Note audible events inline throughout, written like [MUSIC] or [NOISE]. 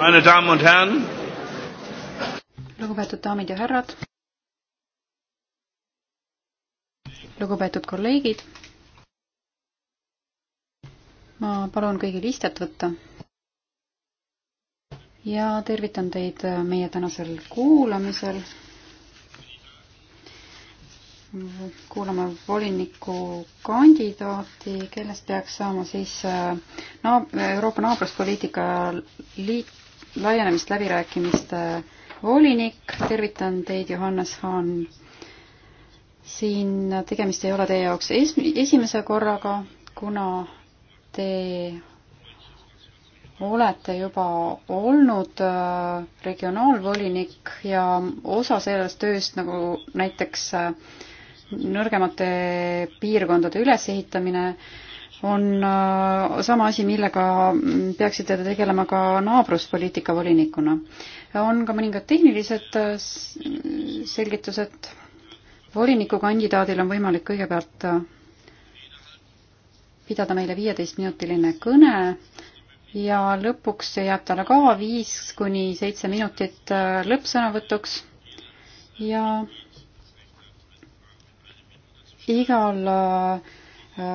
Meine Damen und Herren. lugupeetud daamid ja härrad. lugupeetud kolleegid. ma palun kõigil istet võtta. ja tervitan teid meie tänasel kuulamisel kuulame voliniku kandidaati, kellest peaks saama siis äh, naab-, Euroopa naabruspoliitika liit, laienemist läbirääkimiste volinik, tervitan teid, Johannes Haan. siin tegemist ei ole teie jaoks es-, esimese korraga, kuna te olete juba olnud äh, regionaalvolinik ja osa sellest tööst, nagu näiteks äh, nõrgemate piirkondade ülesehitamine on äh, sama asi, millega peaksite te tegelema ka naabruspoliitika volinikuna. on ka mõningad tehnilised äh, selgitused. volinikukandidaadil on võimalik kõigepealt äh, pidada meile viieteistminutiline kõne ja lõpuks jääb talle ka viis kuni seitse minutit lõppsõnavõtuks ja igal äh,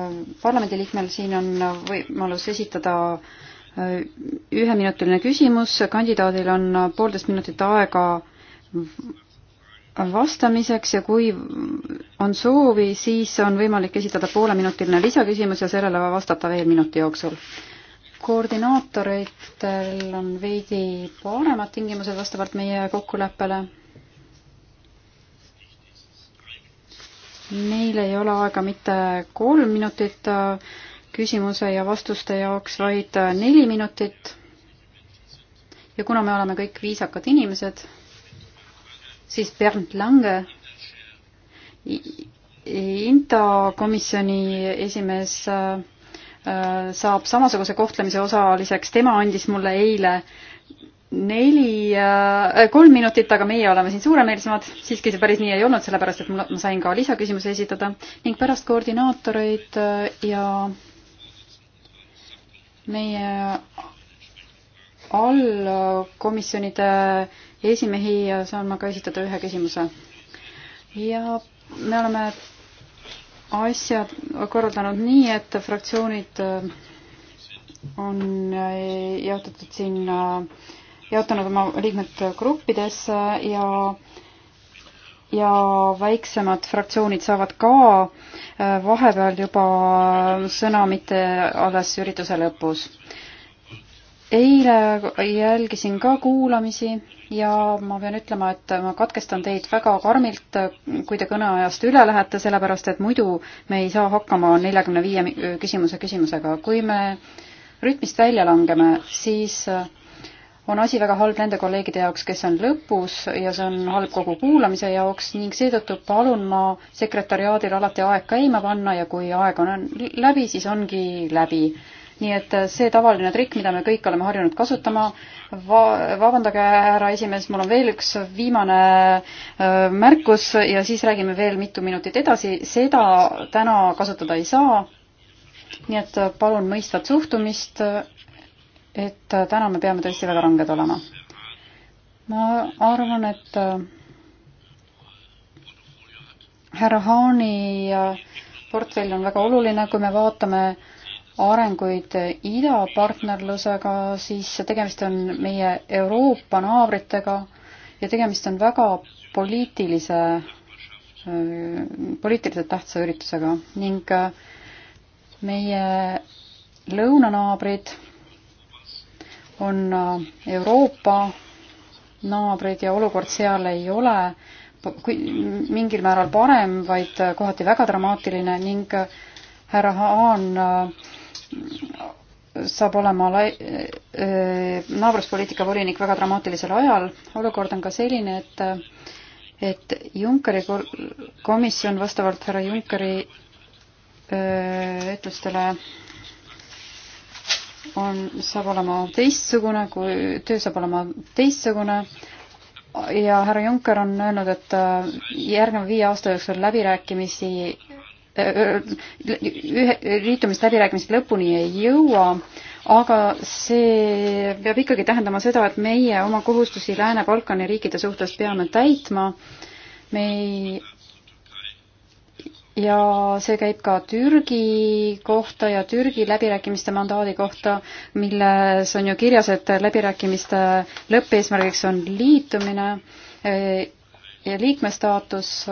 parlamendiliikmel siin on võimalus esitada äh, üheminutiline küsimus, kandidaadil on poolteist minutit aega vastamiseks ja kui on soovi, siis on võimalik esitada pooleminutiline lisaküsimus ja sellele vastata veel minuti jooksul. koordinaatoritel on veidi paremad tingimused vastavalt meie kokkuleppele meil ei ole aega mitte kolm minutit äh, küsimuse ja vastuste jaoks, vaid äh, neli minutit. ja kuna me oleme kõik viisakad inimesed, siis Bernd Lange, INTA komisjoni esimees, äh, saab samasuguse kohtlemise osaliseks, tema andis mulle eile äh, neli äh,, kolm minutit, aga meie oleme siin suuremeelsemad. siiski see päris nii ei olnud, sellepärast et ma sain ka lisaküsimuse esitada ning pärast koordinaatoreid äh, ja meie allkomisjonide esimehi äh, saan ma ka esitada ühe küsimuse. ja me oleme asjad korraldanud nii, et fraktsioonid äh, on jaotatud siin äh, jaotanud oma liikmed gruppidesse ja ja väiksemad fraktsioonid saavad ka äh, vahepeal juba sõna, mitte alles ürituse lõpus. eile jälgisin ka kuulamisi ja ma pean ütlema, et ma katkestan teid väga karmilt, kui te kõneajast üle lähete, sellepärast et muidu me ei saa hakkama neljakümne viie küsimuse küsimusega. kui me rütmist välja langeme, siis äh, on asi väga halb nende kolleegide jaoks, kes on lõpus ja see on halb kogu kuulamise jaoks ning seetõttu palun ma sekretäriaadil alati aeg käima panna ja kui aeg on läbi, siis ongi läbi. nii et see tavaline trikk, mida me kõik oleme harjunud kasutama va, vabandage, härra esimees, mul on veel üks viimane öö, märkus ja siis räägime veel mitu minutit edasi, seda täna kasutada ei saa. nii et palun mõistvat suhtumist et äh, täna me peame tõesti väga ranged olema. ma arvan, et äh, härra Haani äh, portfell on väga oluline, kui me vaatame arenguid idapartnerlusega, siis tegemist on meie Euroopa naabritega ja tegemist on väga poliitilise, poliitiliselt tähtsa üritusega ning meie lõunanaabrid on äh, Euroopa naabrid ja olukord seal ei ole kui, mingil määral parem, vaid äh, kohati väga dramaatiline ning äh, härra Haan saab olema lai-, naabruspoliitika volinik väga dramaatilisel ajal. olukord on ka selline, et, et Junckeri komisjon vastavalt härra Junckeri ütlustele on, saab olema teistsugune, kui töö saab olema teistsugune ja härra Juncker on öelnud, et äh, järgneva viie aasta jooksul läbirääkimisi äh, ühe, liitumisläbirääkimised lõpuni ei jõua, aga see peab ikkagi tähendama seda, et meie oma kohustusi Lääne-Balkani riikide suhtes peame täitma. me ei ja see käib ka Türgi kohta ja Türgi läbirääkimiste mandaadi kohta, milles on ju kirjas, et läbirääkimiste lõppeesmärgiks on liitumine e, ja liikmestaatus.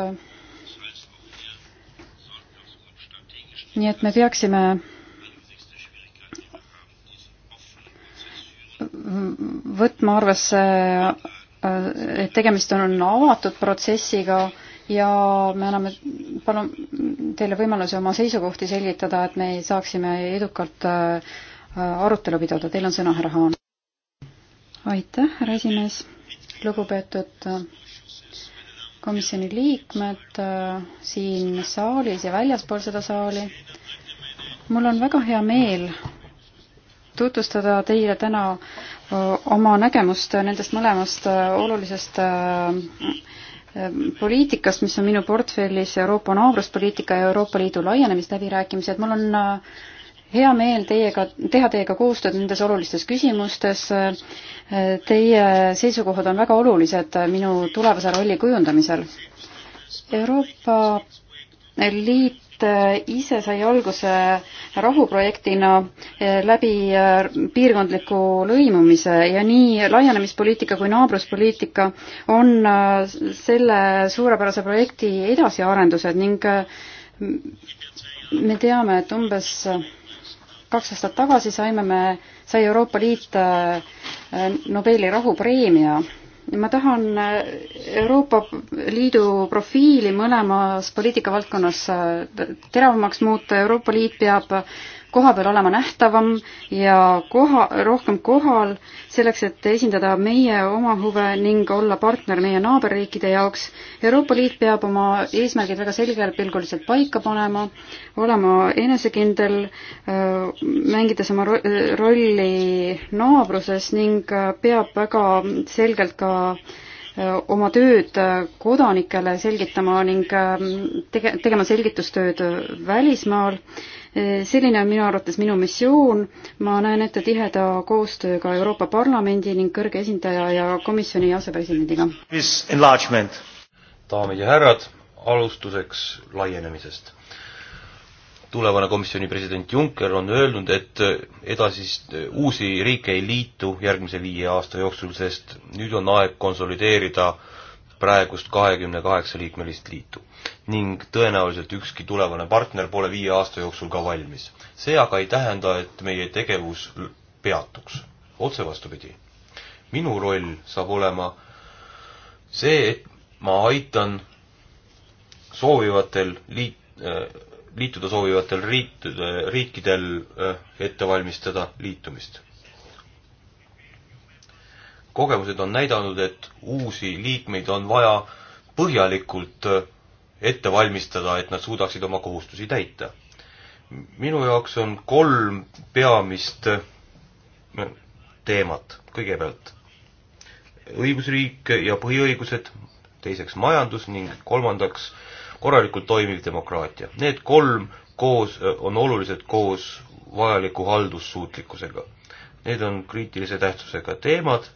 nii et me peaksime võtma arvesse, et tegemist on avatud protsessiga ja me anname, palun teile võimaluse oma seisukohti selgitada, et me saaksime edukalt äh, arutelu pidada. Teil on sõna, härra Haan. aitäh, härra esimees, lugupeetud äh, komisjoni liikmed äh, siin saalis ja väljaspool seda saali. mul on väga hea meel tutvustada teile täna oma nägemust nendest mõlemast olulisest Ehm, poliitikast, mis on minu portfellis Euroopa naabruspoliitika ja Euroopa Liidu laienemisläbirääkimised, mul on äh, hea meel teiega, teha teiega koostööd nendes olulistes küsimustes. Äh, teie seisukohad on väga olulised äh, minu tulevase rolli kujundamisel. Euroopa Liit Äh, ise sai alguse rahuprojektina äh, läbi äh, piirkondliku lõimumise ja nii laienemispoliitika kui naabruspoliitika on selle suurepärase projekti edasiarendused ning me teame, et umbes kaks aastat tagasi saime me, sai Euroopa Liit Nobeli rahupreemia ma tahan äh, Euroopa Liidu profiili mõlemas poliitikavaldkonnas äh, teravamaks muuta, Euroopa Liit peab kohapeal olema nähtavam ja koha, rohkem kohal, selleks et esindada meie oma huve ning olla partner meie naaberriikide jaoks. Euroopa Liit peab oma eesmärgid väga selgepilguliselt paika panema, olema enesekindel, äh, mängides oma rolli naabruses ning äh, peab väga selgelt ka äh, oma tööd kodanikele selgitama ning tege-, tegema selgitustööd välismaal selline on minu arvates minu missioon. ma näen ette tiheda koostööga Euroopa Parlamendi ning kõrge esindaja ja komisjoni asepresidendiga. daamid ja härrad, alustuseks laienemisest. tulevane komisjoni president Juncker on öelnud, et edasist uusi riike ei liitu järgmise viie aasta jooksul, sest nüüd on aeg konsolideerida äh, praegust kahekümne kaheksa liikmelist liitu ning tõenäoliselt ükski tulevane partner pole viie aasta jooksul ka valmis. see aga ei tähenda, et meie tegevus peatuks, otse vastupidi. minu roll saab olema see, et ma aitan soovivatel liit- äh,, liituda soovivatel riit- äh,, riikidel äh, ette valmistada liitumist kogemused on näidanud, et uusi liikmeid on vaja põhjalikult äh, ette valmistada, et nad suudaksid oma kohustusi täita. minu jaoks on kolm peamist äh, teemat. kõigepealt õigusriik ja põhiõigused, teiseks majandus ning kolmandaks korralikult toimiv demokraatia. Need kolm koos äh, on olulised koos vajaliku haldussuutlikkusega. Need on kriitilise tähtsusega teemad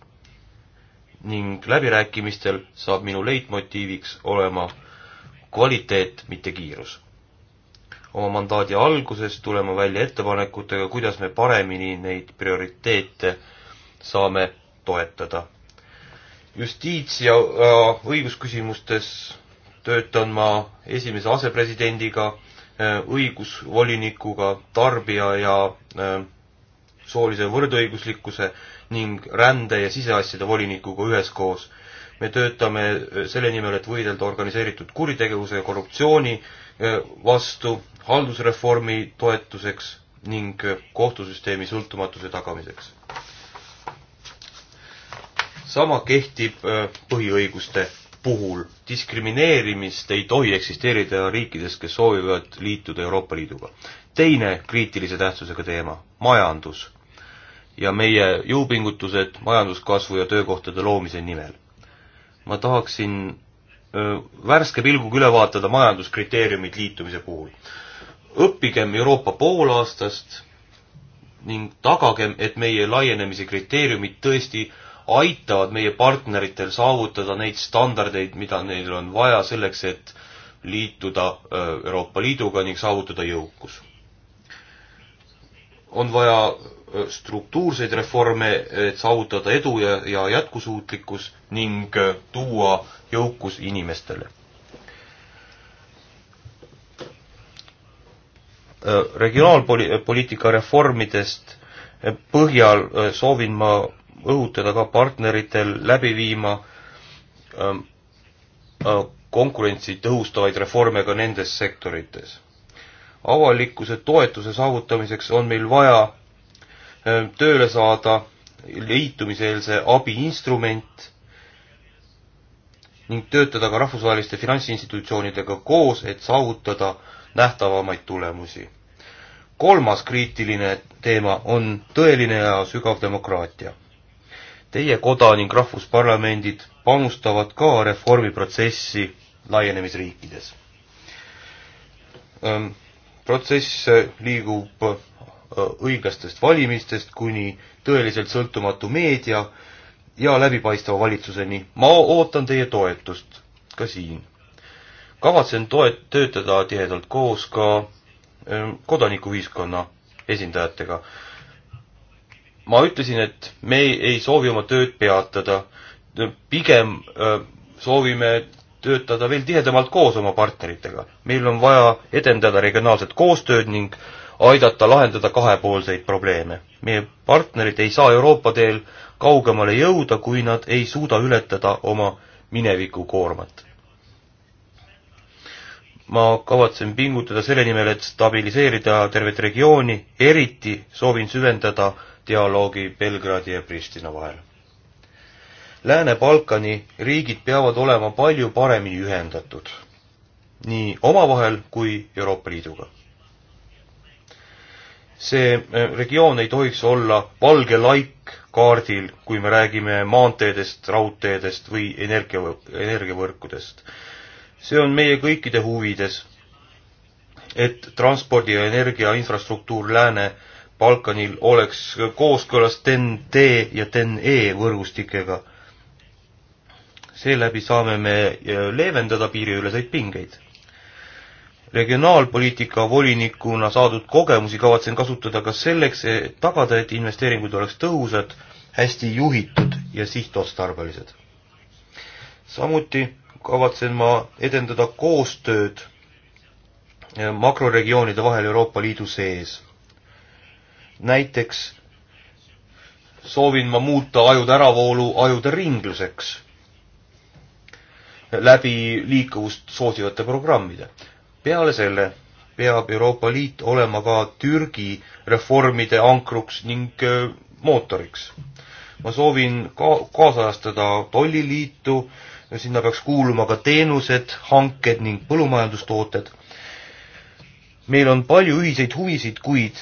ning läbirääkimistel saab minu leitmotiiviks olema kvaliteet, mitte kiirus. oma mandaadi alguses tulema välja ettepanekutega, kuidas me paremini neid prioriteete saame toetada. justiits- ja äh, õigusküsimustes töötan ma esimese asepresidendiga, äh, õigusvolinikuga, tarbija ja äh, soolise võrdõiguslikkuse ning rände ja siseasjade volinikuga üheskoos. me töötame selle nimel, et võidelda organiseeritud kuritegevuse ja korruptsiooni eh, vastu haldusreformi toetuseks ning kohtusüsteemi sõltumatuse tagamiseks. sama kehtib eh, põhiõiguste puhul. diskrimineerimist ei tohi eksisteerida riikides, kes soovivad liituda Euroopa Liiduga. teine kriitilise tähtsusega teema, majandus ja meie jõupingutused majanduskasvu ja töökohtade loomise nimel. ma tahaksin öö, värske pilguga üle vaatada majanduskriteeriumid liitumise puhul. õppigem Euroopa poolaastast ning tagagem, et meie laienemise kriteeriumid tõesti aitavad meie partneritel saavutada neid standardeid, mida neil on vaja selleks, et liituda Euroopa Liiduga ning saavutada jõukus. on vaja struktuurseid reforme, et saavutada edu ja, ja jätkusuutlikkus ning tuua jõukus inimestele. regionaalpoliitika reformidest põhjal soovin ma õhutada ka partneritel läbi viima konkurentsi tõhustavaid reforme ka nendes sektorites. avalikkuse toetuse saavutamiseks on meil vaja Äh, tööle saada liitumiseelse abi instrument ning töötada ka rahvusvaheliste finantsinstitutsioonidega koos, et saavutada nähtavamaid tulemusi. kolmas kriitiline teema on tõeline ja sügav demokraatia. Teie koda ning rahvusparlamendid panustavad ka reformiprotsessi laienemisriikides. protsess liigub Äh, õiglastest valimistest kuni tõeliselt sõltumatu meedia ja läbipaistva valitsuseni. ma ootan teie toetust ka siin. kavatsen toet-, töötada tihedalt koos ka ähm, kodanikuühiskonna esindajatega. ma ütlesin, et me ei soovi oma tööd peatada, pigem äh, soovime töötada veel tihedamalt koos oma partneritega. meil on vaja edendada regionaalset koostööd ning aidata lahendada kahepoolseid probleeme. meie partnerid ei saa Euroopa teel kaugemale jõuda, kui nad ei suuda ületada oma mineviku koormat. ma kavatsen pingutada selle nimel, et stabiliseerida tervet regiooni, eriti soovin süvendada dialoogi Belgradi ja Pristina vahel. Lääne-Balkani riigid peavad olema palju paremini ühendatud nii omavahel kui Euroopa Liiduga see äh, regioon ei tohiks olla valge laik kaardil, kui me räägime maanteedest, raudteedest või energia, energiavõrkudest. see on meie kõikide huvides, et transpordi ja energia infrastruktuur Lääne-Balkanil oleks kooskõlas TEN-T ja TEN-E võrgustikega. seeläbi saame me äh, leevendada piiriüleseid pingeid regionaalpoliitika volinikuna saadud kogemusi kavatsen kasutada ka selleks, et tagada, et investeeringud oleks tõhusad, hästi juhitud ja sihtotstarbelised. samuti kavatsen ma edendada koostööd makroregioonide vahel Euroopa Liidu sees. näiteks soovin ma muuta ajude äravoolu ajude ringluseks läbi liikuvust soosivate programmide peale selle peab Euroopa Liit olema ka Türgi reformide ankruks ning äh, mootoriks. ma soovin ka kaasajastada tolliliitu, sinna peaks kuuluma ka teenused, hanked ning põllumajandustooted. meil on palju ühiseid huvisid, kuid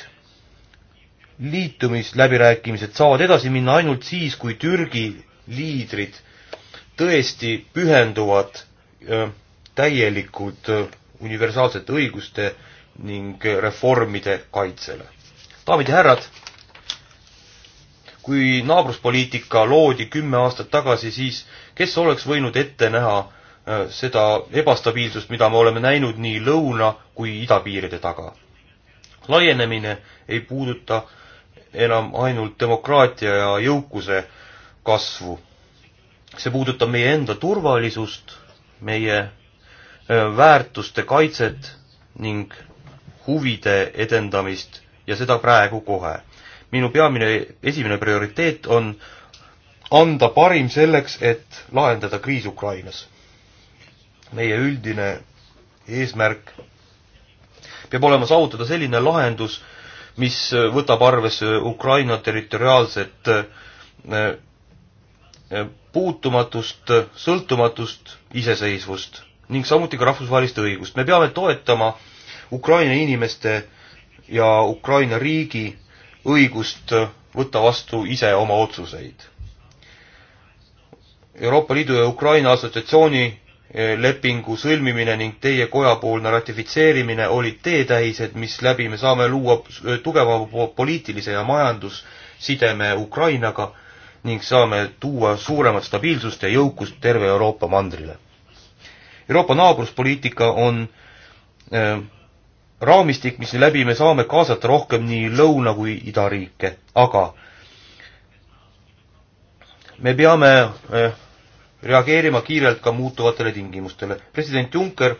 liitumisläbirääkimised saavad edasi minna ainult siis, kui Türgi liidrid tõesti pühenduvad öö, äh, täielikult öö, äh, universaalsete õiguste ning reformide kaitsele. daamid ja härrad, kui naabruspoliitika loodi kümme aastat tagasi, siis kes oleks võinud ette näha äh, seda ebastabiilsust, mida me oleme näinud nii lõuna kui idapiiride taga? laienemine ei puuduta enam ainult demokraatia ja jõukuse kasvu. see puudutab meie enda turvalisust, meie väärtuste kaitset ning huvide edendamist ja seda praegu kohe. minu peamine, esimene prioriteet on anda parim selleks, et lahendada kriis Ukrainas. meie üldine eesmärk peab olema saavutada selline lahendus, mis võtab arvesse Ukraina territoriaalset puutumatust, sõltumatust, iseseisvust ning samuti ka rahvusvahelist õigust. me peame toetama Ukraina inimeste ja Ukraina riigi õigust võtta vastu ise oma otsuseid. Euroopa Liidu ja Ukraina assotsiatsiooni eh, lepingu sõlmimine ning teie kojapoolne ratifitseerimine olid teetähised, mis läbi me saame luua eh, tugevama poliitilise ja majandussideme Ukrainaga ning saame tuua suuremat stabiilsust ja jõukust terve Euroopa mandrile Euroopa naabruspoliitika on äh, raamistik, mis läbi me saame kaasata rohkem nii lõuna kui idariike, aga me peame äh, reageerima kiirelt ka muutuvatele tingimustele. president Juncker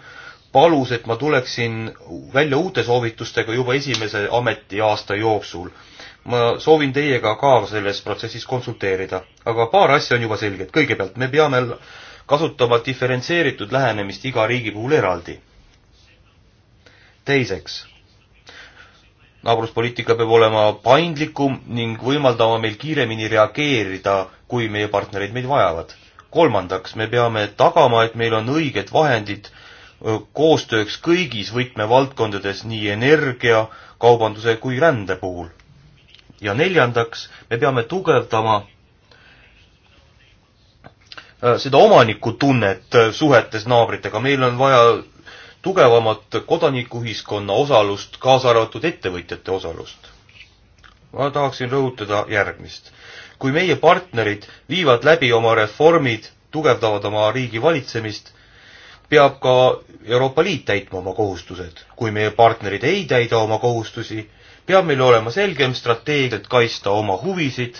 palus, et ma tuleksin välja uute soovitustega juba esimese ametiaasta jooksul. ma soovin teiega ka selles protsessis konsulteerida, aga paar asja on juba selged. kõigepealt me peame kasutama diferentseeritud lähenemist iga riigi puhul eraldi. teiseks, naabruspoliitika peab olema paindlikum ning võimaldama meil kiiremini reageerida, kui meie partnerid meid vajavad. kolmandaks, me peame tagama, et meil on õiged vahendid koostööks kõigis võtmevaldkondades, nii energia, kaubanduse kui rände puhul. ja neljandaks, me peame tugevdama Äh, seda omanikutunnet äh, suhetes naabritega, meil on vaja tugevamat kodanikuühiskonna osalust, kaasa arvatud ettevõtjate osalust. ma tahaksin rõhutada järgmist. kui meie partnerid viivad läbi oma reformid, tugevdavad oma riigi valitsemist, peab ka Euroopa Liit täitma oma kohustused. kui meie partnerid ei täida oma kohustusi, peab meil olema selgem strateegia, et kaitsta oma huvisid,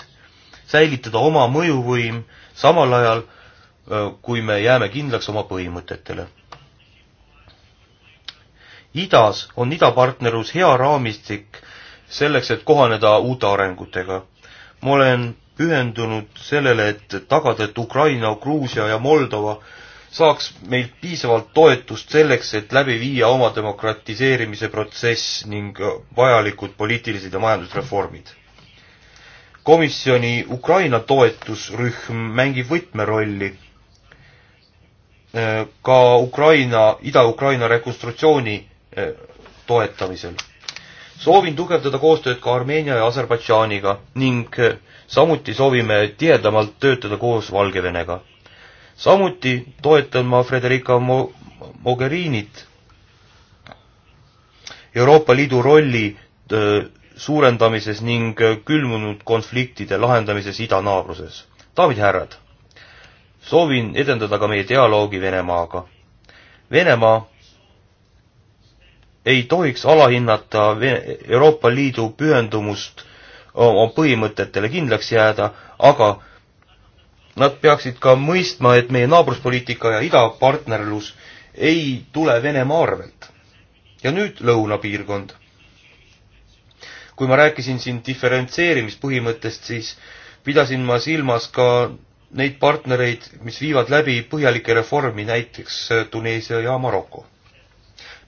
säilitada oma mõjuvõim, samal ajal kui me jääme kindlaks oma põhimõtetele. idas on idapartnerlus hea raamistik selleks, et kohaneda uute arengutega. ma olen pühendunud sellele, et tagada, et Ukraina, Gruusia ja Moldova saaks meilt piisavalt toetust selleks, et läbi viia oma demokratiseerimise protsess ning vajalikud poliitilised ja majandusreformid. komisjoni Ukraina toetusrühm mängib võtmerolli Äh, ka Ukraina, Ida-Ukraina rekonstruktsiooni äh, toetamisel. soovin tugevdada koostööd ka Armeenia ja Aserbaidžaaniga ning äh, samuti soovime tihedamalt töötada koos Valgevenega. samuti toetan ma Frederica Mo-, Mogherinit Euroopa Liidu rolli suurendamises ning külmunud konfliktide lahendamises idanaabruses. daamid ja härrad soovin edendada ka meie dialoogi Venemaaga. Venemaa ei tohiks alahinnata Euroopa Liidu pühendumust oma põhimõtetele kindlaks jääda, aga nad peaksid ka mõistma, et meie naabruspoliitika ja idapartnerlus ei tule Venemaa arvelt. ja nüüd lõunapiirkond. kui ma rääkisin siin diferentseerimispõhimõttest, siis pidasin ma silmas ka neid partnereid, mis viivad läbi põhjalikke reformi, näiteks äh, Tuneesia ja Maroko.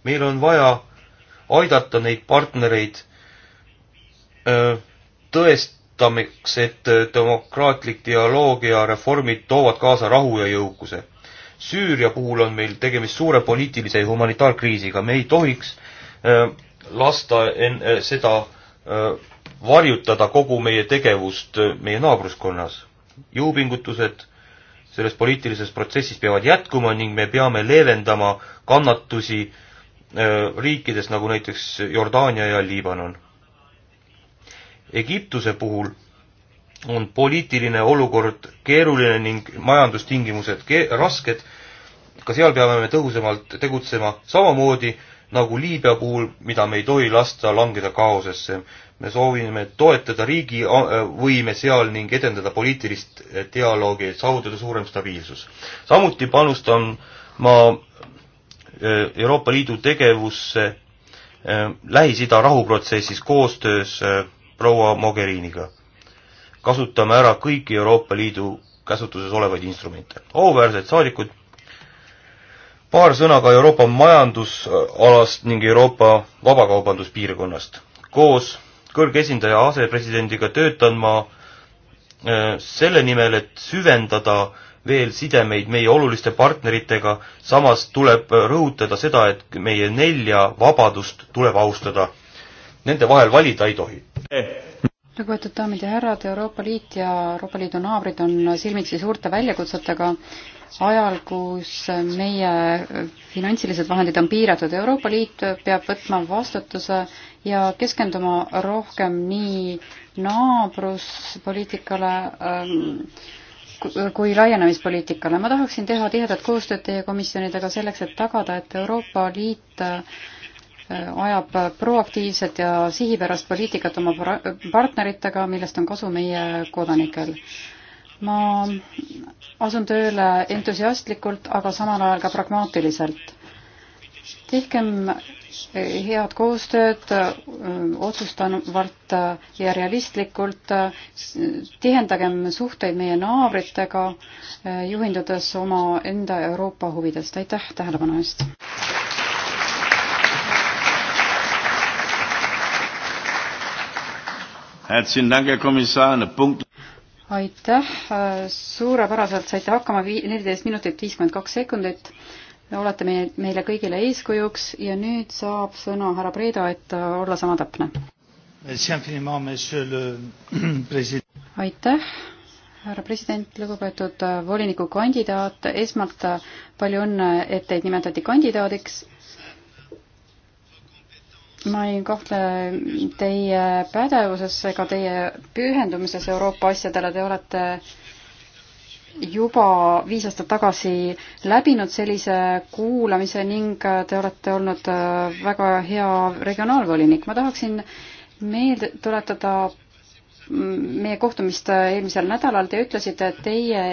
meil on vaja aidata neid partnereid äh, tõestamaks, et äh, demokraatlik dialoog ja reformid toovad kaasa rahu ja jõukuse. Süüria puhul on meil tegemist suure poliitilise ja humanitaarkriisiga, me ei tohiks lasta en-, seda varjutada kogu meie tegevust meie naabruskonnas jõupingutused selles poliitilises protsessis peavad jätkuma ning me peame leevendama kannatusi äh, riikides nagu näiteks Jordaania ja Liibanon. Egiptuse puhul on poliitiline olukord keeruline ning majandustingimused ke-, rasked, ka seal peame me tõhusamalt tegutsema, samamoodi nagu Liibüa puhul, mida me ei tohi lasta langeda kaosesse. me soovime toetada riigi äh, võime seal ning edendada poliitilist äh, dialoogi, et saavutada suurem stabiilsus. samuti panustan ma äh, Euroopa Liidu tegevusse Lähis-Ida rahuprotsessis koostöös proua Mogheriniga. kasutame ära kõiki Euroopa Liidu käsutuses olevaid instrumente. auväärsed saadikud, paar sõna ka Euroopa majandusalast ning Euroopa vabakaubanduspiirkonnast. koos kõrge esindaja asepresidendiga töötan ma eh, selle nimel, et süvendada veel sidemeid meie oluliste partneritega, samas tuleb rõhutada seda, et meie nelja vabadust tuleb austada. Nende vahel valida ei tohi. Eh, lugupeetud daamid ja härrad, Euroopa Liit ja Euroopa Liidu naabrid on silmitsi suurte väljakutsetega ajal, kus meie finantsilised vahendid on piiratud. Euroopa Liit peab võtma vastutuse ja keskenduma rohkem nii naabruspoliitikale ähm, kui laienemispoliitikale. ma tahaksin teha tihedat koostööd teie komisjonidega selleks, et tagada, et Euroopa Liit ajab proaktiivset ja sihipärast poliitikat oma partneritega, millest on kasu meie kodanikel. ma asun tööle entusiastlikult, aga samal ajal ka pragmaatiliselt. tehkem head koostööd otsustanuvalt ja realistlikult, tihendagem suhteid meie naabritega, juhindudes omaenda Euroopa huvidest. aitäh tähelepanu eest! aitäh, suurepäraselt saite hakkama, neliteist minutit viiskümmend kaks sekundit. olete meie, meile kõigile eeskujuks ja nüüd saab sõna härra Preeda, et olla sama täpne. [CLEARS THROAT] aitäh, härra president, lugupeetud volinikukandidaat, esmalt palju õnne, et teid nimetati kandidaadiks ma ei kahtle teie pädevuses ega teie pühendumises Euroopa asjadele, te olete juba viis aastat tagasi läbinud sellise kuulamise ning te olete olnud äh, väga hea regionaalvolinik. ma tahaksin meelde tuletada mm, meie kohtumist eelmisel nädalal, te ütlesite, et teie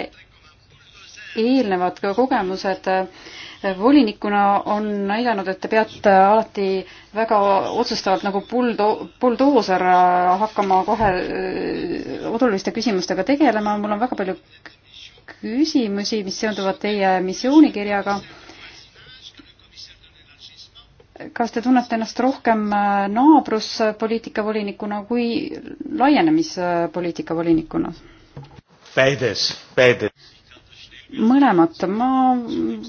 eelnevad kogemused volinikuna on näidanud, et te peate alati väga otsustavalt nagu buldo-, buldooser hakkama kohe äh, oluliste küsimustega tegelema, mul on väga palju küsimusi, mis seonduvad teie missioonikirjaga kas te tunnete ennast rohkem äh, naabruspoliitika volinikuna kui laienemispoliitika volinikuna? Beides, beides mõlemat. ma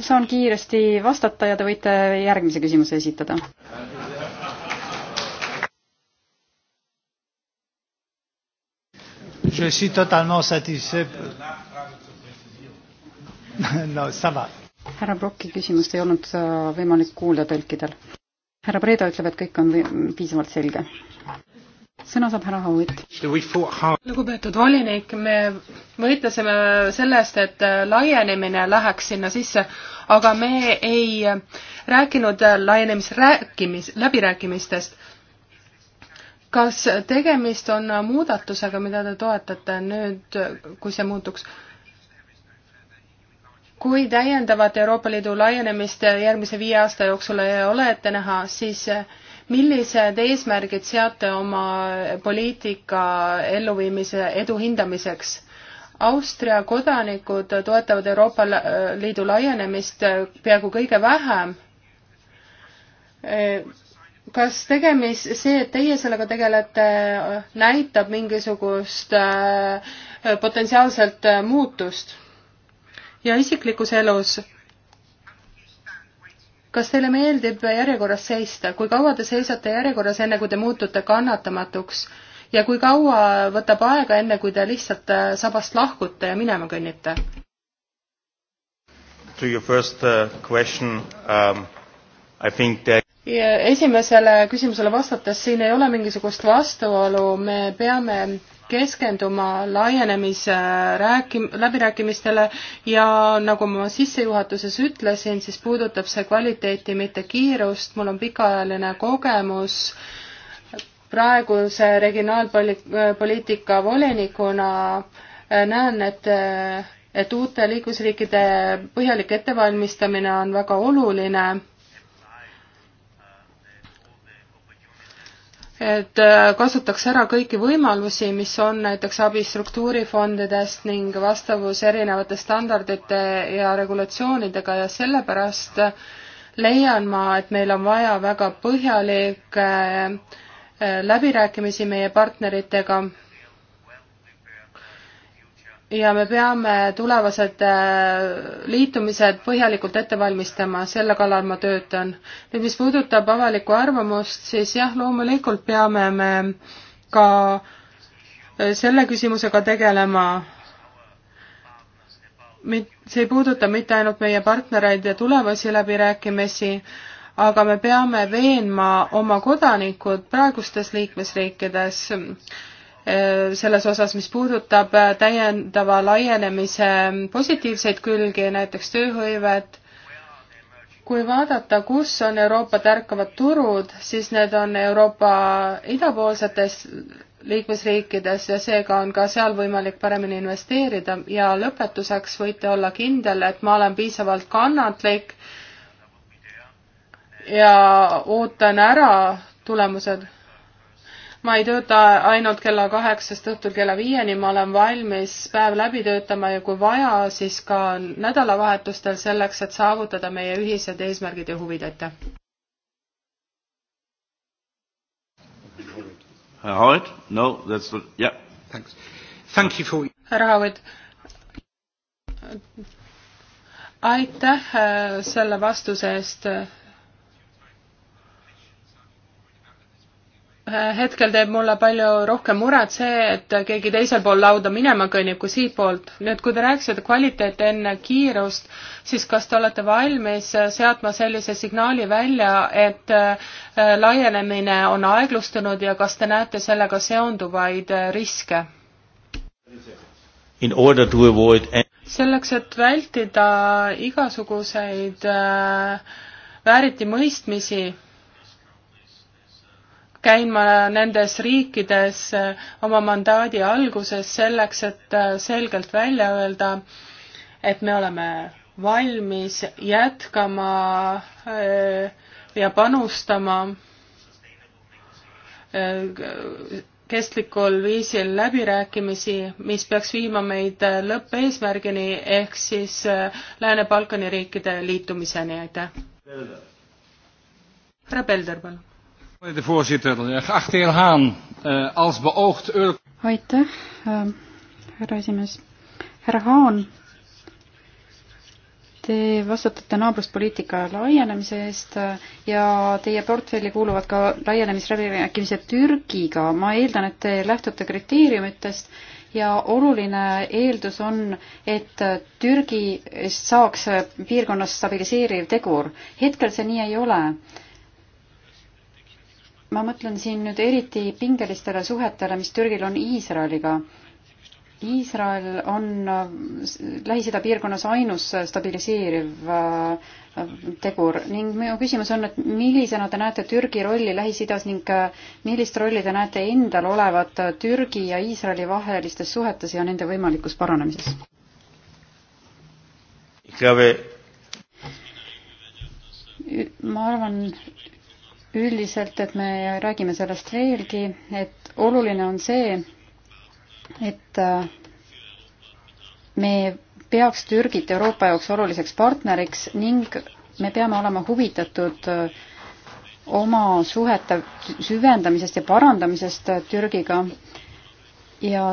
saan kiiresti vastata ja te võite järgmise küsimuse esitada. Je suis totalement satisfait. no ça va. härra Brocki küsimust ei olnud äh, võimalik kuulda tõlkidel. härra Breda ütleb, et kõik on piisavalt selge sõna saab härra Howitt. lugupeetud volinik, me võitlesime selle eest, et laienemine läheks sinna sisse, aga me ei rääkinud laienemisrääkimis, läbirääkimistest. kas tegemist on muudatusega, mida te toetate nüüd, kui see muutuks? kui täiendavat Euroopa Liidu laienemist järgmise viie aasta jooksul ei ole ette näha, siis millised eesmärgid seate oma poliitika elluviimise edu hindamiseks? Austria kodanikud toetavad Euroopa Liidu laienemist peaaegu kõige vähem. kas tegemist, see, et teie sellega tegelete, näitab mingisugust äh, potentsiaalset äh, muutust? ja isiklikus elus kas teile meeldib järjekorras seista, kui kaua te seisate järjekorras, enne kui te muutute kannatamatuks ja kui kaua võtab aega, enne kui te lihtsalt äh, sabast lahkute ja minema kõnnite? To your first uh, question um,, I think that ja esimesele küsimusele vastates siin ei ole mingisugust vastuolu, me peame keskenduma laienemise rääki-, läbirääkimistele ja nagu ma sissejuhatuses ütlesin, siis puudutab see kvaliteeti, mitte kiirust, mul on pikaajaline kogemus praeguse regionaalpoliitika volinikuna näen, et et uute liiklusriikide põhjalik ettevalmistamine on väga oluline et äh, kasutaks ära kõiki võimalusi, mis on näiteks abi struktuurifondidest ning vastavus erinevate standardite ja regulatsioonidega ja sellepärast leian ma, et meil on vaja väga põhjalikke äh, äh, läbirääkimisi meie partneritega ja me peame tulevased äh, liitumised põhjalikult ette valmistama, selle kallal ma töötan. nüüd, mis puudutab avalikku arvamust, siis jah, loomulikult peame me ka äh, selle küsimusega tegelema. see ei puuduta mitte ainult meie partnereid ja tulevasi läbirääkimisi, aga me peame veenma oma kodanikud praegustes liikmesriikides Äh, selles osas, mis puudutab äh, täiendava laienemise positiivseid külgi, näiteks tööhõivet. kui vaadata, kus on Euroopa tärkavad turud, siis need on Euroopa idapoolsetes liikmesriikides ja seega on ka seal võimalik paremini investeerida ja lõpetuseks võite olla kindel, et ma olen piisavalt kannatlik ja ootan ära tulemused ma ei tööta ainult kella kaheksast õhtul kella viieni, ma olen valmis päev läbi töötama ja kui vaja, siis ka nädalavahetustel selleks, et saavutada meie ühised eesmärgid ja huvid, aitäh. härra Howard, no that's not, yeah. Thanks. Thank you for. härra Howard. aitäh äh, selle vastuse eest hetkel teeb mulle palju rohkem muret see, et keegi teisel pool lauda minema kõnnib kui siitpoolt. nüüd, kui te rääkisite kvaliteeti enne kiirust, siis kas te olete valmis seadma sellise signaali välja, et äh, laienemine on aeglustunud ja kas te näete sellega seonduvaid äh, riske? Avoid... selleks, et vältida igasuguseid äh, vääritimõistmisi käin ma nendes riikides eh, oma mandaadi alguses selleks, et eh, selgelt välja öelda, et me oleme valmis jätkama eh, ja panustama kestlikul viisil läbirääkimisi, mis peaks viima meid lõppeesmärgini ehk siis Lääne-Balkani riikide liitumiseni, aitäh. härra Pelder, palun. Eh, aitäh, eh, härra esimees. härra Haan, te vastutate naabruspoliitika laienemise eest eh, ja teie portfelli kuuluvad ka laienemisläbirääkimised Türgiga. ma eeldan, et te lähtute kriteeriumitest ja oluline eeldus on, et Türgist saaks piirkonnas stabiliseeriv tegur. hetkel see nii ei ole ma mõtlen siin nüüd eriti pingelistele suhetele, mis Türgil on Iisraeliga. Iisrael on äh, Lähis-Ida piirkonnas ainus stabiliseeriv äh, tegur ning minu küsimus on, et millisena te näete Türgi rolli Lähis-Idas ning äh, millist rolli te näete endal olevat Türgi ja Iisraeli vahelistes suhetes ja nende võimalikus paranemises? ma arvan, üldiselt, et me räägime sellest veelgi, et oluline on see, et äh, me peaks Türgit Euroopa jaoks oluliseks partneriks ning me peame olema huvitatud äh, oma suhete süvendamisest ja parandamisest äh, Türgiga ja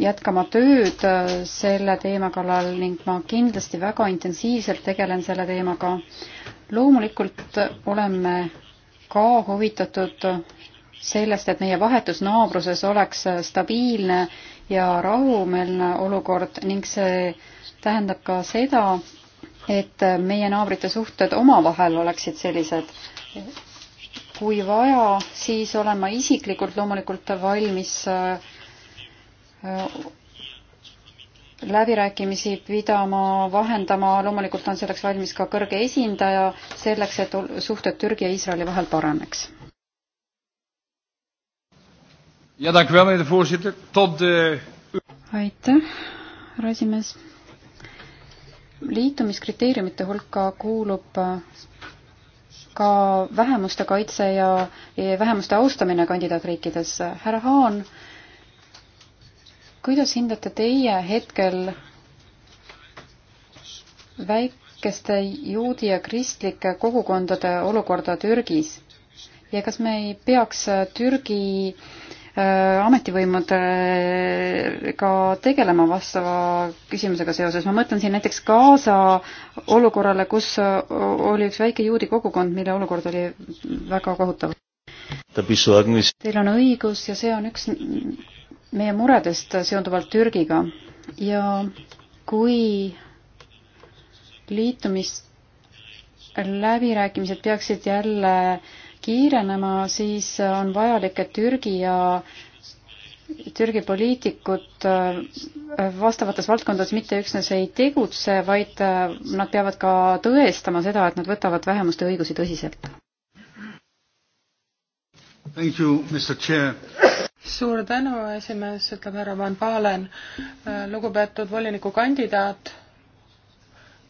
jätkama tööd selle teema kallal ning ma kindlasti väga intensiivselt tegelen selle teemaga. loomulikult oleme ka huvitatud sellest, et meie vahetus naabruses oleks stabiilne ja rahumeelne olukord ning see tähendab ka seda, et meie naabrite suhted omavahel oleksid sellised. kui vaja, siis olen ma isiklikult loomulikult valmis äh, läbirääkimisi pidama, vahendama, loomulikult on selleks valmis ka kõrge esindaja, selleks, et suhted Türgi ja Iisraeli vahel paraneks. aitäh, härra esimees. liitumiskriteeriumite hulka kuulub äh, ka vähemuste kaitse ja vähemuste austamine kandidaatriikides. härra Haan kuidas hindate teie hetkel väikeste juudi ja kristlike kogukondade olukorda Türgis ja kas me ei peaks äh, Türgi äh, ametivõimudega tegelema vastava küsimusega seoses. ma mõtlen siin näiteks Gaza olukorrale, kus äh, oli üks väike juudi kogukond, mille olukord oli väga kohutav. Teil on õigus ja see on üks meie muredest seonduvalt Türgiga ja kui liitumisläbirääkimised peaksid jälle kiirenema, siis on vajalik, et Türgi ja Türgi poliitikud vastavates valdkondades mitte üksnes ei tegutse, vaid nad peavad ka tõestama seda, et nad võtavad vähemuste õigusi tõsiselt. Thank you, Mr Chair suur tänu, esimees, ütleb härra Van Palen. Äh, lugupeetud volinikukandidaat,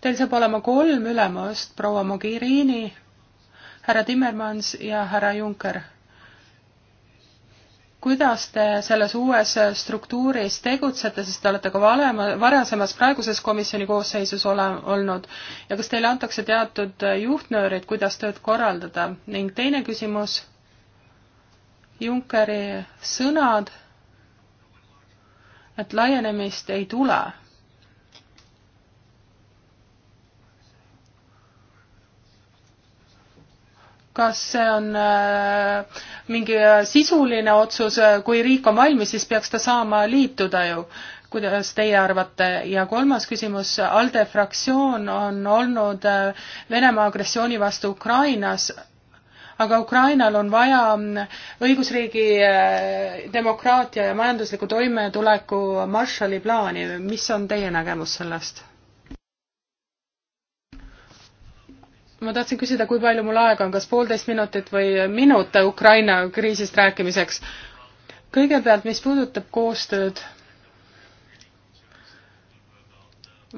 teil saab olema kolm ülemust, proua Mogherini, härra Timmermans ja härra Juncker. kuidas te selles uues struktuuris tegutsete, sest te olete ka valema, varasemas praeguses komisjoni koosseisus ole, olnud ja kas teile antakse teatud juhtnöörid, kuidas tööd korraldada ning teine küsimus Junckeri sõnad, et laienemist ei tule. kas see on äh, mingi äh, sisuline otsus, äh, kui riik on valmis, siis peaks ta saama liituda ju kuidas teie arvate? ja kolmas küsimus, ALDE fraktsioon on olnud äh, Venemaa agressiooni vastu Ukrainas aga Ukrainal on vaja mm, õigusriigi, äh, demokraatia ja majandusliku toimetuleku Marshalli plaani, mis on teie nägemus sellest? ma tahtsin küsida, kui palju mul aega on, kas poolteist minutit või minut Ukraina kriisist rääkimiseks? kõigepealt, mis puudutab koostööd,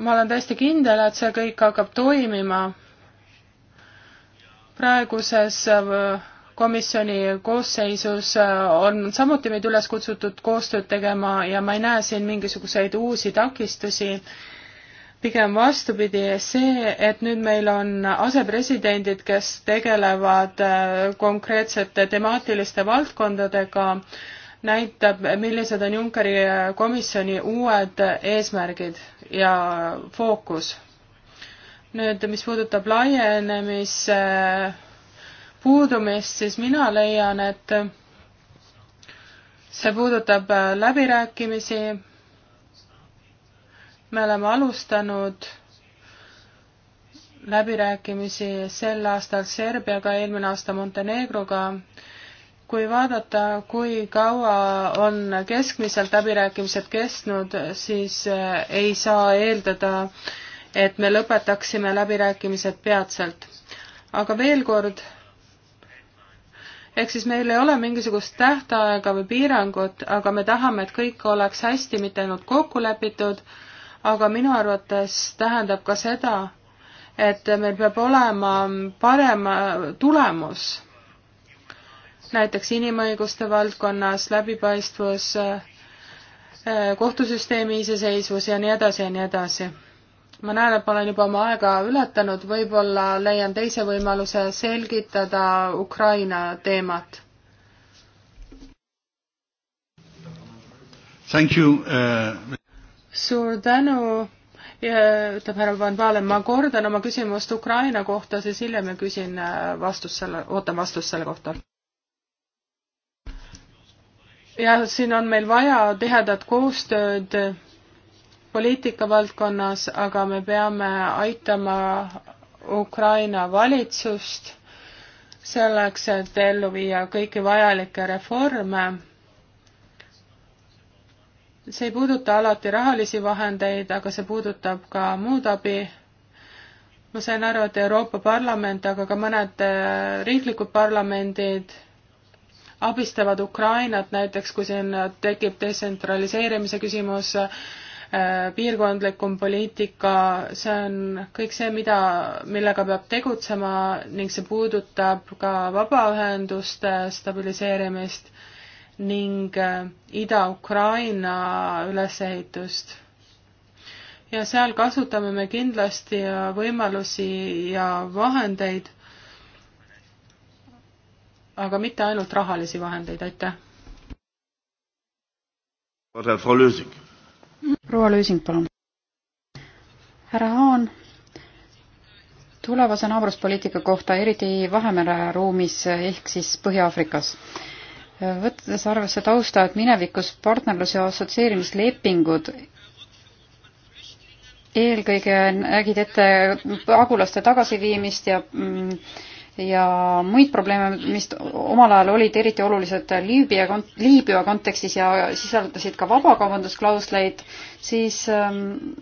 ma olen täiesti kindel, et see kõik hakkab toimima praeguses äh, komisjoni koosseisus äh, on samuti meid üles kutsutud koostööd tegema ja ma ei näe siin mingisuguseid uusi takistusi. pigem vastupidi, see, et nüüd meil on asepresidendid, kes tegelevad äh, konkreetsete temaatiliste valdkondadega, näitab, millised on Junckeri komisjoni uued eesmärgid ja fookus nüüd, mis puudutab laienemise äh, puudumist, siis mina leian, et see puudutab äh, läbirääkimisi. me oleme alustanud läbirääkimisi sel aastal Serbiaga, eelmine aasta Montenegroga. kui vaadata, kui kaua on keskmiselt läbirääkimised kestnud, siis äh, ei saa eeldada äh, et me lõpetaksime läbirääkimised peatselt. aga veel kord, ehk siis meil ei ole mingisugust tähtaega või piirangut, aga me tahame, et kõik oleks hästi, mitte ainult kokku lepitud, aga minu arvates tähendab ka seda, et meil peab olema parem äh, tulemus, näiteks inimõiguste valdkonnas läbipaistvus, äh, äh, kohtusüsteemi iseseisvus ja nii edasi ja nii edasi ma näen, et ma olen juba oma aega ületanud, võib-olla leian teise võimaluse selgitada Ukraina teemat. Uh... suur tänu, ütleb härra Van Valen, ma kordan oma küsimust Ukraina kohta, siis hiljem ma küsin uh, vastust selle, ootan vastust selle kohta jah, siin on meil vaja tihedat koostööd poliitika valdkonnas, aga me peame aitama Ukraina valitsust selleks, et ellu viia kõiki vajalikke reforme. see ei puuduta alati rahalisi vahendeid, aga see puudutab ka muud abi ma sain aru, et Euroopa Parlament, aga ka mõned äh, riiklikud parlamendid abistavad Ukrainat, näiteks kui siin tekib detsentraliseerimise küsimus, Äh, piirkondlikum poliitika, see on kõik see, mida, millega peab tegutsema ning see puudutab ka vabaühenduste stabiliseerimist ning äh, Ida-Ukraina ülesehitust. ja seal kasutame me kindlasti võimalusi ja vahendeid, aga mitte ainult rahalisi vahendeid, aitäh. Frau Lösing proua Lüüsing, palun. härra Haan, tulevase naabruspoliitika kohta, eriti Vahemere ruumis ehk siis Põhja-Aafrikas võttes arvesse tausta, et minevikus partnerlus- ja assotsieerimislepingud eelkõige nägid ette pagulaste tagasiviimist ja mm, ja muid probleeme, mis omal ajal olid eriti olulised Liibüa, Liibüa kontekstis ja sisaldasid ka vabakaubandusklausleid, siis ähm,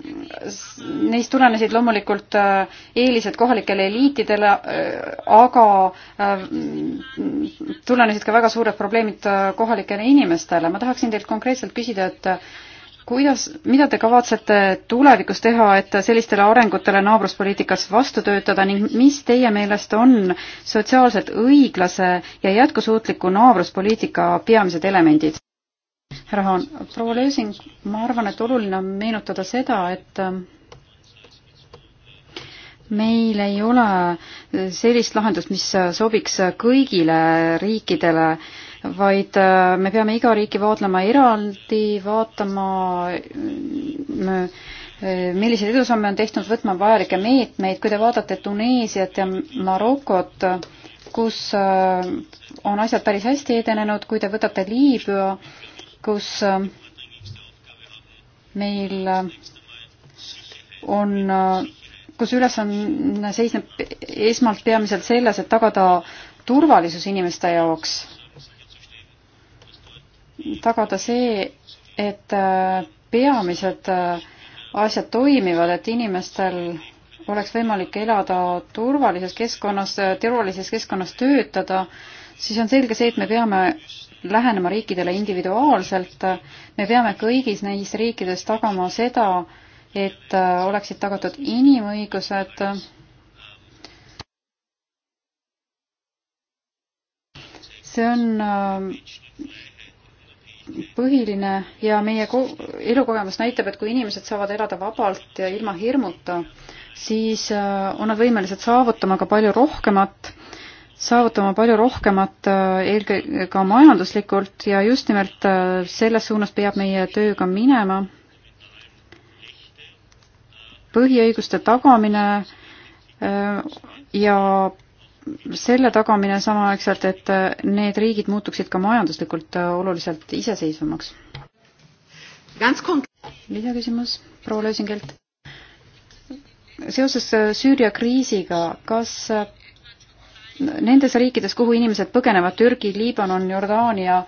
neist tulenesid loomulikult äh, eelised kohalikele eliitidele äh,, aga äh, tulenesid ka väga suured probleemid äh, kohalikele inimestele. ma tahaksin teilt konkreetselt küsida, et äh, kuidas, mida te kavatsete tulevikus teha, et sellistele arengutele naabruspoliitikas vastu töötada ning mis teie meelest on sotsiaalselt õiglase ja jätkusuutliku naabruspoliitika peamised elemendid? härra Haan, proua Lösing, ma arvan, et oluline on meenutada seda, et äh, meil ei ole sellist lahendust, mis sobiks kõigile riikidele äh, vaid äh, me peame iga riiki vaatlema eraldi, vaatama mm, äh, milliseid edusamme on tehtud, võtma vajalikke meetmeid, kui te vaatate Tuneesiat ja Marokot, kus äh, on asjad päris hästi edenenud, kui te võtate Liibüa, kus meil on, kus ülesanne seisneb esmalt peamiselt selles, et tagada turvalisus inimeste jaoks tagada see, et äh, peamised äh, asjad toimivad, et inimestel oleks võimalik elada turvalises keskkonnas, äh, turvalises keskkonnas töötada, siis on selge see, et me peame lähenema riikidele individuaalselt, me peame kõigis neis riikides tagama seda, et oleksid tagatud inimõigused, see on põhiline ja meie elukogemus näitab, et kui inimesed saavad elada vabalt ja ilma hirmuta, siis äh, on nad võimelised saavutama ka palju rohkemat, saavutama palju rohkemat äh, eelkõige ka majanduslikult ja just nimelt äh, selles suunas peab meie töö ka minema. põhiõiguste tagamine ja selle tagamine samaaegselt, et need riigid muutuksid ka majanduslikult oluliselt iseseisvamaks. lisaküsimus proua Lösingelt. seoses Süüria kriisiga, kas nendes riikides, kuhu inimesed põgenevad, Türgi, Liibanon, Jordaania,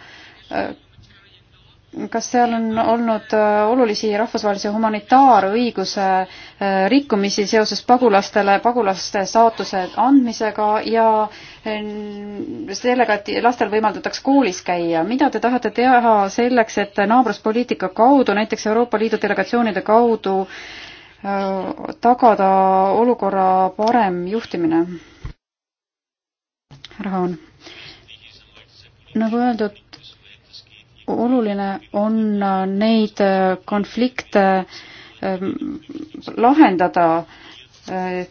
kas seal on olnud äh, olulisi rahvusvahelise humanitaarõiguse äh, rikkumisi seoses pagulastele pagulaste saatuse andmisega ja äh, sellega, et lastel võimaldatakse koolis käia. mida te tahate teha selleks, et naabruspoliitika kaudu, näiteks Euroopa Liidu delegatsioonide kaudu tagada olukorra parem juhtimine? raha on. nagu öeldud, oluline on neid konflikte ähm, lahendada, äh,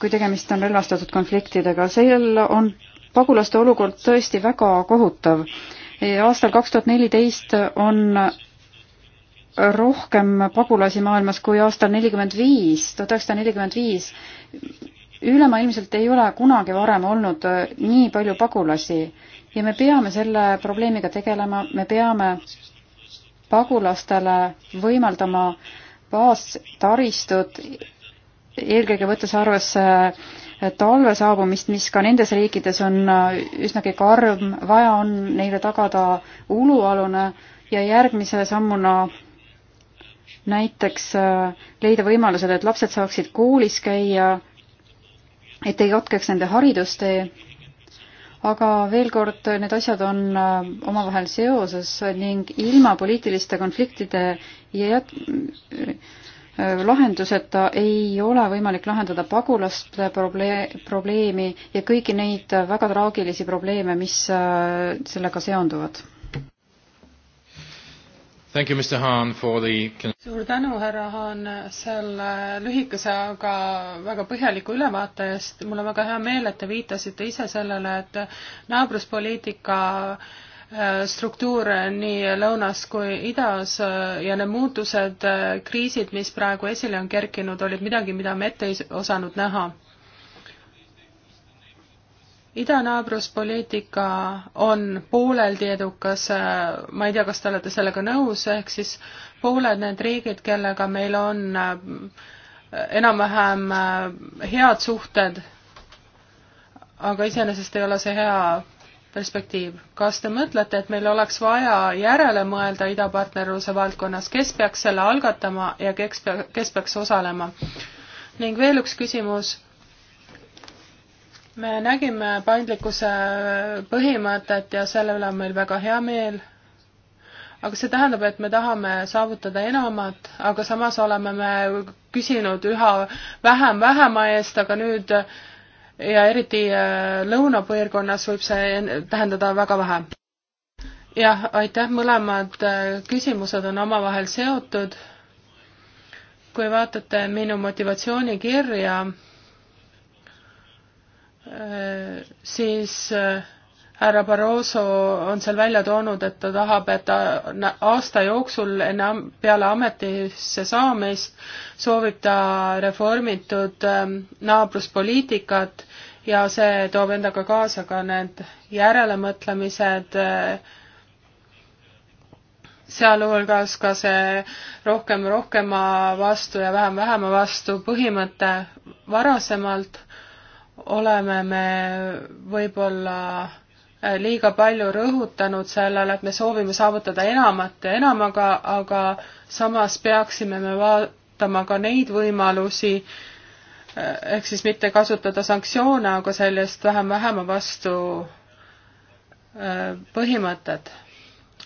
kui tegemist on relvastatud konfliktidega. seal on pagulaste olukord tõesti väga kohutav. aastal kaks tuhat neliteist on rohkem pagulasi maailmas kui aastal nelikümmend viis, tuhat üheksasada nelikümmend viis. ülemaailmselt ei ole kunagi varem olnud äh, nii palju pagulasi ja me peame selle probleemiga tegelema, me peame pagulastele võimaldama baastaristut, eelkõige võttes arvesse talve saabumist, mis ka nendes riikides on üsnagi karm, vaja on neile tagada ulualune ja järgmise sammuna näiteks äh, leida võimalused, et lapsed saaksid koolis käia, et ei katkeks nende haridustee aga veel kord, need asjad on äh, omavahel seoses ning ilma poliitiliste konfliktide jät-, äh, lahenduseta ei ole võimalik lahendada pagulaste probleem, probleemi ja kõiki neid väga traagilisi probleeme, mis äh, sellega seonduvad Thank you, Mr Haan, for the suur tänu, härra Haan, selle lühikese, aga väga põhjaliku ülevaate eest. mul on väga hea meel, et te viitasite ise sellele, et naabruspoliitika äh, struktuur nii lõunas kui idas äh, ja need muutused, äh, kriisid, mis praegu esile on kerkinud, olid midagi, mida me ette ei osanud näha idanaabruspoliitika on pooleldi edukas, ma ei tea, kas te olete sellega nõus, ehk siis pooled need riigid, kellega meil on äh, enam-vähem äh, head suhted, aga iseenesest ei ole see hea perspektiiv. kas te mõtlete, et meil oleks vaja järele mõelda idapartnerluse valdkonnas, kes peaks selle algatama ja kes, kes peaks osalema? ning veel üks küsimus me nägime paindlikkuse põhimõtet ja selle üle on meil väga hea meel. aga see tähendab, et me tahame saavutada enamat, aga samas oleme me küsinud üha vähem vähema eest, aga nüüd ja eriti äh, lõunapiirkonnas võib see tähendada väga vähe. jah, aitäh, mõlemad äh, küsimused on omavahel seotud. kui vaatate minu motivatsioonikirja, Äh, siis äh, härra Barroso on seal välja toonud, et ta tahab, et ta aasta jooksul enne peale ametisse saamist soovib ta reformitud ähm, naabruspoliitikat ja see toob endaga kaasa ka need järelemõtlemised, äh, sealhulgas ka see rohkem rohkema vastu ja vähem vähema vastu põhimõte varasemalt oleme me võib-olla äh, liiga palju rõhutanud sellele, et me soovime saavutada enamat ja enamaga, aga samas peaksime me vaatama ka neid võimalusi, äh, ehk siis mitte kasutada sanktsioone, aga sellist vähem vähema vastu äh, põhimõtet.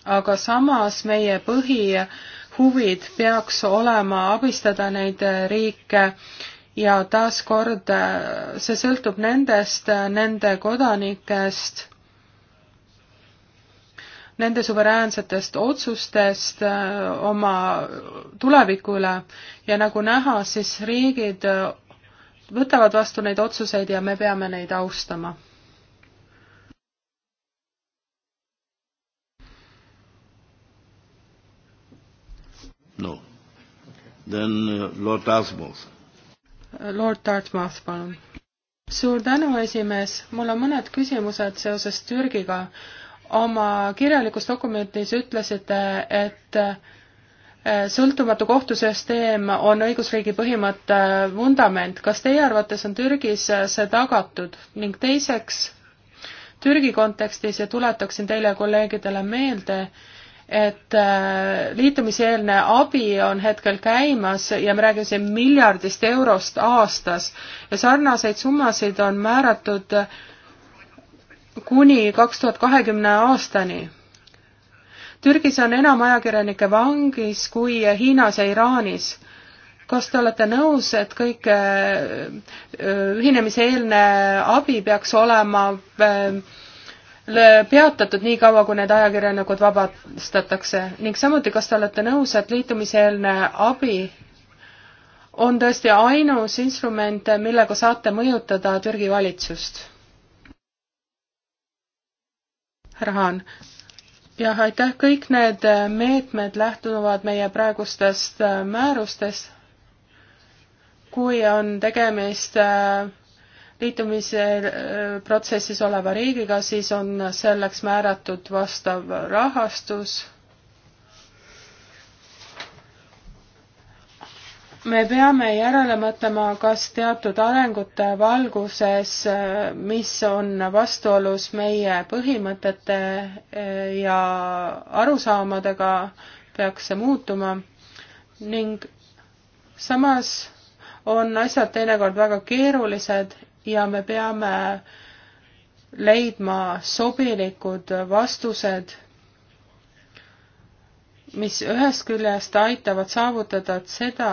aga samas meie põhihuvid peaks olema abistada neid riike äh, ja taaskord äh, see sõltub nendest, äh, nende kodanikest, nende suveräänsetest otsustest äh, oma tuleviku üle ja nagu näha, siis riigid võtavad vastu neid otsuseid ja me peame neid austama No. Then uh, Lord Asmussen. Lord Dartmouth, palun. suur tänu, esimees, mul on mõned küsimused seoses Türgiga. oma kirjalikus dokumendis ütlesite, et eh, sõltumatu kohtusüsteem on õigusriigi põhimõtte vundament. kas teie arvates on Türgis see tagatud ning teiseks, Türgi kontekstis ja tuletaksin teile kolleegidele meelde, et äh, liitumiseelne abi on hetkel käimas ja me räägime siin miljardist eurost aastas ja sarnaseid summasid on määratud kuni kaks tuhat kahekümne aastani. Türgis on enam ajakirjanikke vangis kui Hiinas ja Iraanis. kas te olete nõus, et kõik äh, ühinemiseelne abi peaks olema äh, peatatud nii kaua, kui need ajakirjanikud vabastatakse ning samuti, kas te olete nõus, et liitumiseelne abi on tõesti ainus instrument, millega saate mõjutada Türgi valitsust? härra Haan. jah, aitäh, kõik need meetmed lähtuvad meie praegustest määrustest, kui on tegemist äh, liitumisprotsessis äh, oleva riigiga, siis on selleks määratud vastav rahastus. me peame järele mõtlema, kas teatud arengute valguses, äh, mis on vastuolus meie põhimõtete äh, ja arusaamadega, peaks see muutuma ning samas on asjad teinekord väga keerulised ja me peame leidma sobilikud vastused, mis ühest küljest aitavad saavutada seda,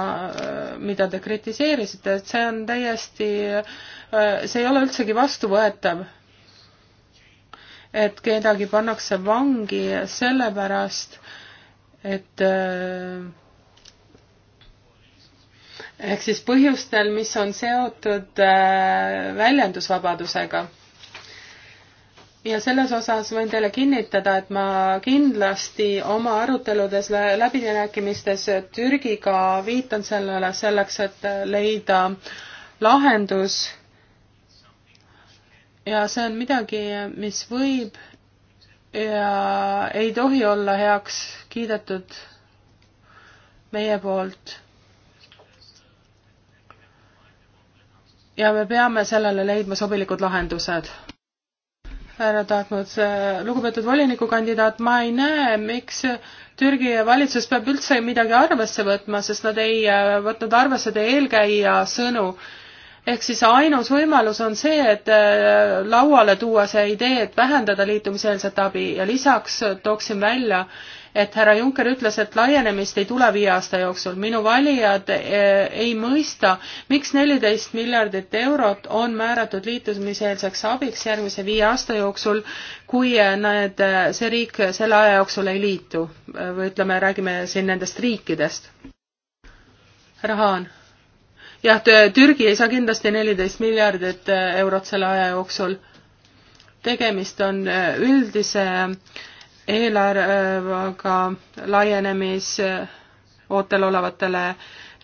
mida te kritiseerisite, et see on täiesti, see ei ole üldsegi vastuvõetav. et kedagi pannakse vangi sellepärast, et äh, ehk siis põhjustel, mis on seotud äh, väljendusvabadusega. ja selles osas võin teile kinnitada, et ma kindlasti oma aruteludes, läbirääkimistes Türgiga viitan sellele selleks, et leida lahendus. ja see on midagi, mis võib ja ei tohi olla heaks kiidetud meie poolt ja me peame sellele leidma sobilikud lahendused. härra Taatnud, lugupeetud volinikukandidaat, ma ei näe, miks Türgi valitsus peab üldse midagi arvesse võtma, sest nad ei võtnud arvesse teie eelkäija sõnu. ehk siis ainus võimalus on see, et äh, lauale tuua see idee, et vähendada liitumiseelset abi ja lisaks tooksin välja, et härra Juncker ütles, et laienemist ei tule viie aasta jooksul. minu valijad e, ei mõista, miks neliteist miljardit eurot on määratud liitumiseelseks abiks järgmise viie aasta jooksul, kui e, need, e, see riik selle aja jooksul ei liitu või ütleme, räägime siin nendest riikidest. härra Haan jah, Türgi ei saa kindlasti neliteist miljardit eurot selle aja jooksul. tegemist on üldise äh, eelarvega laienemisootel äh, olevatele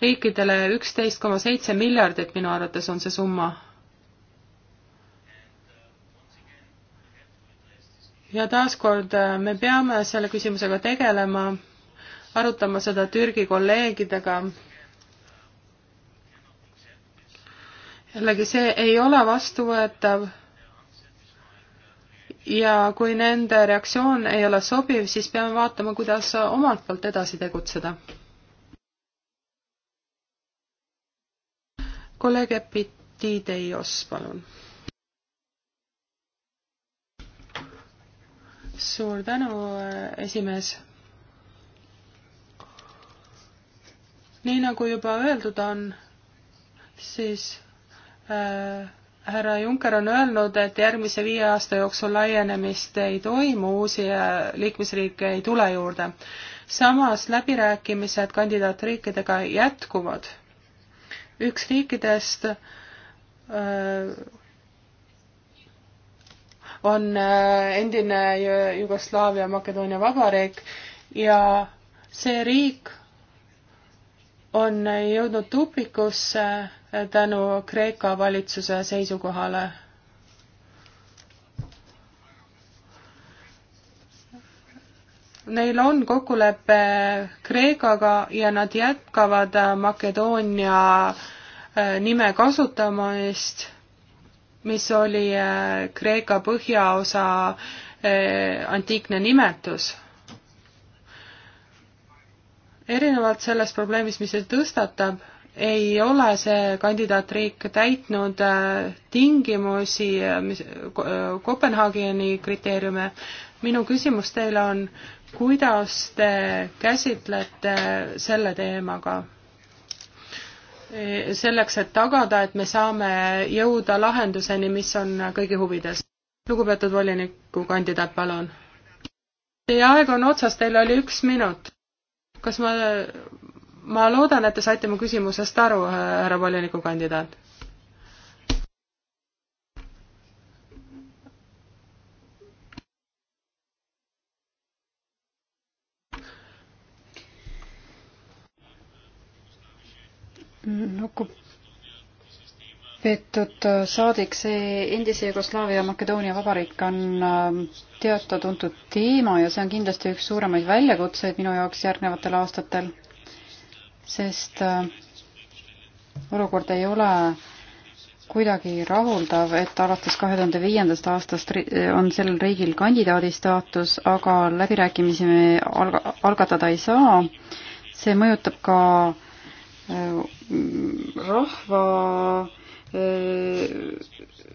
riikidele üksteist koma seitse miljardit, minu arvates on see summa. ja taaskord äh, me peame selle küsimusega tegelema, arutama seda Türgi kolleegidega jällegi see ei ole vastuvõetav ja kui nende reaktsioon ei ole sobiv, siis peame vaatama, kuidas omalt poolt edasi tegutseda. kolleeg Epitideios, palun. suur tänu, esimees. nii nagu juba öeldud on, siis äh, härra Juncker on öelnud, et järgmise viie aasta jooksul laienemist ei toimu, uusi äh, liikmesriike ei tule juurde. samas läbirääkimised kandidaatriikidega jätkuvad. üks riikidest öö, äh, on äh, endine Jugoslaavia Makedoonia Vabariik ja see riik on jõudnud tupikusse tänu Kreeka valitsuse seisukohale. Neil on kokkulepe Kreekaga ja nad jätkavad Makedoonia äh, nime kasutamist, mis oli äh, Kreeka põhjaosa äh, antiikne nimetus erinevalt sellest probleemist, mis see tõstatab, ei ole see kandidaatriik täitnud äh, tingimusi, äh, mis, äh, Kopenhaageni kriteeriume. minu küsimus teile on, kuidas te käsitlete selle teemaga? E, selleks, et tagada, et me saame jõuda lahenduseni, mis on kõigi huvides. lugupeetud volinikukandidaat, palun. Teie aeg on otsas, teil oli üks minut. kas ma ma loodan, et te saite mu küsimusest aru, härra volinikukandidaat. lugupeetud saadik, see endise Jugoslaavia Makedoonia Vabariik on ähm, teada-tuntud teema ja see on kindlasti üks suuremaid väljakutseid minu jaoks järgnevatel aastatel sest äh, olukord ei ole kuidagi rahuldav, et alates kahe tuhande viiendast aastast on sellel riigil kandidaadi staatus, aga läbirääkimisi me alga-, algatada ei saa. see mõjutab ka äh, rahva äh,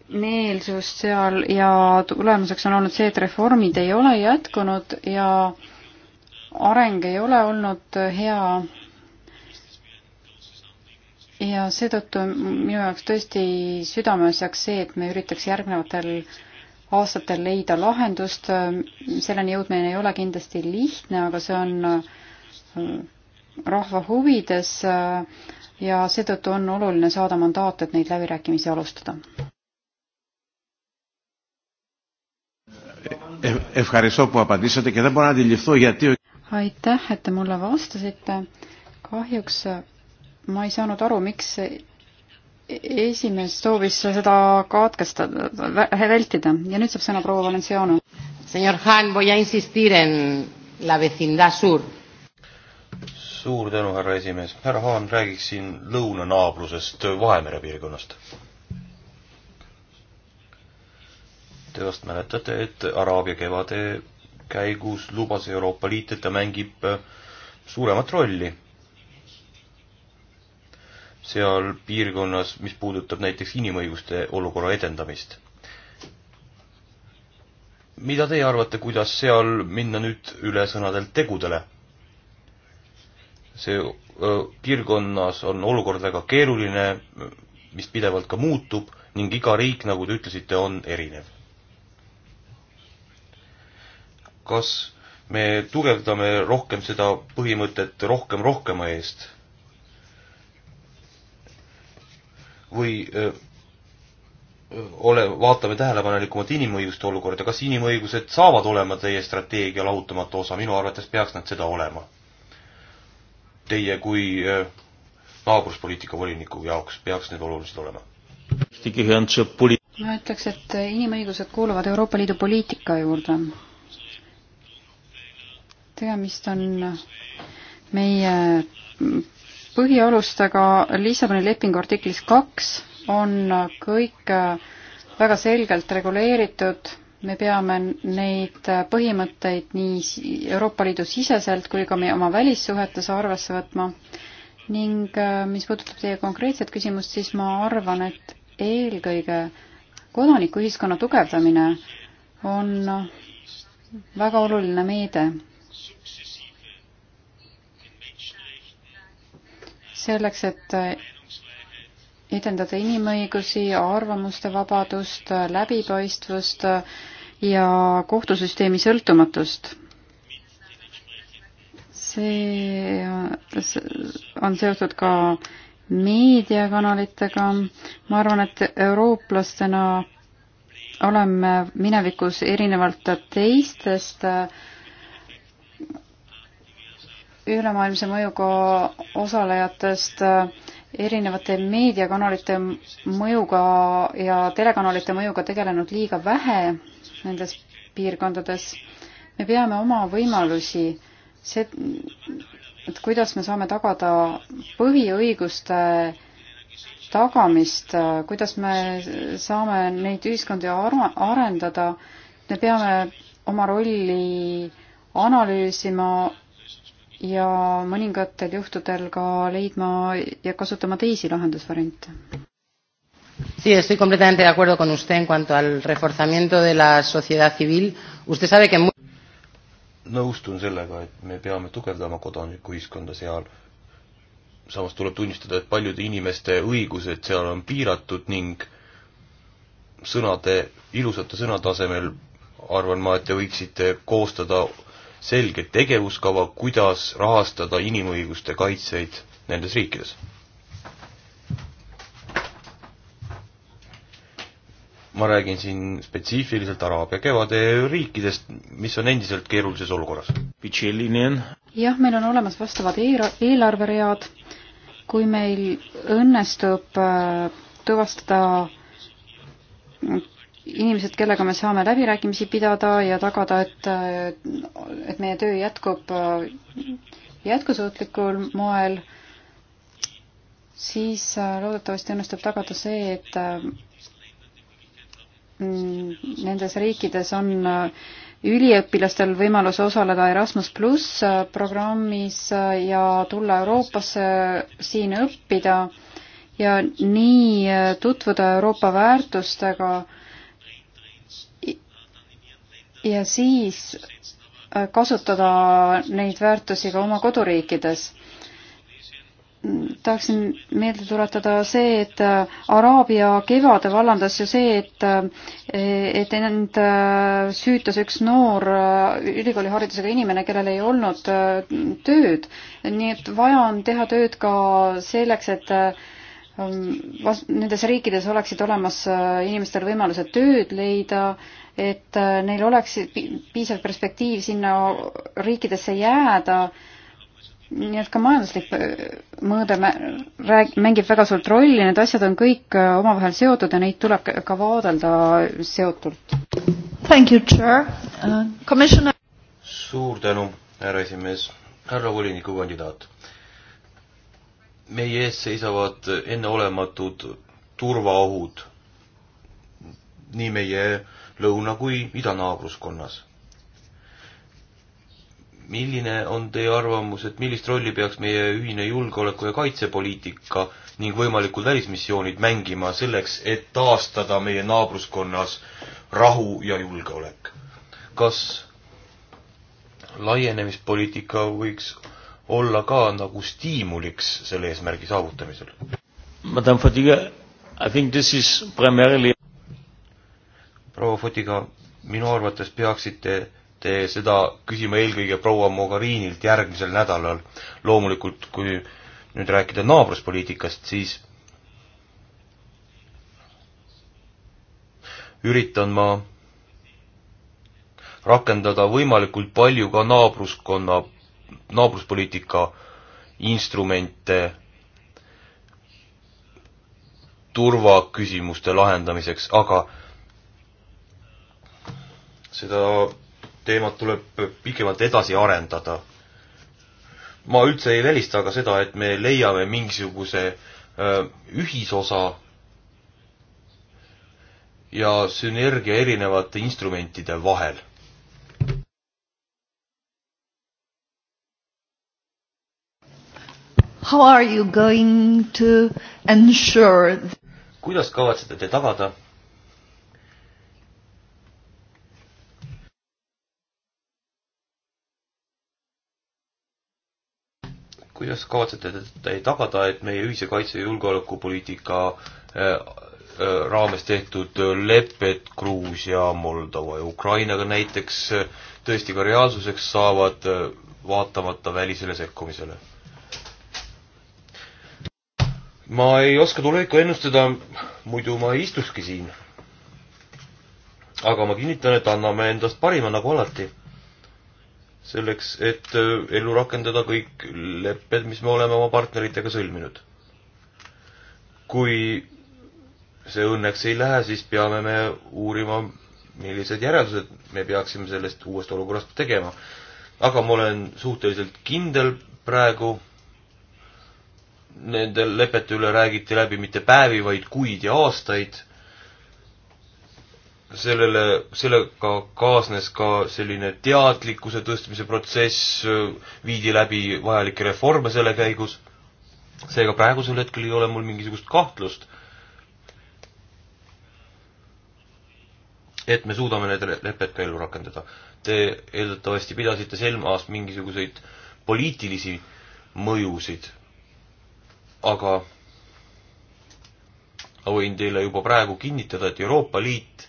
meelsust seal ja tulemuseks on olnud see, et reformid ei ole jätkunud ja areng ei ole olnud hea ja seetõttu minu jaoks tõesti südameasjaks see, et me üritaks järgnevatel aastatel leida lahendust. selleni jõudmine ei ole kindlasti lihtne, aga see on rahva huvides ja seetõttu on oluline saada mandaat, et neid läbirääkimisi alustada. aitäh, et te mulle vastasite. kahjuks ma ei saanud aru, miks esimees soovis seda katkestada, vältida ja nüüd saab sõna proua Valenciano. Senor Han, voy a insistir en la vecindad sur. suur tänu, härra esimees. härra Haan, räägiksin lõunanaabrusest Vahemere piirkonnast. Te vast mäletate, et Araabia kevade käigus lubas Euroopa Liit, et ta mängib suuremat rolli seal piirkonnas, mis puudutab näiteks inimõiguste olukorra edendamist. mida teie arvate, kuidas seal minna nüüd üle sõnadelt tegudele? see öö, piirkonnas on olukord väga keeruline, mis pidevalt ka muutub ning iga riik, nagu te ütlesite, on erinev. kas me tugevdame rohkem seda põhimõtet rohkem rohkema eest? või öö, ole, vaatame tähelepanelikumalt inimõiguste olukorda, kas inimõigused saavad olema teie strateegia lahutamatu osa, minu arvates peaks nad seda olema. Teie kui naabruspoliitika voliniku jaoks peaks need olulised olema. ma ütleks, et inimõigused kuuluvad Euroopa Liidu poliitika juurde. tegemist on meie põhialustega Liisaboni lepingu artiklis kaks on kõik väga selgelt reguleeritud, me peame neid põhimõtteid nii Euroopa Liidu siseselt kui ka meie oma välissuhetes arvesse võtma ning äh, mis puudutab teie konkreetset küsimust, siis ma arvan, et eelkõige kodanikuühiskonna tugevdamine on väga oluline meede selleks, et edendada inimõigusi, arvamuste vabadust, läbipaistvust ja kohtusüsteemi sõltumatust. see on seotud ka meediakanalitega. ma arvan, et eurooplastena oleme minevikus erinevalt teistest äh, ülemaailmse mõjuga osalejatest äh, erinevate meediakanalite mõjuga ja telekanalite mõjuga tegelenud liiga vähe nendes piirkondades. me peame oma võimalusi, see, et kuidas me saame tagada põhiõiguste tagamist, äh, kuidas me saame neid ühiskondi arendada, me peame oma rolli analüüsima ja mõningatel juhtudel ka leidma ja kasutama teisi lahendusvariante. Sí, estoy completamente de acuerdo con usted en cuanto al reforzamiento de la sociedad civil. Usted sabe que nõustun sellega, et me peame tugevdama kodanikuühiskonda seal. samas tuleb tunnistada, et paljude inimeste õigused seal on piiratud ning sõnade, ilusate sõnade asemel arvan ma, et te võiksite koostada selge tegevuskava, kuidas rahastada inimõiguste kaitsjaid nendes riikides. ma räägin siin spetsiifiliselt Araabia kevade riikidest, mis on endiselt keerulises olukorras. jah, meil on olemas vastavad eelarveread, kui meil õnnestub äh, tuvastada inimesed, kellega me saame läbirääkimisi pidada ja tagada, et, et meie töö jätkub äh, jätkusuutlikul moel, siis äh, loodetavasti õnnestub tagada see, et äh, nendes riikides on üliõpilastel võimalus osaleda Erasmus pluss programmis ja tulla Euroopasse siin õppida ja nii tutvuda Euroopa väärtustega ja siis äh, kasutada neid väärtusi ka oma koduriikides. tahaksin meelde tuletada see, et äh, Araabia kevade vallandas ju see, et, äh, et end süütas üks noor ülikooliharidusega inimene, kellel ei olnud tööd. nii et vaja on teha tööd ka selleks, et nendes riikides oleksid olemas inimestel võimalused tööd leida et äh, neil oleks piisav perspektiiv sinna riikidesse jääda. nii et ka majanduslik äh, mõõde mängib väga suurt rolli, need asjad on kõik äh, omavahel seotud ja neid tuleb ka vaadelda seotult. Thank you, chair uh,. Commissioner. suur tänu, härra esimees, härra volinikukandidaat meie ees seisavad enneolematud turvaohud nii meie lõuna- kui idanaabruskonnas. milline on teie arvamus, et millist rolli peaks meie ühine julgeoleku- ja kaitsepoliitika ning võimalikud välismissioonid mängima selleks, et taastada meie naabruskonnas rahu ja julgeolek? kas laienemispoliitika võiks olla ka nagu stiimuliks selle eesmärgi saavutamisel? Madame Fadiga, I think this is primarily proua Fotiga, minu arvates peaksite te seda küsima eelkõige proua Mogherinilt järgmisel nädalal. loomulikult, kui nüüd rääkida naabruspoliitikast, siis üritan ma rakendada võimalikult palju ka naabruskonna, naabruspoliitika instrumente turvaküsimuste lahendamiseks, aga seda teemat tuleb pikemalt edasi arendada. ma üldse ei välista ka seda, et me leiame mingisuguse äh, ühisosa ja sünergia erinevate instrumentide vahel How are you going to ensure kuidas kavatsete te tagada, kuidas kavatsete te tagada, et meie ühise kaitse- ja julgeolekupoliitika äh, äh, raames tehtud lepped Gruusia, Moldova ja Ukrainaga näiteks äh, tõesti ka reaalsuseks saavad, vaatamata välisele sekkumisele? ma ei oska tulevikku ennustada, muidu ma ei istukski siin. aga ma kinnitan, et anname endast parima, nagu alati selleks, et äh, ellu rakendada kõik lepped, mis me oleme oma partneritega sõlminud. kui see õnneks ei lähe, siis peame me uurima, millised järeldused me peaksime sellest uuest olukorrast tegema. aga ma olen suhteliselt kindel praegu, nende lepete üle räägiti läbi mitte päevi, vaid kuid ja aastaid sellele, sellega kaasnes ka selline teadlikkuse tõstmise protsess, viidi läbi vajalikke reforme selle käigus, seega praegusel hetkel ei ole mul mingisugust kahtlust, et me suudame need lepped ka ellu rakendada. Te eeldatavasti pidasite silmas mingisuguseid poliitilisi mõjusid, aga ma võin teile juba praegu kinnitada, et Euroopa Liit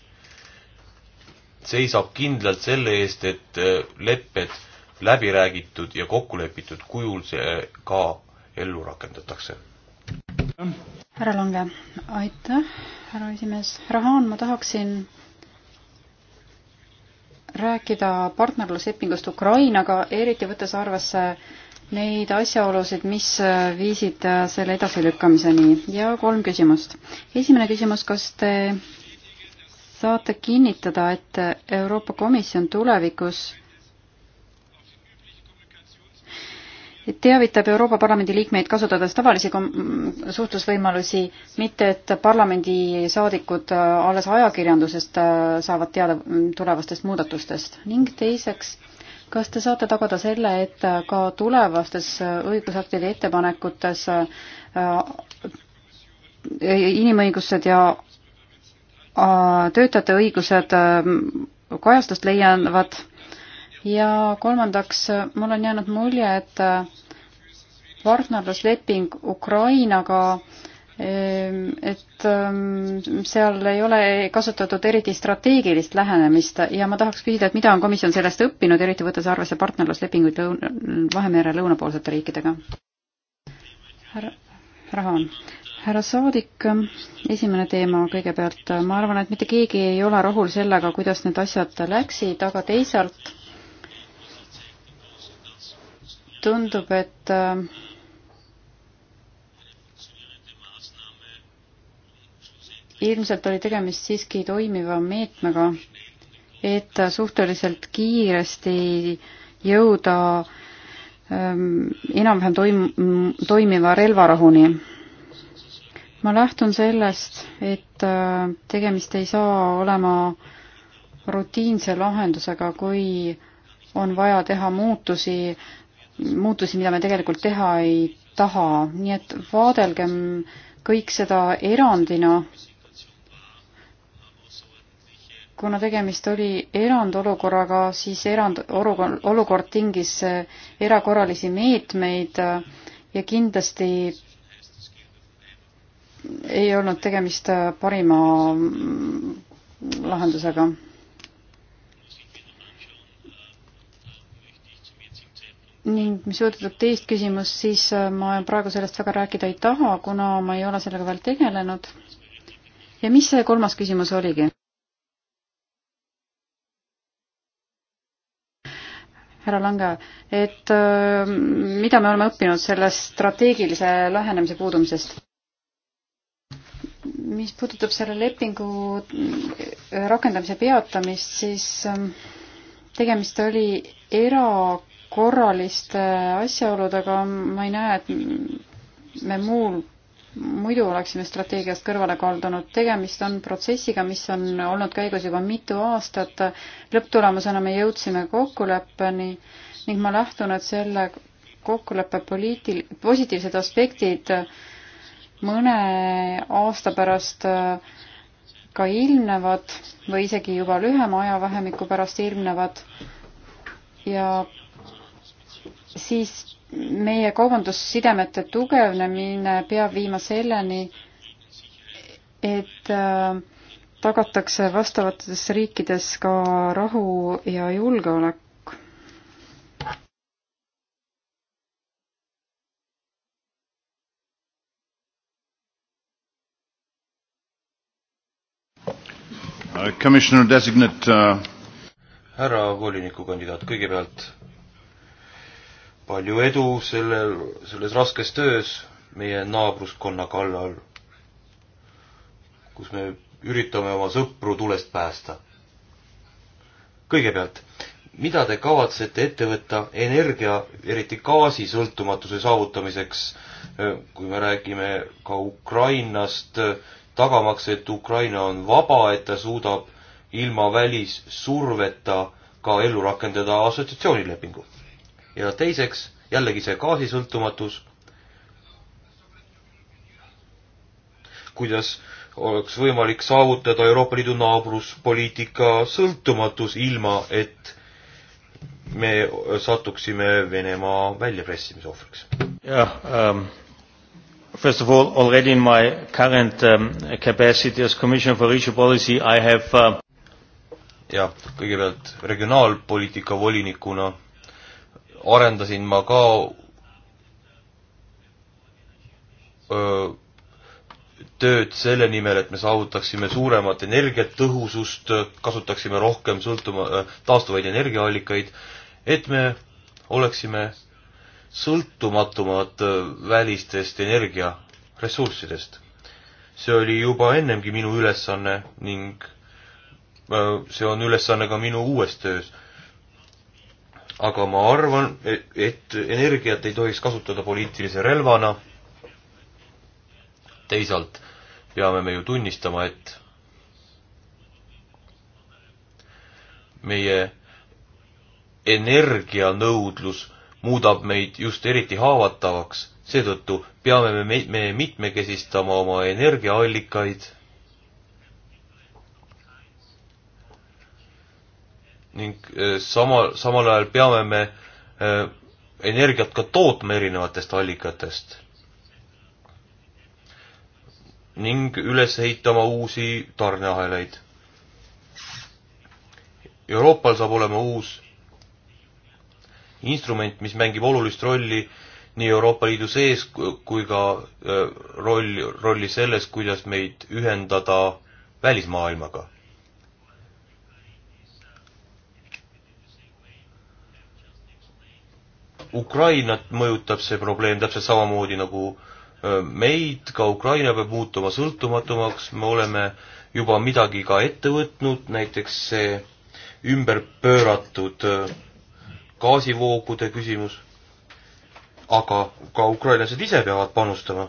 seisab kindlalt selle eest, et äh, lepped läbi räägitud ja kokku lepitud kujul see ka ellu rakendatakse. härra Lange, aitäh, härra esimees. Rahan, ma tahaksin rääkida partnerluslepingust Ukrainaga, eriti võttes arvesse neid asjaolusid, mis viisid selle edasilükkamiseni ja kolm küsimust. esimene küsimus, kas te saate kinnitada, et Euroopa Komisjon tulevikus teavitab Euroopa Parlamendi liikmeid kasutades tavalisi suhtlusvõimalusi, mitte et parlamendisaadikud alles ajakirjandusest saavad teada tulevastest muudatustest ning teiseks, kas te saate tagada selle, et ka tulevastes õigusaktide ettepanekutes äh, inimõigused ja töötajate õigused ähm, kajastust leiavad ja kolmandaks, mul on jäänud mulje, et äh, partnerlusleping Ukrainaga ähm, et ähm, seal ei ole kasutatud eriti strateegilist lähenemist ja ma tahaks küsida, et mida on komisjon sellest õppinud, eriti võttes arvesse partnerluslepinguid lõun-, Vahemere lõunapoolsete riikidega? härra Rahan, härra saadik, ähm, esimene teema kõigepealt, äh, ma arvan, et mitte keegi ei ole rahul sellega, kuidas need asjad läksid, aga teisalt tundub, et äh, ilmselt oli tegemist siiski toimiva meetmega, et suhteliselt kiiresti jõuda ähm, enam-vähem toim-, toimiva relvarahuni ma lähtun sellest, et äh, tegemist ei saa olema rutiinse lahendusega, kui on vaja teha muutusi, muutusi, mida me tegelikult teha ei taha, nii et vaadelgem kõik seda erandina, kuna tegemist oli erandolukorraga, siis erand, olukord tingis erakorralisi meetmeid ja kindlasti ei olnud tegemist äh, parima mm, lahendusega. ning mis puudutab teist küsimust, siis äh, ma praegu sellest väga rääkida ei taha, kuna ma ei ole sellega veel tegelenud. ja mis see kolmas küsimus oligi? härra Lange, et äh, mida me oleme õppinud sellest strateegilise lähenemise puudumisest? mis puudutab selle lepingu äh, rakendamise peatamist, siis ähm, tegemist oli erakorraliste äh, asjaoludega, ma ei näe, et me muul, muidu oleksime strateegiast kõrvale kaldunud. tegemist on protsessiga, mis on olnud käigus juba mitu aastat. lõpptulemusena me jõudsime kokkuleppeni ning ma lähtun, et selle kokkuleppe poliitil-, positiivsed aspektid äh, mõne aasta pärast äh, ka ilmnevad või isegi juba lühema ajavahemiku pärast ilmnevad ja siis meie kaubandussidemete tugevnemine peab viima selleni, et äh, tagatakse vastavates riikides ka rahu ja julgeolek. Uh, Commissioner designate uh... härra volinikukandidaat, kõigepealt palju edu sellel, selles raskes töös meie naabruskonna kallal, kus me üritame oma sõpru tulest päästa. kõigepealt, mida te kavatsete ette võtta energia, eriti gaasi sõltumatuse saavutamiseks, uh, kui me räägime ka Ukrainast, tagamaks, et Ukraina on vaba, et ta suudab ilma välissurveta ka ellu rakendada assotsiatsioonilepingu. ja teiseks jällegi see gaasisõltumatus. kuidas oleks võimalik saavutada Euroopa Liidu naabruspoliitika sõltumatus, ilma et me satuksime Venemaa väljapressimise ohvriks? jah ähm,, First of all, already in my current um, capacity as Commissioner for Regional Policy, I have uh... jah, kõigepealt regionaalpoliitika volinikuna arendasin ma ka öö, tööd selle nimel, et me saavutaksime suuremat energiatõhusust, kasutaksime rohkem sõltuma, taastuvaid energiaallikaid, et me oleksime sõltumatumad äh, välistest energiaressurssidest. see oli juba ennemgi minu ülesanne ning äh, see on ülesanne ka minu uues töös. aga ma arvan, e-, et energiat ei tohiks kasutada poliitilise relvana. teisalt peame me ju tunnistama, et meie energianõudlus muudab meid just eriti haavatavaks, seetõttu peame me, me mitmekesistama oma energiaallikaid ning äh, sama, samal ajal peame me äh, energiat ka tootma erinevatest allikatest. ning üles ehitama uusi tarneahelaid. Euroopal saab olema uus instrument, mis mängib olulist rolli nii Euroopa Liidu sees kui ka roll, rolli selles, kuidas meid ühendada välismaailmaga. Ukrainat mõjutab see probleem täpselt samamoodi nagu meid, ka Ukraina peab muutuma sõltumatumaks, me oleme juba midagi ka ette võtnud, näiteks see ümberpööratud äh, gaasivoogude küsimus, aga ka ukrainlased ise peavad panustama.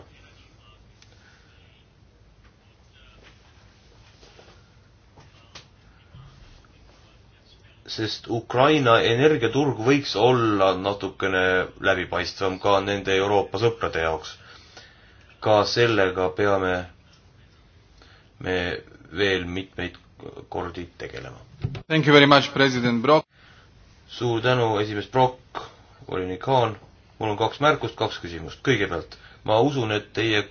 sest Ukraina energiaturg võiks olla natukene läbipaistvam ka nende Euroopa sõprade jaoks. ka sellega peame me veel mitmeid kordi tegelema. Thank you very much, president Brock suur tänu, esimees Brock, volinik Haan. mul on kaks märkust, kaks küsimust. kõigepealt, ma usun, et teie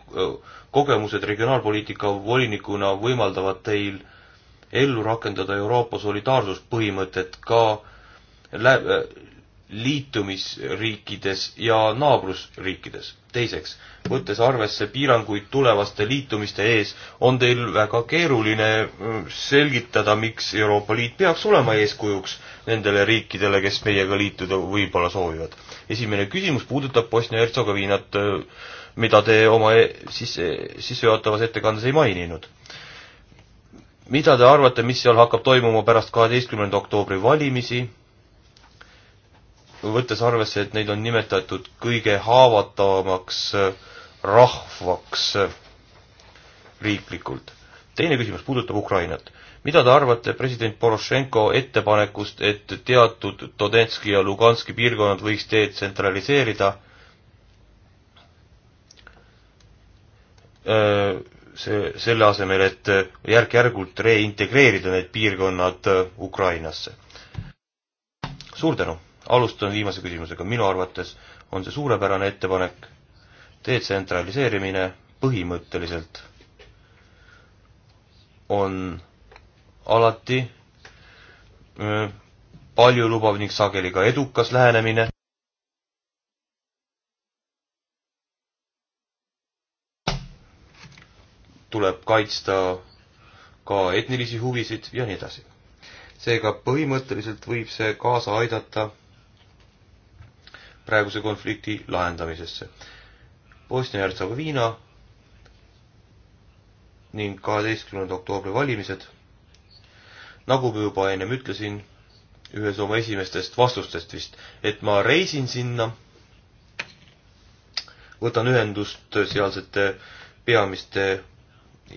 kogemused regionaalpoliitika volinikuna võimaldavad teil ellu rakendada Euroopa solidaarsuspõhimõtet ka lä-, liitumisriikides ja naabrusriikides. teiseks, võttes arvesse piiranguid tulevaste liitumiste ees, on teil väga keeruline mm, selgitada, miks Euroopa Liit peaks olema eeskujuks nendele riikidele, kes meiega liituda võib-olla soovivad. esimene küsimus puudutab Bosnia-Hertsegoviinat, äh, mida te oma e-, sisse, sissejuhatavas ettekandes ei maininud mida te arvate, mis seal hakkab toimuma pärast kaheteistkümnenda oktoobri valimisi, võttes arvesse, et neid on nimetatud kõige haavatavamaks äh, rahvaks äh, riiklikult. teine küsimus puudutab Ukrainat. mida te arvate president Porošenko ettepanekust, et teatud Donetski ja Luganski piirkonnad võiks detsentraliseerida? Äh, see, selle asemel, et järk-järgult reintegreerida need piirkonnad Ukrainasse. suur tänu! alustan viimase küsimusega, minu arvates on see suurepärane ettepanek, detsentraliseerimine põhimõtteliselt on alati paljulubav ning sageli ka edukas lähenemine. tuleb kaitsta ka etnilisi huvisid ja nii edasi. seega põhimõtteliselt võib see kaasa aidata praeguse konflikti lahendamisesse. Bosnia-Hertsegoviina ning kaheteistkümnenda oktoobri valimised. nagu ma juba ennem ütlesin, ühes oma esimestest vastustest vist, et ma reisin sinna, võtan ühendust sealsete peamiste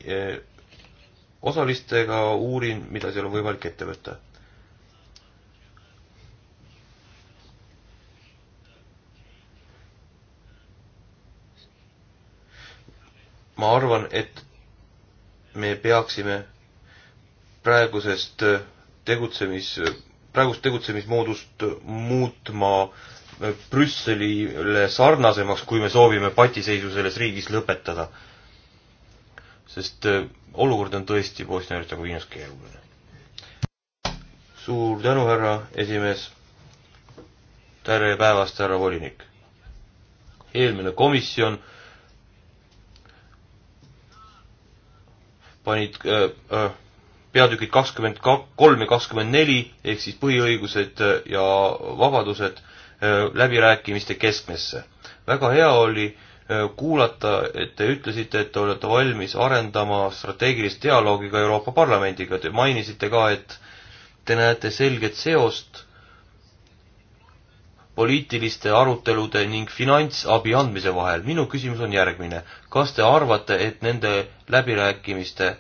eh, osalistega, uurin, mida seal on võimalik ette võtta ma arvan, et me peaksime praegusest tegutsemis, praegust tegutsemismoodust muutma Brüsselile sarnasemaks, kui me soovime patiseisu selles riigis lõpetada. sest äh, olukord on tõesti Bosnia-Hertsegoviinas keeruline. suur tänu, härra esimees. tere päevast, härra volinik. eelmine komisjon panid äh, äh, peatükid kakskümmend kolm ja kakskümmend neli ehk siis põhiõigused äh, ja vabadused läbirääkimiste keskmesse. väga hea oli kuulata, et te ütlesite, et te olete valmis arendama strateegilist dialoogi ka Euroopa Parlamendiga. Te mainisite ka, et te näete selget seost poliitiliste arutelude ning finantsabi andmise vahel. minu küsimus on järgmine. kas te arvate, et nende läbirääkimiste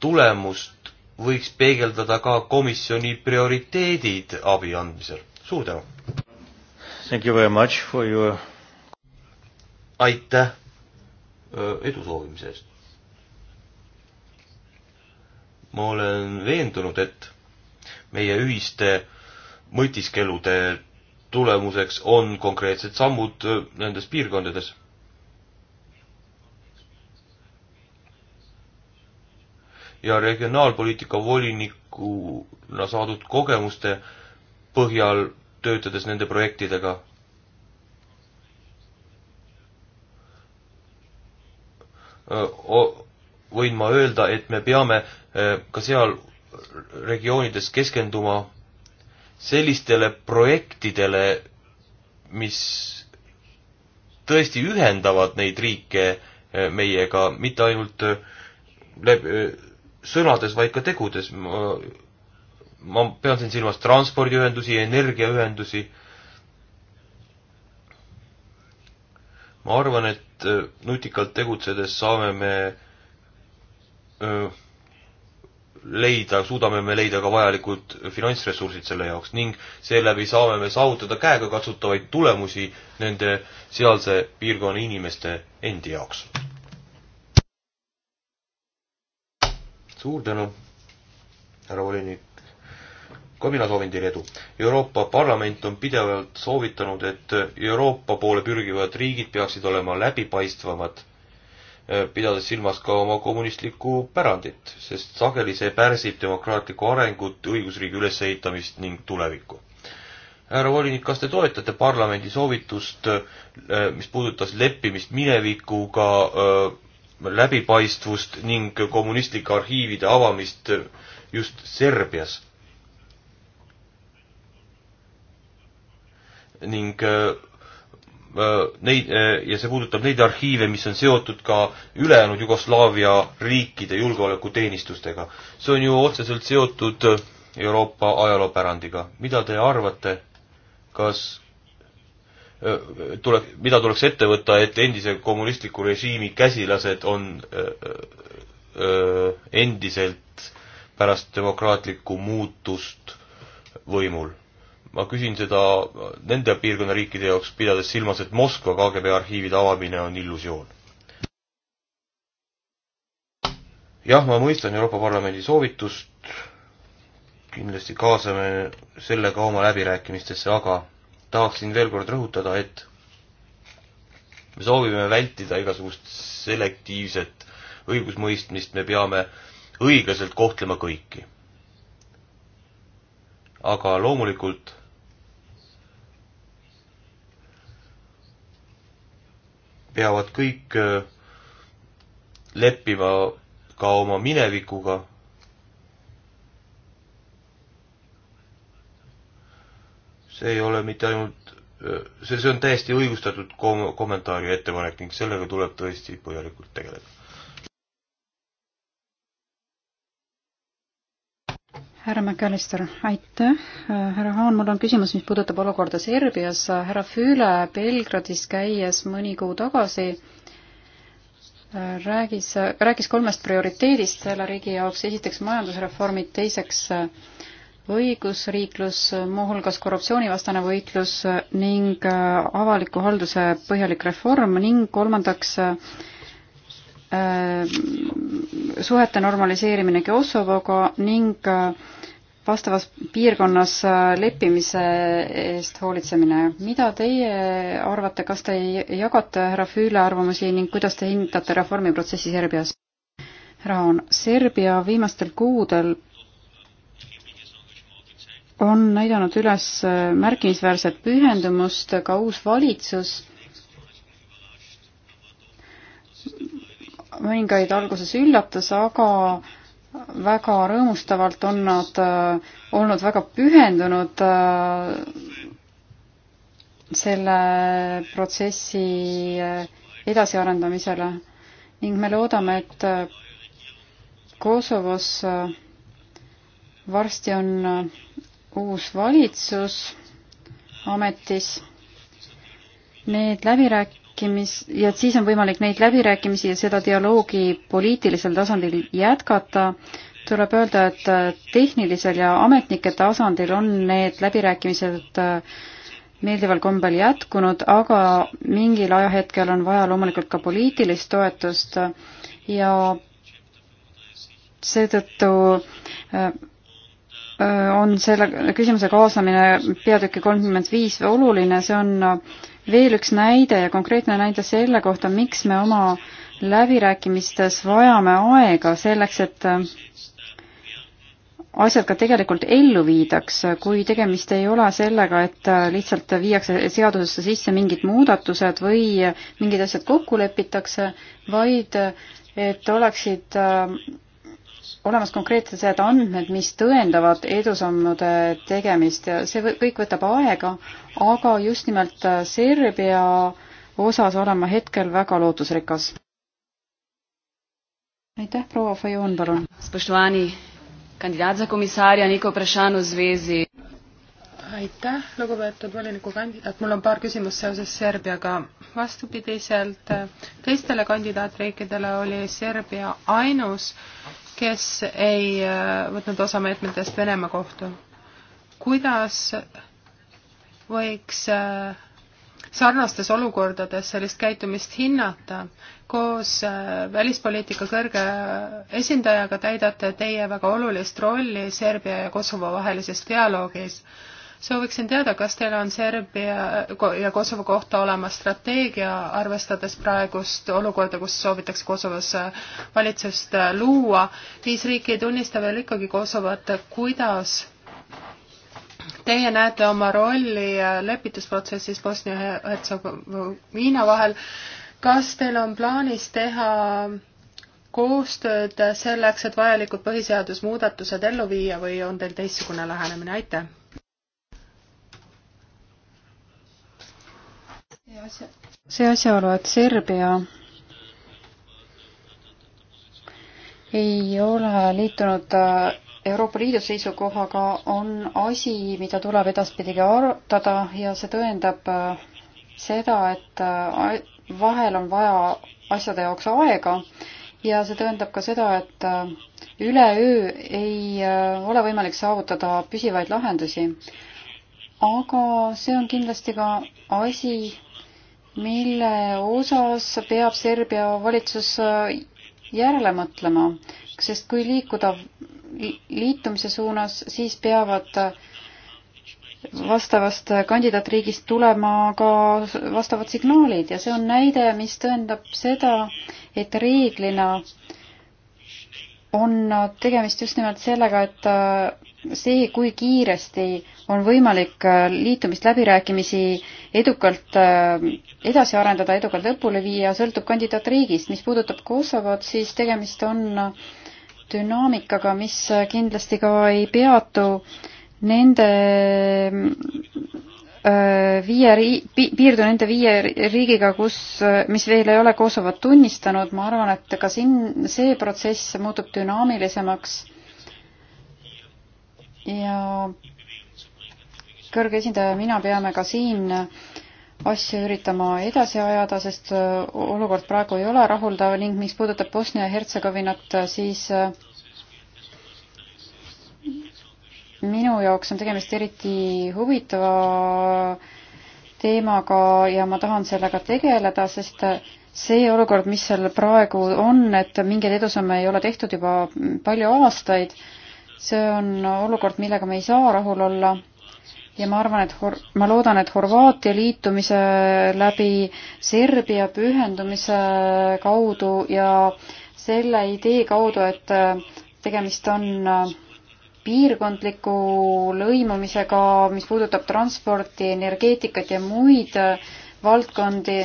tulemust võiks peegeldada ka komisjoni prioriteedid abi andmisel? suur tänu! Thank you very much for your aitäh edu soovimise eest! ma olen veendunud, et meie ühiste mõtiskelude tulemuseks on konkreetsed sammud äh, nendes piirkondades. ja regionaalpoliitika volinikuna saadud kogemuste põhjal töötades nende projektidega äh, võin ma öelda, et me peame äh, ka seal regioonides keskenduma sellistele projektidele, mis tõesti ühendavad neid riike eh, meiega, mitte ainult eh, läbi, eh, sõnades, vaid ka tegudes. ma, ma pean siin silmas transpordiühendusi, energiaühendusi. ma arvan, et nutikalt tegutsedes saame me öö, leida, suudame me leida ka vajalikud finantsressursid selle jaoks ning seeläbi saame me saavutada käegakatsutavaid tulemusi nende sealse piirkonna inimeste endi jaoks. suur tänu, härra volinik. ka mina soovin teile edu. Euroopa Parlament on pidevalt soovitanud, et Euroopa poole pürgivad riigid peaksid olema läbipaistvamad Äh, pidades silmas ka oma kommunistlikku pärandit, sest sageli see pärsib demokraatlikku arengut, õigusriigi ülesehitamist ning tulevikku. härra volinik, kas te toetate parlamendi soovitust, äh, mis puudutas leppimist minevikuga, äh, läbipaistvust ning kommunistlike arhiivide avamist just Serbias? ning Äh, neid äh, ja see puudutab neid arhiive, mis on seotud ka ülejäänud Jugoslaavia riikide julgeolekuteenistustega. see on ju otseselt seotud Euroopa ajaloopärandiga. mida te arvate, kas äh, tule, mida tuleks ette võtta, et endise kommunistliku režiimi käsilased on öö, öö, endiselt pärast demokraatlikku muutust võimul? ma küsin seda nende piirkonna riikide jaoks, pidades silmas, et Moskva KGB arhiivide avamine on illusioon. jah, ma mõistan Euroopa Parlamendi soovitust, kindlasti kaasame selle ka oma läbirääkimistesse, aga tahaksin veel kord rõhutada, et me soovime vältida igasugust selektiivset õigusmõistmist, me peame õiglaselt kohtlema kõiki. aga loomulikult peavad kõik äh, leppima ka oma minevikuga. see ei ole mitte ainult, äh, see, see on täiesti õigustatud kom-, kommentaari ettepanek ning sellega tuleb tõesti põhjalikult tegeleda. härra McAllister, aitäh. härra Haan, mul on küsimus, mis puudutab olukorda Serbias. härra Füüle Belgradis käies mõni kuu tagasi räägis, rääkis kolmest prioriteedist selle riigi jaoks. esiteks majandusreformid, teiseks õigusriiklus, muuhulgas korruptsioonivastane võitlus ning avaliku halduse põhjalik reform ning kolmandaks Äh, suhete normaliseerimine Kosovoga ning äh, vastavas piirkonnas äh, leppimise eest hoolitsemine. mida teie arvate, kas te jagate härra Füüle arvamusi ning kuidas te hindate reformiprotsessi Serbias? härra Aan, Serbia viimastel kuudel on näidanud üles märkimisväärset pühendumust, ka uus valitsus mõningaid alguses üllatas, aga väga rõõmustavalt on nad äh, olnud väga pühendunud äh, selle protsessi äh, edasiarendamisele ning me loodame, et äh, Kosovos äh, varsti on äh, uus valitsus ametis. Need läbirääk-, läbirääkimis- ja et siis on võimalik neid läbirääkimisi ja seda dialoogi poliitilisel tasandil jätkata, tuleb öelda, et äh, tehnilisel ja ametnike tasandil on need läbirääkimised äh, meeldival kombel jätkunud, aga mingil ajahetkel on vaja loomulikult ka poliitilist toetust äh, ja seetõttu on selle küsimuse kaasamine peatüki kolmkümmend viis oluline, see on veel üks näide ja konkreetne näide selle kohta, miks me oma läbirääkimistes vajame aega selleks, et äh, asjad ka tegelikult ellu viidaks, kui tegemist ei ole sellega, et äh, lihtsalt viiakse seadusesse sisse mingid muudatused või äh, mingid asjad kokku lepitakse, vaid et oleksid olemas konkreetsed andmed, mis tõendavad edusammude tegemist ja see kõik võtab aega, aga just nimelt äh, Serbia osas olen ma hetkel väga lootusrikas. aitäh, proua Fajon, palun. aitäh, lugupeetud volinikukandidaat, mul on paar küsimust seoses Serbiaga. vastupidiselt äh, teistele kandidaatriikidele oli Serbia ainus, kes ei äh, võtnud osa meetmetest Venemaa kohta. kuidas võiks äh, sarnastes olukordades sellist käitumist hinnata. koos äh, välispoliitika kõrge esindajaga täidate teie väga olulist rolli Serbia ja Kosovo vahelises dialoogis sooviksin teada, kas teil on Serbia ja Kosovo kohta olemas strateegia, arvestades praegust olukorda, kus soovitakse Kosovos äh, valitsust äh, luua. viis riiki ei tunnista veel ikkagi Kosovot, kuidas teie näete oma rolli äh, lepitusprotsessis Bosnia-Hertsegoviina vahel. kas teil on plaanis teha koostööd selleks, et vajalikud põhiseadusmuudatused ellu viia või on teil teistsugune lähenemine, aitäh! see asjaolu, et Serbia ei ole liitunud äh, Euroopa Liidu seisukohaga, on asi, mida tuleb edaspidigi arutada ja see tõendab äh, seda, et äh, vahel on vaja asjade jaoks aega ja see tõendab ka seda, et üleöö ei ole võimalik saavutada püsivaid lahendusi. aga see on kindlasti ka asi, mille osas peab Serbia valitsus äh, järele mõtlema, sest kui liikuda liitumise suunas, siis peavad äh, vastavast kandidaatriigist tulema ka vastavad signaalid ja see on näide, mis tõendab seda, et reeglina on äh, tegemist just nimelt sellega, et see, kui kiiresti on võimalik liitumisläbirääkimisi edukalt edasi arendada, edukalt lõpule viia, sõltub kandidaatriigist. mis puudutab Kosovot, siis tegemist on dünaamikaga, mis kindlasti ka ei peatu nende äh, viie ri-, piirdu nende viie riigiga, kus, mis veel ei ole Kosovot tunnistanud, ma arvan, et ka siin see protsess muutub dünaamilisemaks ja kõrge esindaja ja mina peame ka siin äh, asju üritama edasi ajada, sest äh, olukord praegu ei ole rahuldav ning mis puudutab Bosnia ja Hertsegovinat, siis äh, minu jaoks on tegemist eriti huvitava teemaga ja ma tahan sellega tegeleda, sest äh, see olukord, mis seal praegu on, et mingeid edusamme ei ole tehtud juba palju aastaid, see on olukord, millega me ei saa rahul olla ja ma arvan, et Hor-, ma loodan, et Horvaatia liitumise läbi Serbia pühendumise kaudu ja selle idee kaudu, et äh, tegemist on äh, piirkondliku lõimumisega, mis puudutab transporti, energeetikat ja muid äh, valdkondi,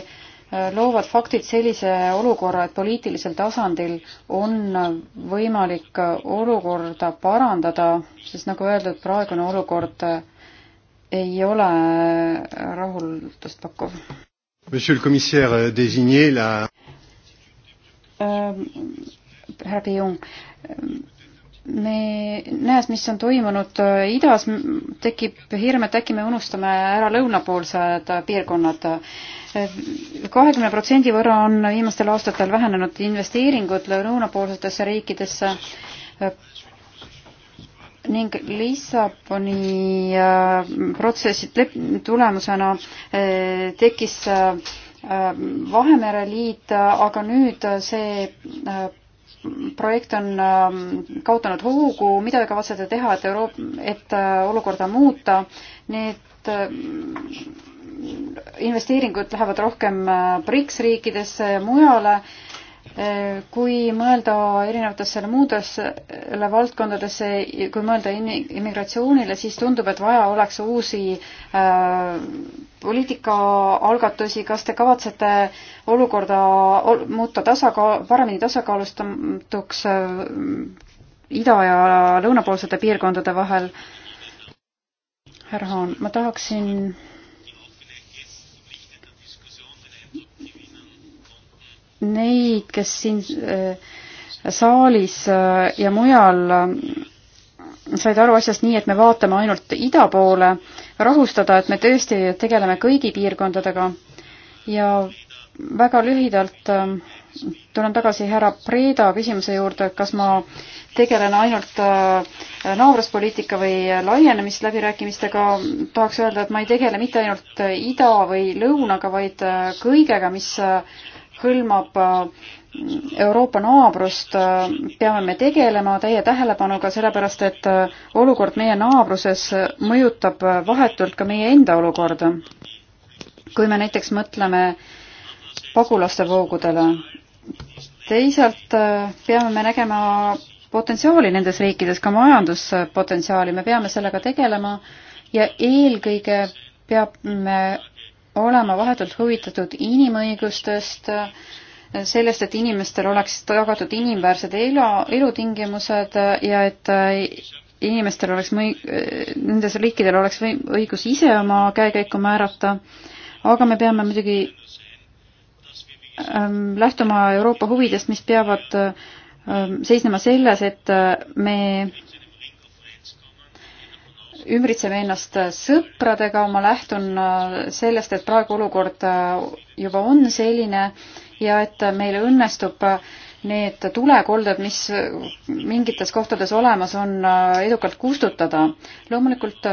loovad faktid sellise olukorra, et poliitilisel tasandil on võimalik olukorda parandada, sest nagu öeldud, praegune olukord ei ole äh, rahuldust pakkuv. Monsieur le commissaire euh, désigné la ähm, härra Pijung, ähm, me, nähes, mis on toimunud äh, idas, tekib hirm, et äkki me unustame ära lõunapoolsed äh, piirkonnad. kahekümne protsendi võrra on viimastel aastatel vähenenud investeeringud lõunapoolsetesse riikidesse ning Lissaboni äh, protsessi tulemusena äh, tekkis äh, Vahemere liit, aga nüüd see projekt on kaotanud hoogu, mida te kavatsete teha, et Euroop-, et olukorda muuta, need investeeringud lähevad rohkem BRICS riikidesse ja mujale Äh, kui mõelda erinevatesse muudesse valdkondadesse, kui mõelda immigratsioonile, siis tundub, et vaja oleks uusi äh, poliitikaalgatusi, kas te kavatsete olukorda ol, muuta tasakaal, paremini tasakaalustatuks äh, ida- ja lõunapoolsete piirkondade vahel? härra Haan, ma tahaksin neid, kes siin äh, saalis äh, ja mujal äh, said aru asjast nii, et me vaatame ainult ida poole, rahustada, et me tõesti tegeleme kõigi piirkondadega ja väga lühidalt tulen tagasi härra Preeda küsimuse juurde, et kas ma tegelen ainult naabruspoliitika või laienemisläbirääkimistega. tahaks öelda, et ma ei tegele mitte ainult ida või lõunaga, vaid kõigega, mis hõlmab äh, Euroopa naabrust, äh, peame me tegelema täie tähelepanuga, sellepärast et äh, olukord meie naabruses mõjutab vahetult ka meie enda olukorda. kui me näiteks mõtleme pagulaste voogudele. teisalt peame me nägema potentsiaali nendes riikides, ka majanduspotentsiaali, me peame sellega tegelema ja eelkõige peab me olema vahetult huvitatud inimõigustest, sellest, et inimestel oleks tagatud inimväärsed elu, elutingimused ja et inimestel oleks mõi-, nendes riikidel oleks või-, õigus ise oma käekäiku määrata, aga me peame muidugi ähm, lähtuma Euroopa huvidest, mis peavad ähm, seisnema selles, et me äh, ümbritseme ennast sõpradega, ma lähtun äh, sellest, et praegu olukord äh, juba on selline ja et meil õnnestub äh, need tulekolded, mis mingites kohtades olemas on, edukalt kustutada. loomulikult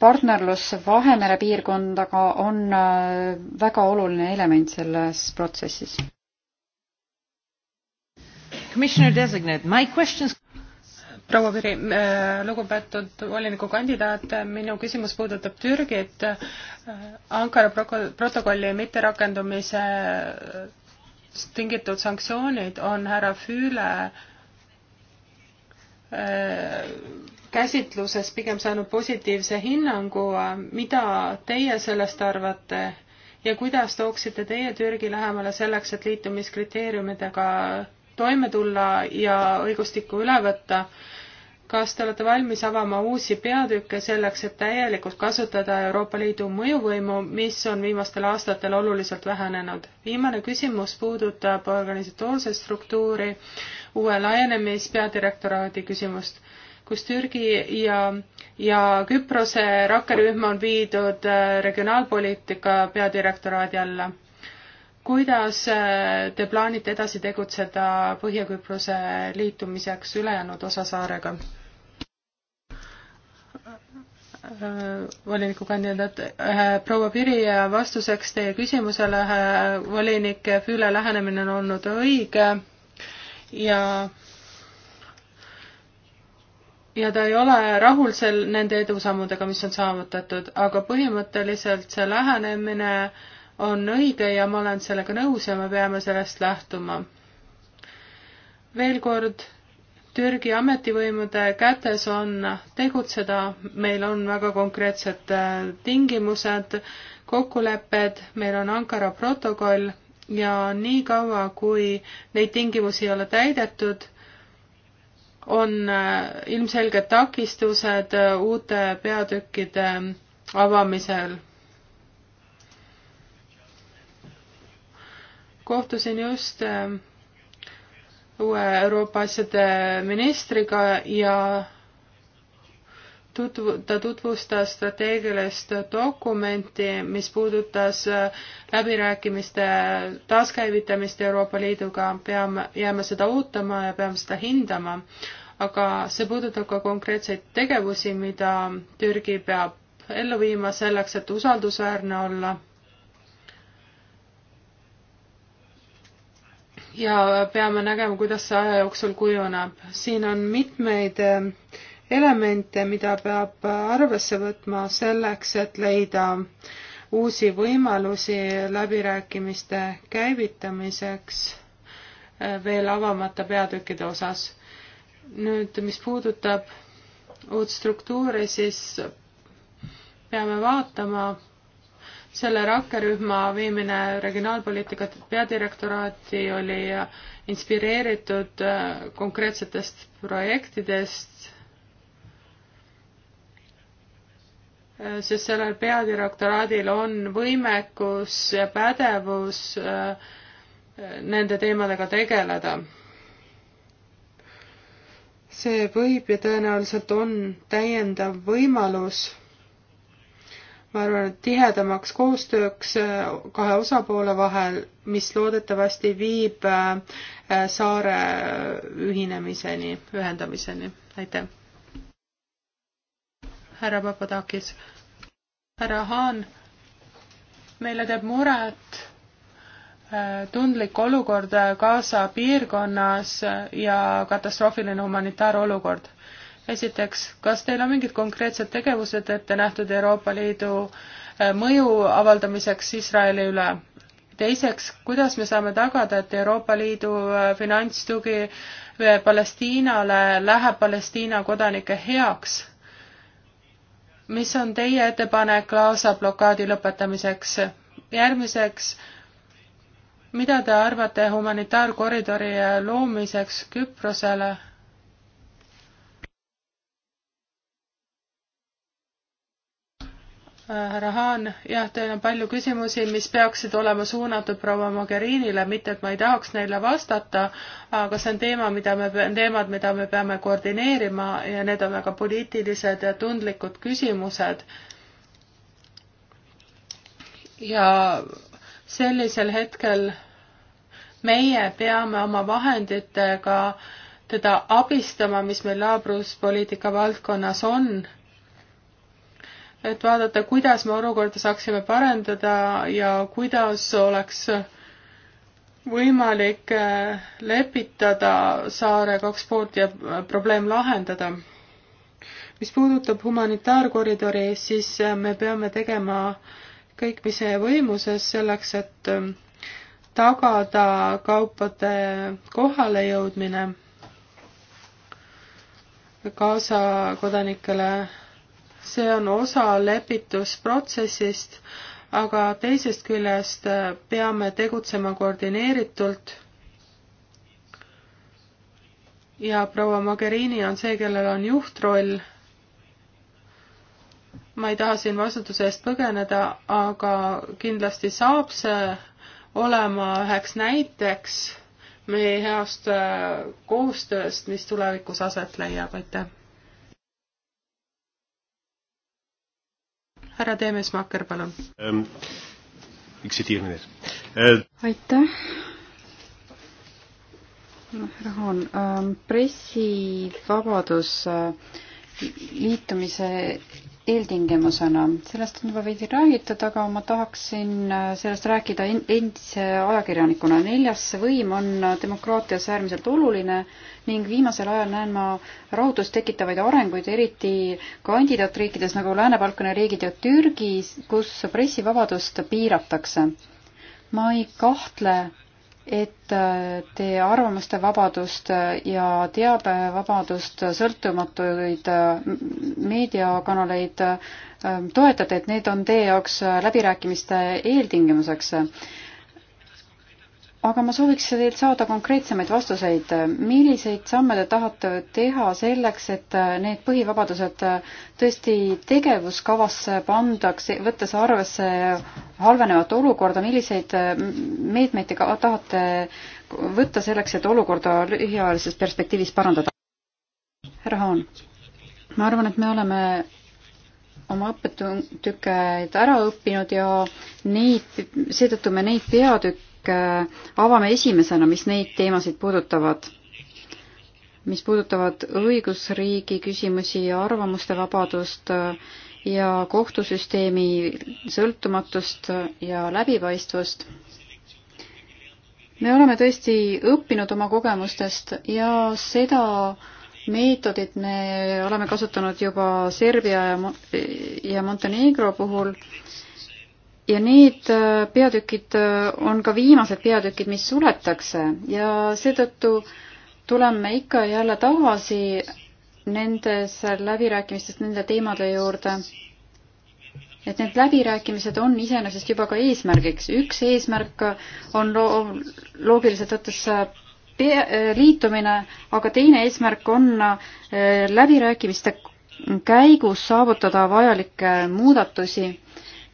partnerlus Vahemere piirkondaga on väga oluline element selles protsessis. Commissioner designate, my questions proua Piri, äh, lugupeetud volinikukandidaat, minu küsimus puudutab Türgit, äh, Ankara protokolli mitterakendumise äh, tingitud sanktsioonid on härra Füüle käsitluses pigem saanud positiivse hinnangu, mida teie sellest arvate ja kuidas tooksite teie Türgi lähemale selleks, et liitumiskriteeriumidega toime tulla ja õigustikku üle võtta kas te olete valmis avama uusi peatükke selleks, et täielikult kasutada Euroopa Liidu mõjuvõimu, mis on viimastel aastatel oluliselt vähenenud? viimane küsimus puudutab organisatoorse struktuuri uue laienemispeadirektoraadi küsimust, kus Türgi ja, ja Küprose rakkerühm on viidud äh, regionaalpoliitika peadirektoraadi alla. kuidas äh, te plaanite edasi tegutseda Põhja-Küprose liitumiseks ülejäänud osasaarega? Äh, volinikukandidaat, äh, proua Piri, vastuseks teie küsimusele, äh, volinik Füüle lähenemine on olnud õige ja ja ta ei ole rahul sel, nende edusammudega, mis on saavutatud, aga põhimõtteliselt see lähenemine on õige ja ma olen sellega nõus ja me peame sellest lähtuma. veel kord Türgi ametivõimude kätes on tegutseda, meil on väga konkreetsed äh, tingimused, kokkulepped, meil on Ankara protokoll ja niikaua, kui neid tingimusi ei ole täidetud, on äh, ilmselged takistused äh, uute peatükkide avamisel. kohtusin just uue Euroopa asjade ministriga ja tutvu-, ta tutvustas strateegilist dokumenti, mis puudutas äh, läbirääkimiste taaskäivitamist Euroopa Liiduga, peame, jääme seda ootama ja peame seda hindama. aga see puudutab ka konkreetseid tegevusi, mida Türgi peab ellu viima selleks, et usaldusväärne olla ja peame nägema, kuidas see aja jooksul kujuneb. siin on mitmeid eh, elemente, mida peab arvesse võtma selleks, et leida uusi võimalusi läbirääkimiste käivitamiseks eh, veel avamata peatükkide osas. nüüd, mis puudutab uut struktuuri, siis peame vaatama, selle rakkerühma viimine regionaalpoliitika peadirektoraati oli inspireeritud äh, konkreetsetest projektidest, äh, sest sellel peadirektoraadil on võimekus ja pädevus äh, nende teemadega tegeleda. see võib ja tõenäoliselt on täiendav võimalus ma arvan, et tihedamaks koostööks äh, kahe osapoole vahel, mis loodetavasti viib äh, saare ühinemiseni, ühendamiseni. aitäh. härra Papadakis. härra Haan, meile teeb muret äh, tundlik olukord Gaza piirkonnas ja katastroofiline humanitaarolukord esiteks, kas teil on mingid konkreetsed tegevused ette nähtud Euroopa Liidu äh, mõju avaldamiseks Iisraeli üle? teiseks, kuidas me saame tagada, et Euroopa Liidu äh, finantstugi äh, Palestiinale läheb Palestiina kodanike heaks? mis on teie ettepanek Gaza blokaadi lõpetamiseks? järgmiseks, mida te arvate humanitaarkoridori loomiseks Küprosele? härra Haan, jah, teil on palju küsimusi, mis peaksid olema suunatud proua Mogherinile, mitte et ma ei tahaks neile vastata, aga see on teema, mida me, teemad, mida me peame koordineerima ja need on väga poliitilised ja tundlikud küsimused. ja sellisel hetkel meie peame oma vahenditega teda abistama, mis meil naabruspoliitika valdkonnas on et vaadata, kuidas me olukorda saaksime parendada ja kuidas oleks võimalik äh, lepitada saare kaks poolt ja äh, probleem lahendada. mis puudutab humanitaarkoridori, siis äh, me peame tegema kõik, mis meie võimuses selleks, et tagada kaupade kohalejõudmine Gaza kodanikele see on osa lepitusprotsessist, aga teisest küljest äh, peame tegutsema koordineeritult. ja proua Mogherini on see, kellel on juhtroll. ma ei taha siin vastutuse eest põgeneda, aga kindlasti saab see olema üheks näiteks meie heast äh, koostööst, mis tulevikus aset leiab, aitäh! härra Teemesmaker, palun ähm,. üks tsiteerin nüüd äh.... aitäh. Rahul ähm,, pressivabadus äh, liitumise eeltingimusena. sellest on juba veidi räägitud, aga ma tahaksin äh, sellest rääkida endise ajakirjanikuna. neljas võim on demokraatias äärmiselt oluline ning viimasel ajal näen ma rahutust tekitavaid arenguid, eriti kandidaatriikides nagu Lääne-Balkani riigid ja Türgis, kus pressivabadust piiratakse. ma ei kahtle et äh, te arvamuste vabadust äh, ja teabevabadust, äh, sõltumatuid meediakanaleid toetate, et need on teie jaoks läbirääkimiste eeltingimuseks aga ma sooviks teilt saada konkreetsemaid vastuseid. milliseid samme te tahate teha selleks, et need põhivabadused tõesti tegevuskavasse pandaks, võttes arvesse halvenevat olukorda, milliseid meetmeid te tahate võtta selleks, et olukorda lühiajalises perspektiivis parandada? härra Haan, ma arvan, et me oleme oma õppetükke ära õppinud ja neid, seetõttu me neid peatükke ehk äh, avame esimesena, mis neid teemasid puudutavad, mis puudutavad õigusriigi küsimusi ja arvamuste vabadust äh, ja kohtusüsteemi sõltumatust ja läbipaistvust. me oleme tõesti õppinud oma kogemustest ja seda meetodit me oleme kasutanud juba Serbia ja, ja Montenegro puhul ja need äh, peatükid äh, on ka viimased peatükid, mis suletakse ja seetõttu tuleme ikka ja jälle tagasi nendes läbirääkimistes nende teemade juurde. et need läbirääkimised on iseenesest juba ka eesmärgiks. üks eesmärk on loo-, loogiliselt võttes liitumine, aga teine eesmärk on äh, läbirääkimiste käigus saavutada vajalikke muudatusi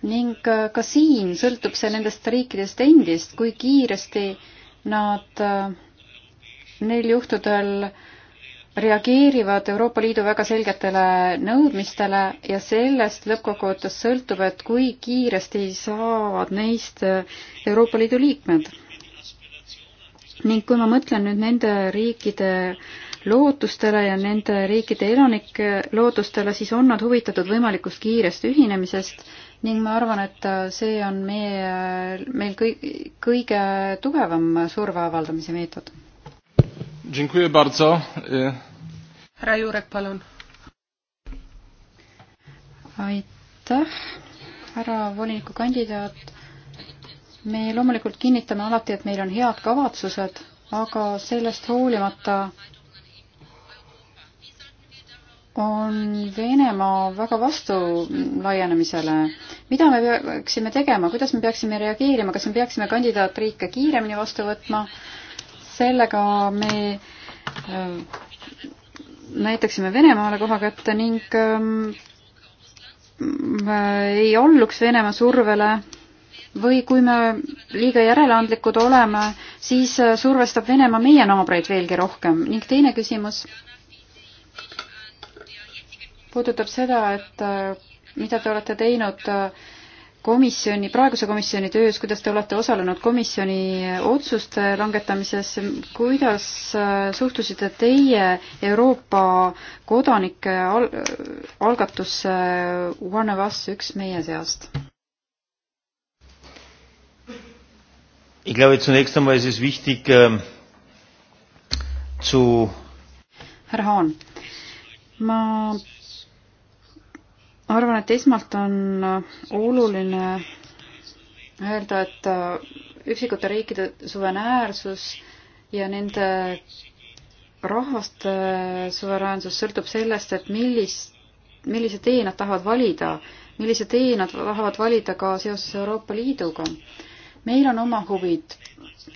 ning äh, ka siin sõltub see nendest riikidest endist, kui kiiresti nad äh, neil juhtudel reageerivad Euroopa Liidu väga selgetele nõudmistele ja sellest lõppkokkuvõttes sõltub, et kui kiiresti saavad neist äh, Euroopa Liidu liikmed. ning kui ma mõtlen nüüd nende riikide lootustele ja nende riikide elanike lootustele, siis on nad huvitatud võimalikust kiirest ühinemisest ning ma arvan, et äh, see on meie, äh, meil kõik, kõige tugevam surve avaldamise meetod. härra Juurek, palun. aitäh, härra volinikukandidaat. me loomulikult kinnitame alati, et meil on head kavatsused, aga sellest hoolimata on Venemaa väga vastu laienemisele. mida me peaksime tegema, kuidas me peaksime reageerima, kas me peaksime kandidaatriike kiiremini vastu võtma? sellega me äh, näitaksime Venemaale koha kätte ning ähm, ei alluks Venemaa survele või kui me liiga järeleandlikud oleme, siis äh, survestab Venemaa meie naabreid veelgi rohkem ning teine küsimus puudutab seda, et äh, mida te olete teinud äh, komisjoni, praeguse komisjoni töös, kuidas te olete osalenud komisjoni äh, otsuste langetamises, kuidas suhtusite teie Euroopa kodanike al-, algatusse One of Us, üks meie seast? Ich glaube, zunächst einmal ist es wichtig ähm, zu. Herr Hahn, ma arvan, et esmalt on oluline öelda, et äh, üksikute riikide suveräänsus ja nende rahvaste äh, suveräänsus sõltub sellest, et millist, millise tee nad tahavad valida, millise tee nad tahavad valida ka seoses Euroopa Liiduga. meil on oma huvid,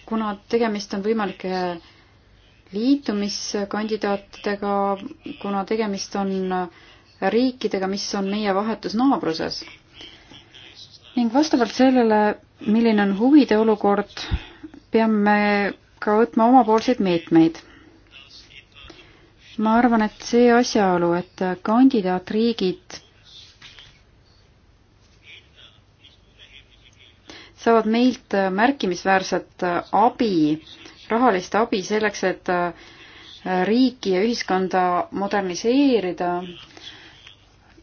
kuna tegemist on võimalike liitumiskandidaatidega, kuna tegemist on äh, riikidega, mis on meie vahetus naabruses. ning vastavalt sellele, milline on huvide olukord, peame ka võtma omapoolseid meetmeid. ma arvan, et see asjaolu, et kandidaatriigid saavad meilt märkimisväärset abi, rahalist abi selleks, et riiki ja ühiskonda moderniseerida,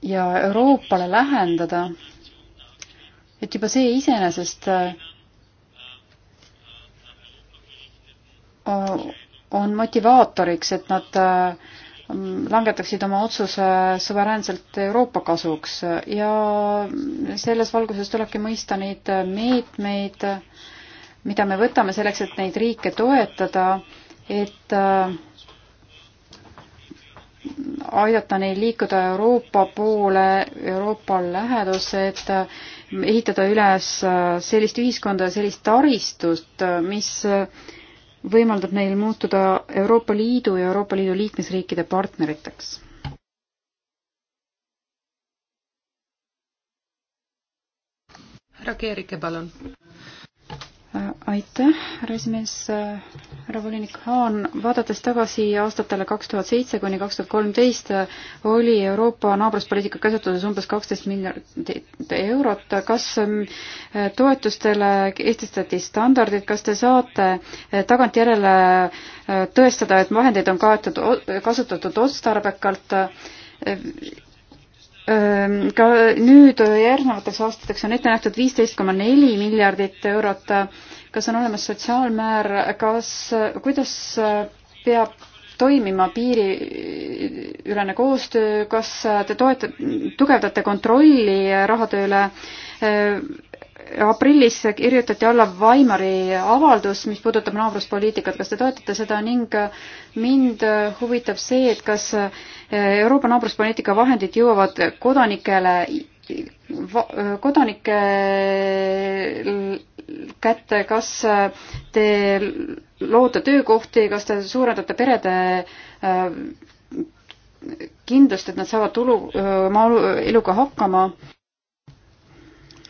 ja Euroopale lähendada, et juba see iseenesest äh, on motivaatoriks, et nad äh, langetaksid oma otsuse suveräänselt Euroopa kasuks ja selles valguses tulebki mõista neid meetmeid, mida me võtame selleks, et neid riike toetada, et äh, aidata neil liikuda Euroopa poole, Euroopa lähedusse, et äh, ehitada üles äh, sellist ühiskonda ja sellist taristust, äh, mis võimaldab neil muutuda Euroopa Liidu ja Euroopa Liidu liikmesriikide partneriteks härra Keerike, palun aitäh, härra esimees, härra volinik Haan, vaadates tagasi aastatele kaks tuhat seitse kuni kaks tuhat kolmteist, oli Euroopa naabruspoliitika käsutuses umbes kaksteist miljardit eurot, kas ähm, toetustele kehtestati standardid, kas te saate äh, tagantjärele äh, tõestada, et vahendeid on kaetud, kasutatud otstarbekalt, äh, Ehm, ka nüüd järgnevateks aastateks on ette nähtud viisteist koma neli miljardit eurot. kas on olemas sotsiaalmäär, kas, kuidas peab toimima piiriülene koostöö, kas te toetate, tugevdate kontrolli rahatööle ehm, aprillis kirjutati alla Vaimari avaldus, mis puudutab naabruspoliitikat, kas te toetate seda ning mind huvitab see, et kas Euroopa naabruspoliitika vahendid jõuavad kodanikele, kodanike kätte, kas te loote töökohti, kas te suurendate perede äh, kindlust, et nad saavad tulu, äh, oma eluga hakkama?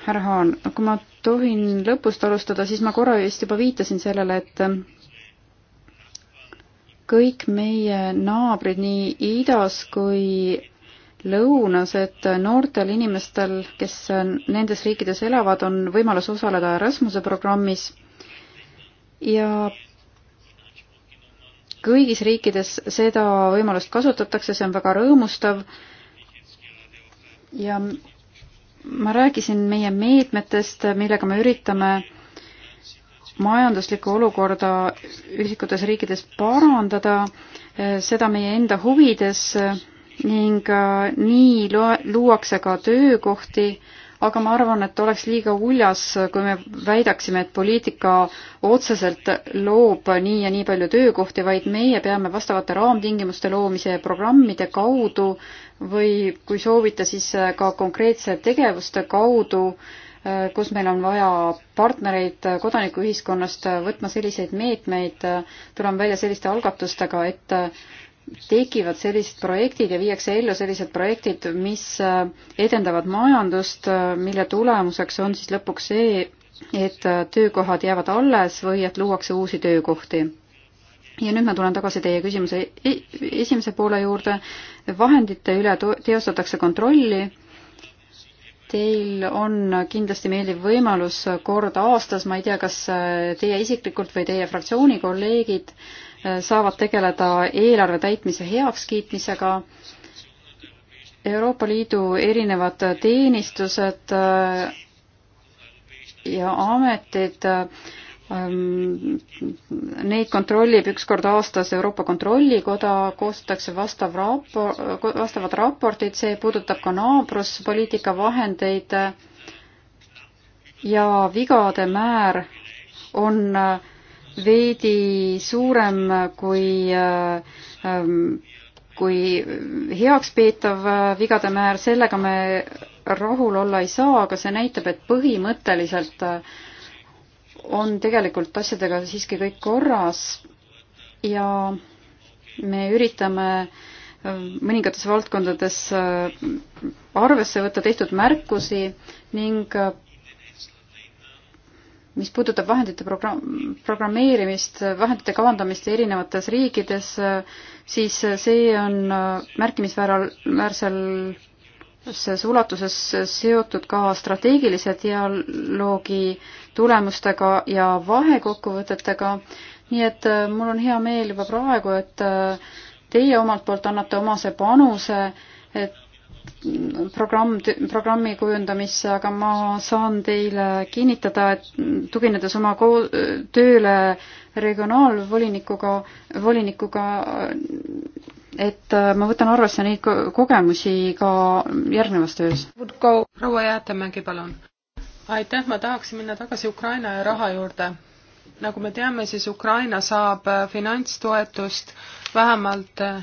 härra Haan, kui ma tohin lõpust alustada, siis ma korra vist juba viitasin sellele, et kõik meie naabrid nii idas kui lõunas, et noortel inimestel, kes nendes riikides elavad, on võimalus osaleda Erasmuse programmis ja kõigis riikides seda võimalust kasutatakse, see on väga rõõmustav ja ma rääkisin meie meetmetest, millega me üritame majanduslikku olukorda ühikutes riikides parandada, eh, seda meie enda huvides eh, ning eh, nii luuakse ka töökohti, aga ma arvan, et oleks liiga uljas, kui me väidaksime, et poliitika otseselt loob nii ja nii palju töökohti, vaid meie peame vastavate raamtingimuste loomise programmide kaudu või kui soovite, siis ka konkreetse tegevuste kaudu kus meil on vaja partnereid kodanikuühiskonnast võtma selliseid meetmeid, tulema välja selliste algatustega, et tekivad sellised projektid ja viiakse ellu sellised projektid, mis äh, edendavad majandust, äh, mille tulemuseks on siis lõpuks see, et äh, töökohad jäävad alles või et luuakse uusi töökohti. ja nüüd ma tulen tagasi teie küsimuse e-, esimese poole juurde. vahendite üle teostatakse kontrolli. Teil on kindlasti meeldiv võimalus kord aastas, ma ei tea, kas teie isiklikult või teie fraktsiooni kolleegid äh, Äh, saavad tegeleda eelarve täitmise heakskiitmisega. Euroopa Liidu erinevad teenistused äh, ja ametid, ähm, neid kontrollib üks kord aastas Euroopa Kontrollikoda, koostatakse vastav rapor, vastavad raportid, see puudutab ka naabruspoliitika vahendeid ja vigade määr on äh, veidi suurem kui ähm, kui heakspeetav äh, vigade määr, sellega me rahul olla ei saa, aga see näitab, et põhimõtteliselt äh, on tegelikult asjadega siiski kõik korras ja me üritame äh, mõningates valdkondades arvesse võtta tehtud märkusi ning mis puudutab vahendite programm, programmeerimist, vahendite kavandamist erinevates riikides, siis see on märkimisvääral, väärsel selles ulatuses seotud ka strateegilise dialoogi tulemustega ja vahekokkuvõtetega. nii et äh, mul on hea meel juba praegu, et äh, teie omalt poolt annate omase panuse, et programm, programmi kujundamisse, aga ma saan teile kinnitada, et tuginedes oma kool, tööle regionaalvolinikuga, volinikuga, et ma võtan arvesse neid ko kogemusi ka järgnevas töös. proua Jäätemägi, palun. aitäh, ma tahaksin minna tagasi Ukraina ja raha juurde nagu me teame, siis Ukraina saab äh, finantstoetust vähemalt äh,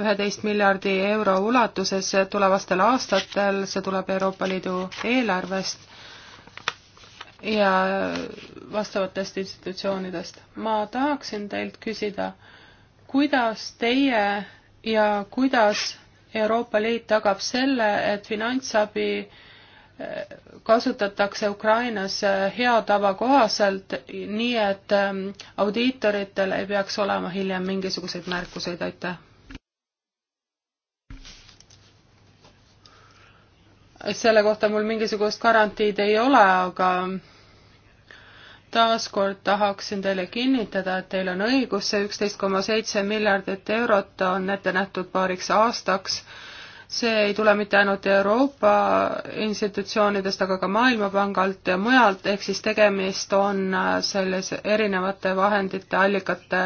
üheteist miljardi euro ulatuses äh, tulevastel aastatel, see tuleb Euroopa Liidu eelarvest ja vastavatest institutsioonidest. ma tahaksin teilt küsida, kuidas teie ja kuidas Euroopa Liit tagab selle, et finantsabi kasutatakse Ukrainas hea tava kohaselt, nii et ähm, audiitoritel ei peaks olema hiljem mingisuguseid märkuseid, aitäh. selle kohta mul mingisugust garantiid ei ole, aga taaskord tahaksin teile kinnitada, et teil on õigus, see üksteist koma seitse miljardit eurot on ette nähtud paariks aastaks see ei tule mitte ainult Euroopa institutsioonidest, aga ka Maailmapangalt ja mujalt, ehk siis tegemist on äh, selles erinevate vahendite, allikate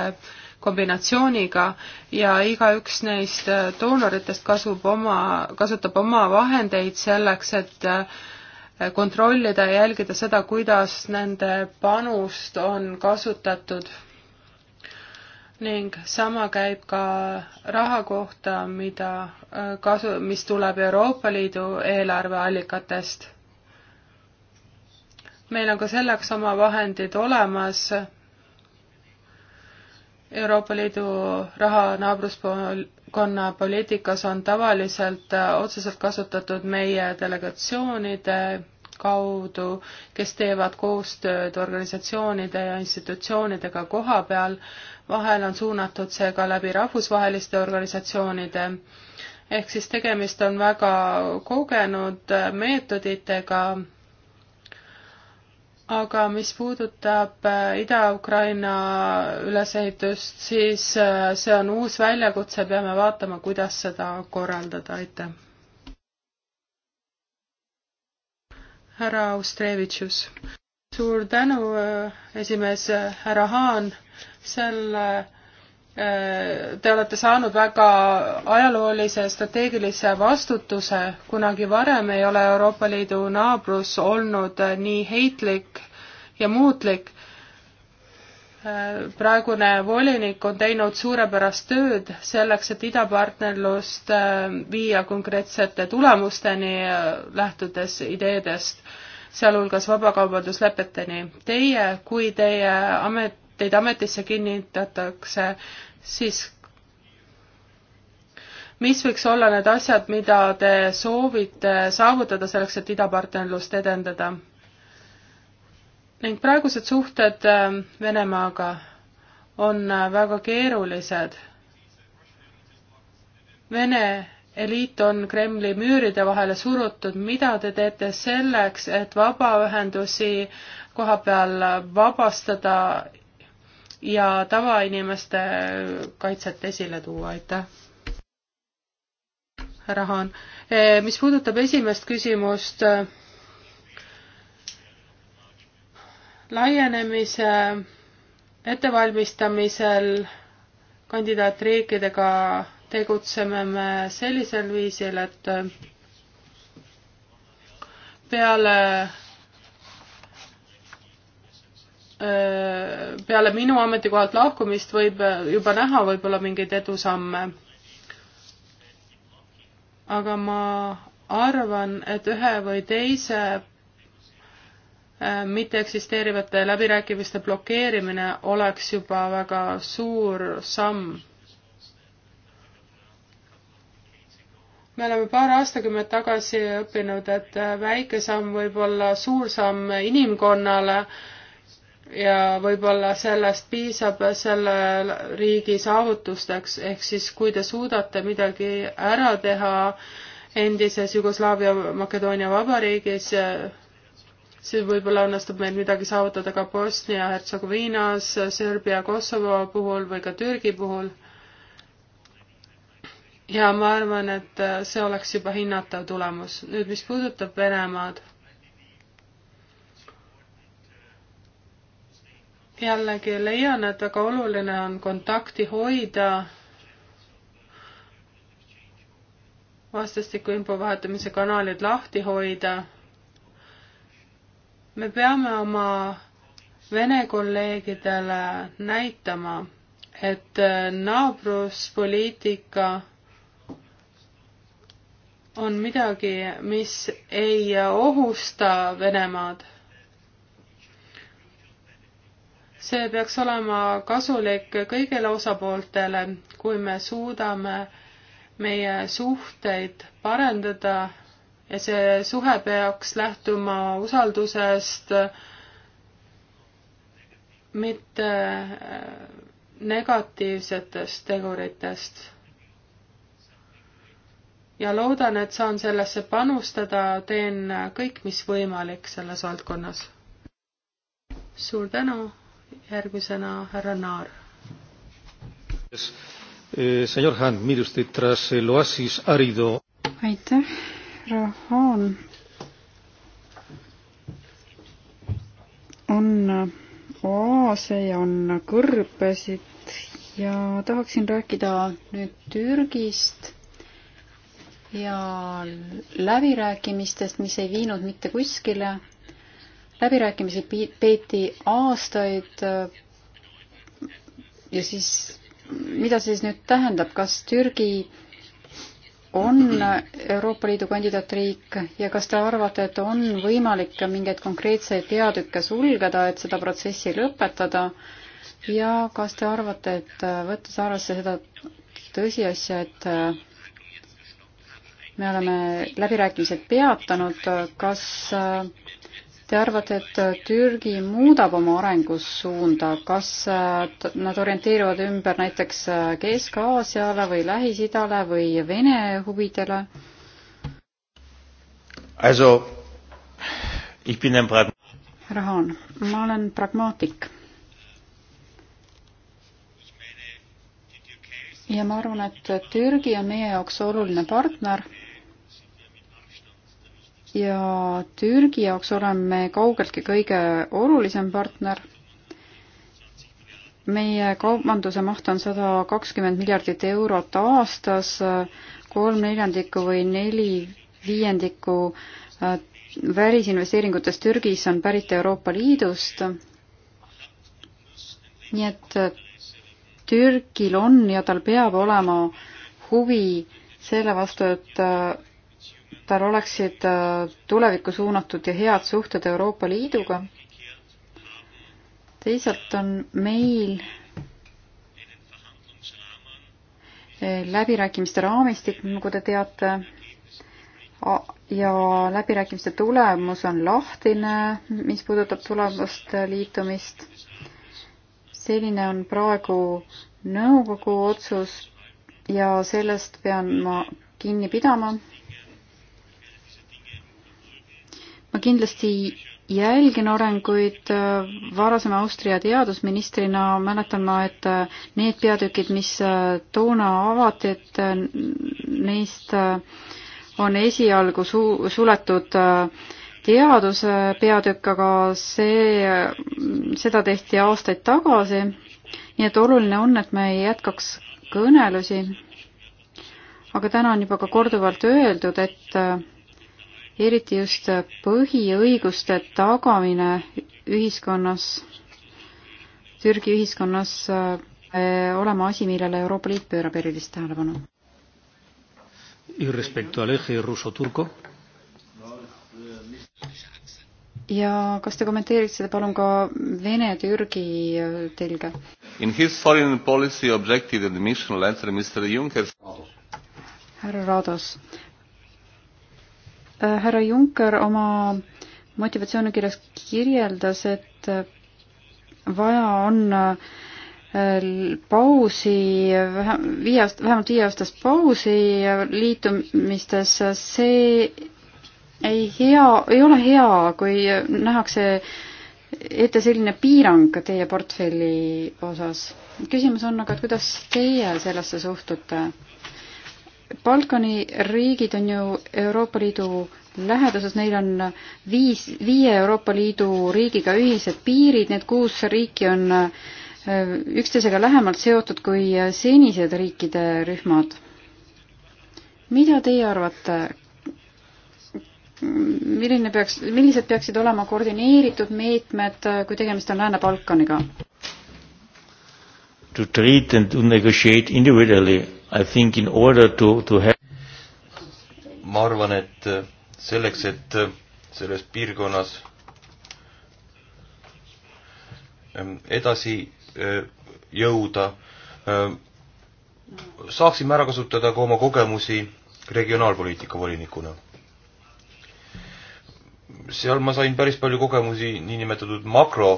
kombinatsiooniga ja igaüks neist äh, doonoritest kasub oma, kasutab oma vahendeid selleks, et äh, kontrollida ja jälgida seda, kuidas nende panust on kasutatud ning sama käib ka raha kohta, mida äh, kasu, mis tuleb Euroopa Liidu eelarveallikatest. meil on ka selleks oma vahendid olemas. Euroopa Liidu raha naabruskonna poliitikas on tavaliselt äh, otseselt kasutatud meie delegatsioonide kaudu, kes teevad koostööd organisatsioonide ja institutsioonidega koha peal, vahel on suunatud see ka läbi rahvusvaheliste organisatsioonide. ehk siis tegemist on väga kogenud meetoditega, aga mis puudutab äh, Ida-Ukraina ülesehitust, siis äh, see on uus väljakutse, peame vaatama, kuidas seda korraldada, aitäh. härra Austrevitšus. suur tänu, äh, esimees härra Haan selle eh, Te olete saanud väga ajaloolise strateegilise vastutuse, kunagi varem ei ole Euroopa Liidu naabrus olnud eh, nii heitlik ja muutlik. Eh, praegune volinik on teinud suurepärast tööd selleks, et idapartnerlust viia konkreetsete tulemusteni, lähtudes ideedest sealhulgas vabakaubanduslepeteni. Teie, kui teie amet teid ametisse kinnitatakse, siis mis võiks olla need asjad, mida te soovite saavutada selleks, et idapartnerlust edendada? ning praegused suhted ähm, Venemaaga on äh, väga keerulised. Vene eliit on Kremli müüride vahele surutud, mida te teete selleks, et vabaühendusi koha peal vabastada ja tavainimeste kaitset esile tuua, aitäh. härra Haan, eh, mis puudutab esimest küsimust, eh, laienemise ettevalmistamisel kandidaatriikidega tegutseme me sellisel viisil, et peale Äh, peale minu ametikohalt lahkumist võib äh, juba näha võib-olla mingeid edusamme. aga ma arvan, et ühe või teise äh, mitteeksisteerivate läbirääkimiste blokeerimine oleks juba väga suur samm. me oleme paar aastakümmet tagasi õppinud, et väike samm võib olla suur samm inimkonnale äh, ja võib-olla sellest piisab selle riigi saavutusteks, ehk siis kui te suudate midagi ära teha endises Jugoslaavia Makedoonia vabariigis, siis võib-olla õnnestub meil midagi saavutada ka Bosnia-Hertsegoviinas, Serbia, Kosovo puhul või ka Türgi puhul. ja ma arvan, et see oleks juba hinnatav tulemus. nüüd, mis puudutab Venemaad jällegi leian, et väga oluline on kontakti hoida vastastikku info vahetamise kanalid lahti hoida. me peame oma Vene kolleegidele näitama, et naabruspoliitika on midagi, mis ei ohusta Venemaad see peaks olema kasulik kõigile osapooltele, kui me suudame meie suhteid parendada ja see suhe peaks lähtuma usaldusest, mitte äh, negatiivsetest teguritest. ja loodan, et saan sellesse panustada, teen kõik, mis võimalik selles valdkonnas. suur tänu! järgmisena härra Naar. Eh, Senor Han, mire usted tras el oasis árido. aitäh, härra Haan. on eh, oaase ja on kõrbesid ja tahaksin rääkida nüüd Türgist ja läbirääkimistest, mis ei viinud mitte kuskile läbirääkimisi peeti aastaid ja siis mida see siis nüüd tähendab, kas Türgi on Euroopa Liidu kandidaatriik ja kas te arvate, et on võimalik ka mingeid konkreetseid peatükke sulgeda, et seda protsessi lõpetada ja kas te arvate, et võttes arvesse seda tõsiasja, et me oleme läbirääkimised peatanud, kas äh, Te arvate, et Türgi muudab oma arengusuunda, kas äh, nad orienteeruvad ümber näiteks äh, Kesk-Aasiale või Lähis-Idale või Vene huvidele? Also, ich bin ein Pragmatiker. Rahan, ma olen pragmaatik. ja ma arvan, et Türgi on meie jaoks oluline partner ja Türgi jaoks oleme kaugeltki kõige olulisem partner. meie kaubanduse maht on sada kakskümmend miljardit eurot aastas, kolm neljandikku või neli viiendikku äh, välisinvesteeringutest Türgis on pärit Euroopa Liidust. nii et äh, Türgil on ja tal peab olema huvi selle vastu, et äh, tal oleksid äh, tulevikku suunatud ja head suhted Euroopa Liiduga. teisalt on meil äh, läbirääkimiste raamistik, nagu te teate, ja läbirääkimiste tulemus on lahtine, mis puudutab tulemust liitumist. selline on praegu nõukogu otsus ja sellest pean ma kinni pidama ma kindlasti jälgin arenguid äh, varasema Austria teadusministrina, mäletan ma, et äh, need peatükid, mis äh, toona avati, et neist on esialgu su-, suletud teaduse peatükk, aga see, seda tehti aastaid tagasi, nii et oluline on, et me ei jätkaks kõnelusi. aga täna on juba ka korduvalt öeldud, et eriti just põhiõiguste tagamine ühiskonnas, Türgi ühiskonnas äh, olema asi, millele Euroopa Liit pöörab erilist tähelepanu. ja kas te kommenteeriksite palun ka Vene-Türgi telge? In his foreign policy objective admission letter Mr Juncker härra Rados, Äh, härra Juncker oma motivatsioonikirjas kirjeldas, et äh, vaja on äh, pausi, viie aast-, vähemalt viieaastast pausi liitumistes, see ei hea, ei ole hea, kui nähakse ette selline piirang teie portfelli osas. küsimus on aga, et kuidas teie sellesse suhtute? Balkani riigid on ju Euroopa Liidu läheduses, neil on viis, viie Euroopa Liidu riigiga ühised piirid, need kuus riiki on äh, üksteisega lähemalt seotud kui senised riikide rühmad. mida teie arvate, milline peaks, millised peaksid olema koordineeritud meetmed, kui tegemist on Lääne-Balkaniga? to treat and to negotiate individually. I think in order to, to have ma arvan, et äh, selleks, et äh, selles piirkonnas ähm, edasi äh, jõuda, saaksime ära kasutada ka oma kogemusi regionaalpoliitika volinikuna. seal ma sain päris palju kogemusi niinimetatud makro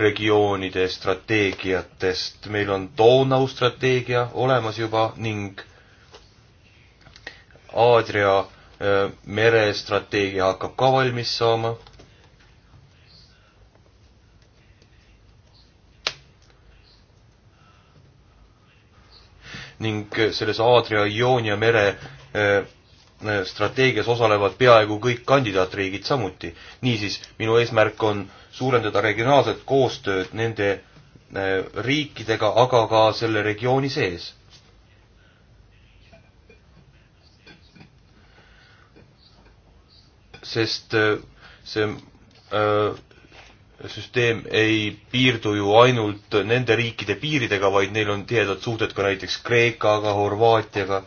regioonide strateegiatest, meil on Donau strateegia olemas juba ning Aadria äh, merestrateegia hakkab ka valmis saama. ning äh, selles Aadria-Ioonia mere äh, Äh, strateegias osalevad peaaegu kõik kandidaatriigid samuti. niisiis, minu eesmärk on suurendada regionaalset koostööd nende äh, riikidega, aga ka selle regiooni sees. sest äh, see öö, süsteem ei piirdu ju ainult nende riikide piiridega, vaid neil on tihedad suhted ka näiteks Kreekaga, Horvaatiaga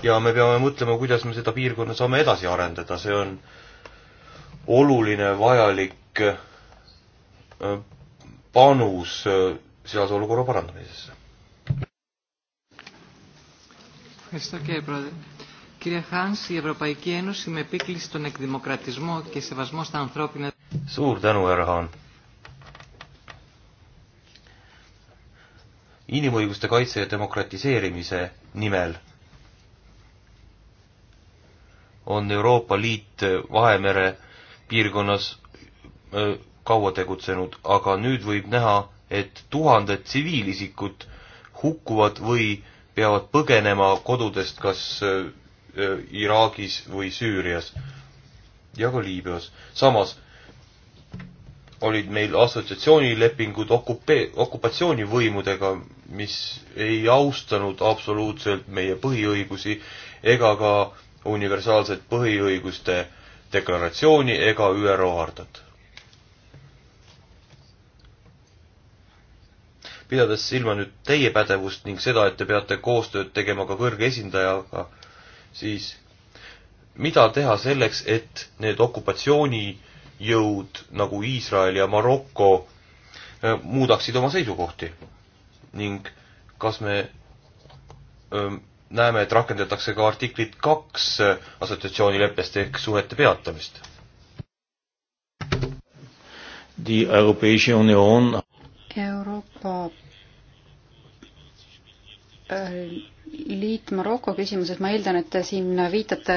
ja me peame mõtlema, kuidas me seda piirkonna saame edasi arendada, see on oluline, vajalik äh, panus äh, sealse olukorra parandamisesse. Κύριε Χάνς, η Ευρωπαϊκή Ένωση με επίκληση στον εκδημοκρατισμό και σεβασμό στα ανθρώπινα... Suur tänu, härra Haan. Inimõiguste kaitse ja demokratiseerimise nimel on Euroopa Liit Vahemere piirkonnas kaua tegutsenud, aga nüüd võib näha, et tuhanded tsiviilisikud hukkuvad või peavad põgenema kodudest kas Iraagis või Süürias ja ka Liibüas. samas olid meil assotsiatsioonilepingud okupee-, okupatsioonivõimudega, mis ei austanud absoluutselt meie põhiõigusi ega ka universaalset põhiõiguste deklaratsiooni ega ÜRO hartat. pidades silma nüüd teie pädevust ning seda, et te peate koostööd tegema ka kõrge esindajaga, siis mida teha selleks, et need okupatsioonijõud nagu Iisrael ja Maroko äh, muudaksid oma seisukohti ning kas me öö, ähm, näeme, et rakendatakse ka artiklit kaks assotsiatsioonileppest ehk suhete peatamist. Euroopa äh, liit Maroko küsimuses, ma eeldan, et te siin viitate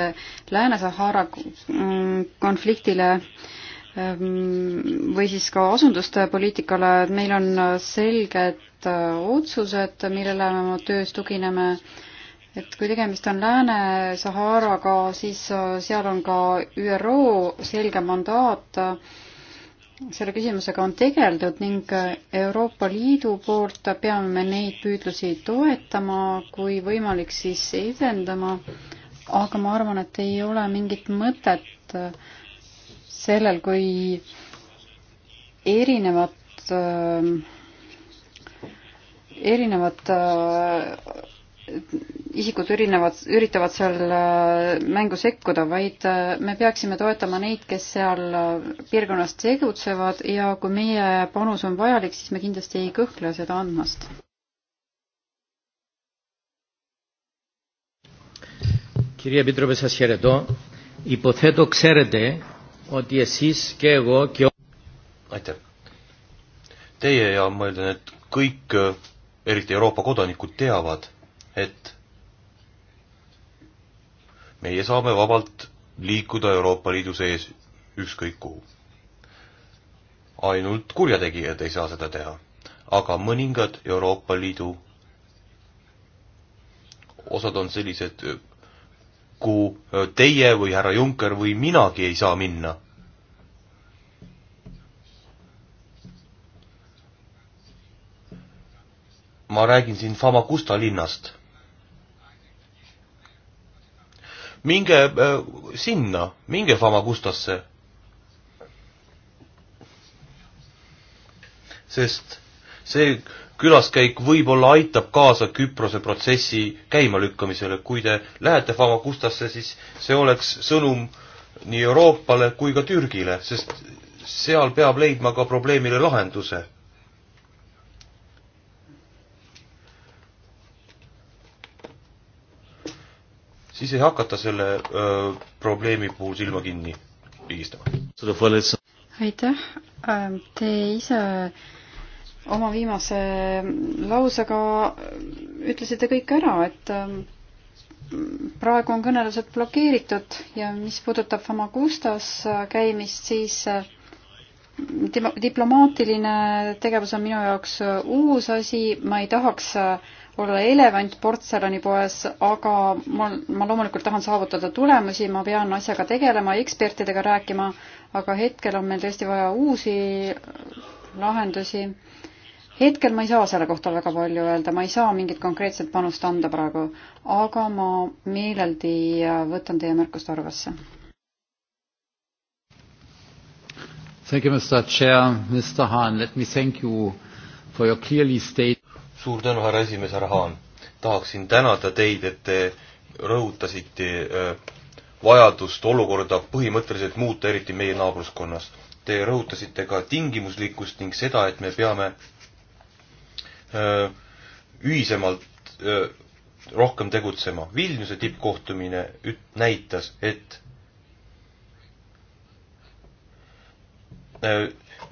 Lääne-Sahara mm, konfliktile ähm, või siis ka asunduste poliitikale, et meil on selged äh, otsused, millele me oma töös tugineme et kui tegemist on Lääne-Saharaga, siis äh, seal on ka ÜRO selge mandaat, selle küsimusega on tegeldud ning äh, Euroopa Liidu poolt peame me neid püüdlusi toetama, kui võimalik, siis edendama, aga ma arvan, et ei ole mingit mõtet äh, sellel, kui erinevad, erinevad isikud ürinevad, üritavad seal äh, mängu sekkuda, vaid äh, me peaksime toetama neid, kes seal äh, piirkonnas tegutsevad ja kui meie panus on vajalik, siis me kindlasti ei kõhkle seda andmast. Κυρία Επίτροπε, σας χαιρετώ. Υποθέτω ξέρετε ότι εσείς και εγώ και... Aitäh. Teie ja ma eeldan, et kõik, eriti Euroopa kodanikud, teavad, et meie saame vabalt liikuda Euroopa Liidu sees ükskõik kuhu. ainult kurjategijad ei saa seda teha, aga mõningad Euroopa Liidu osad on sellised, kuhu teie või härra Juncker või minagi ei saa minna. ma räägin siin Famagusta linnast minge äh, sinna, minge Famagustasse. sest see külaskäik võib-olla aitab kaasa Küprose protsessi käimalükkamisele, kui te lähete Famagustasse, siis see oleks sõnum nii Euroopale kui ka Türgile, sest seal peab leidma ka probleemile lahenduse siis ei hakata selle öö, probleemi puhul silma kinni pigistama. aitäh, ähm, te ise oma viimase lausega ütlesite kõik ära, et ähm, praegu on kõnelused blokeeritud ja mis puudutab Famagustas äh, käimist, siis äh, diplomaatiline tegevus on minu jaoks äh, uus asi, ma ei tahaks äh, olla elevant portselanipoes, aga ma, ma loomulikult tahan saavutada tulemusi, ma pean asjaga tegelema, ekspertidega rääkima, aga hetkel on meil tõesti vaja uusi lahendusi. hetkel ma ei saa selle kohta väga palju öelda, ma ei saa mingit konkreetset panust anda praegu, aga ma meeleldi võtan teie märkust arvesse. Thank you, Mr. Chair. Mr. Hahn, let me thank you for your clearly stated suur tänu, härra esimees, härra Haan. tahaksin tänada teid, et te rõhutasite äh, vajadust olukorda põhimõtteliselt muuta, eriti meie naabruskonnas. Te rõhutasite ka tingimuslikkust ning seda, et me peame äh, ühisemalt äh, rohkem tegutsema. Vilniuse tippkohtumine üt-, näitas, et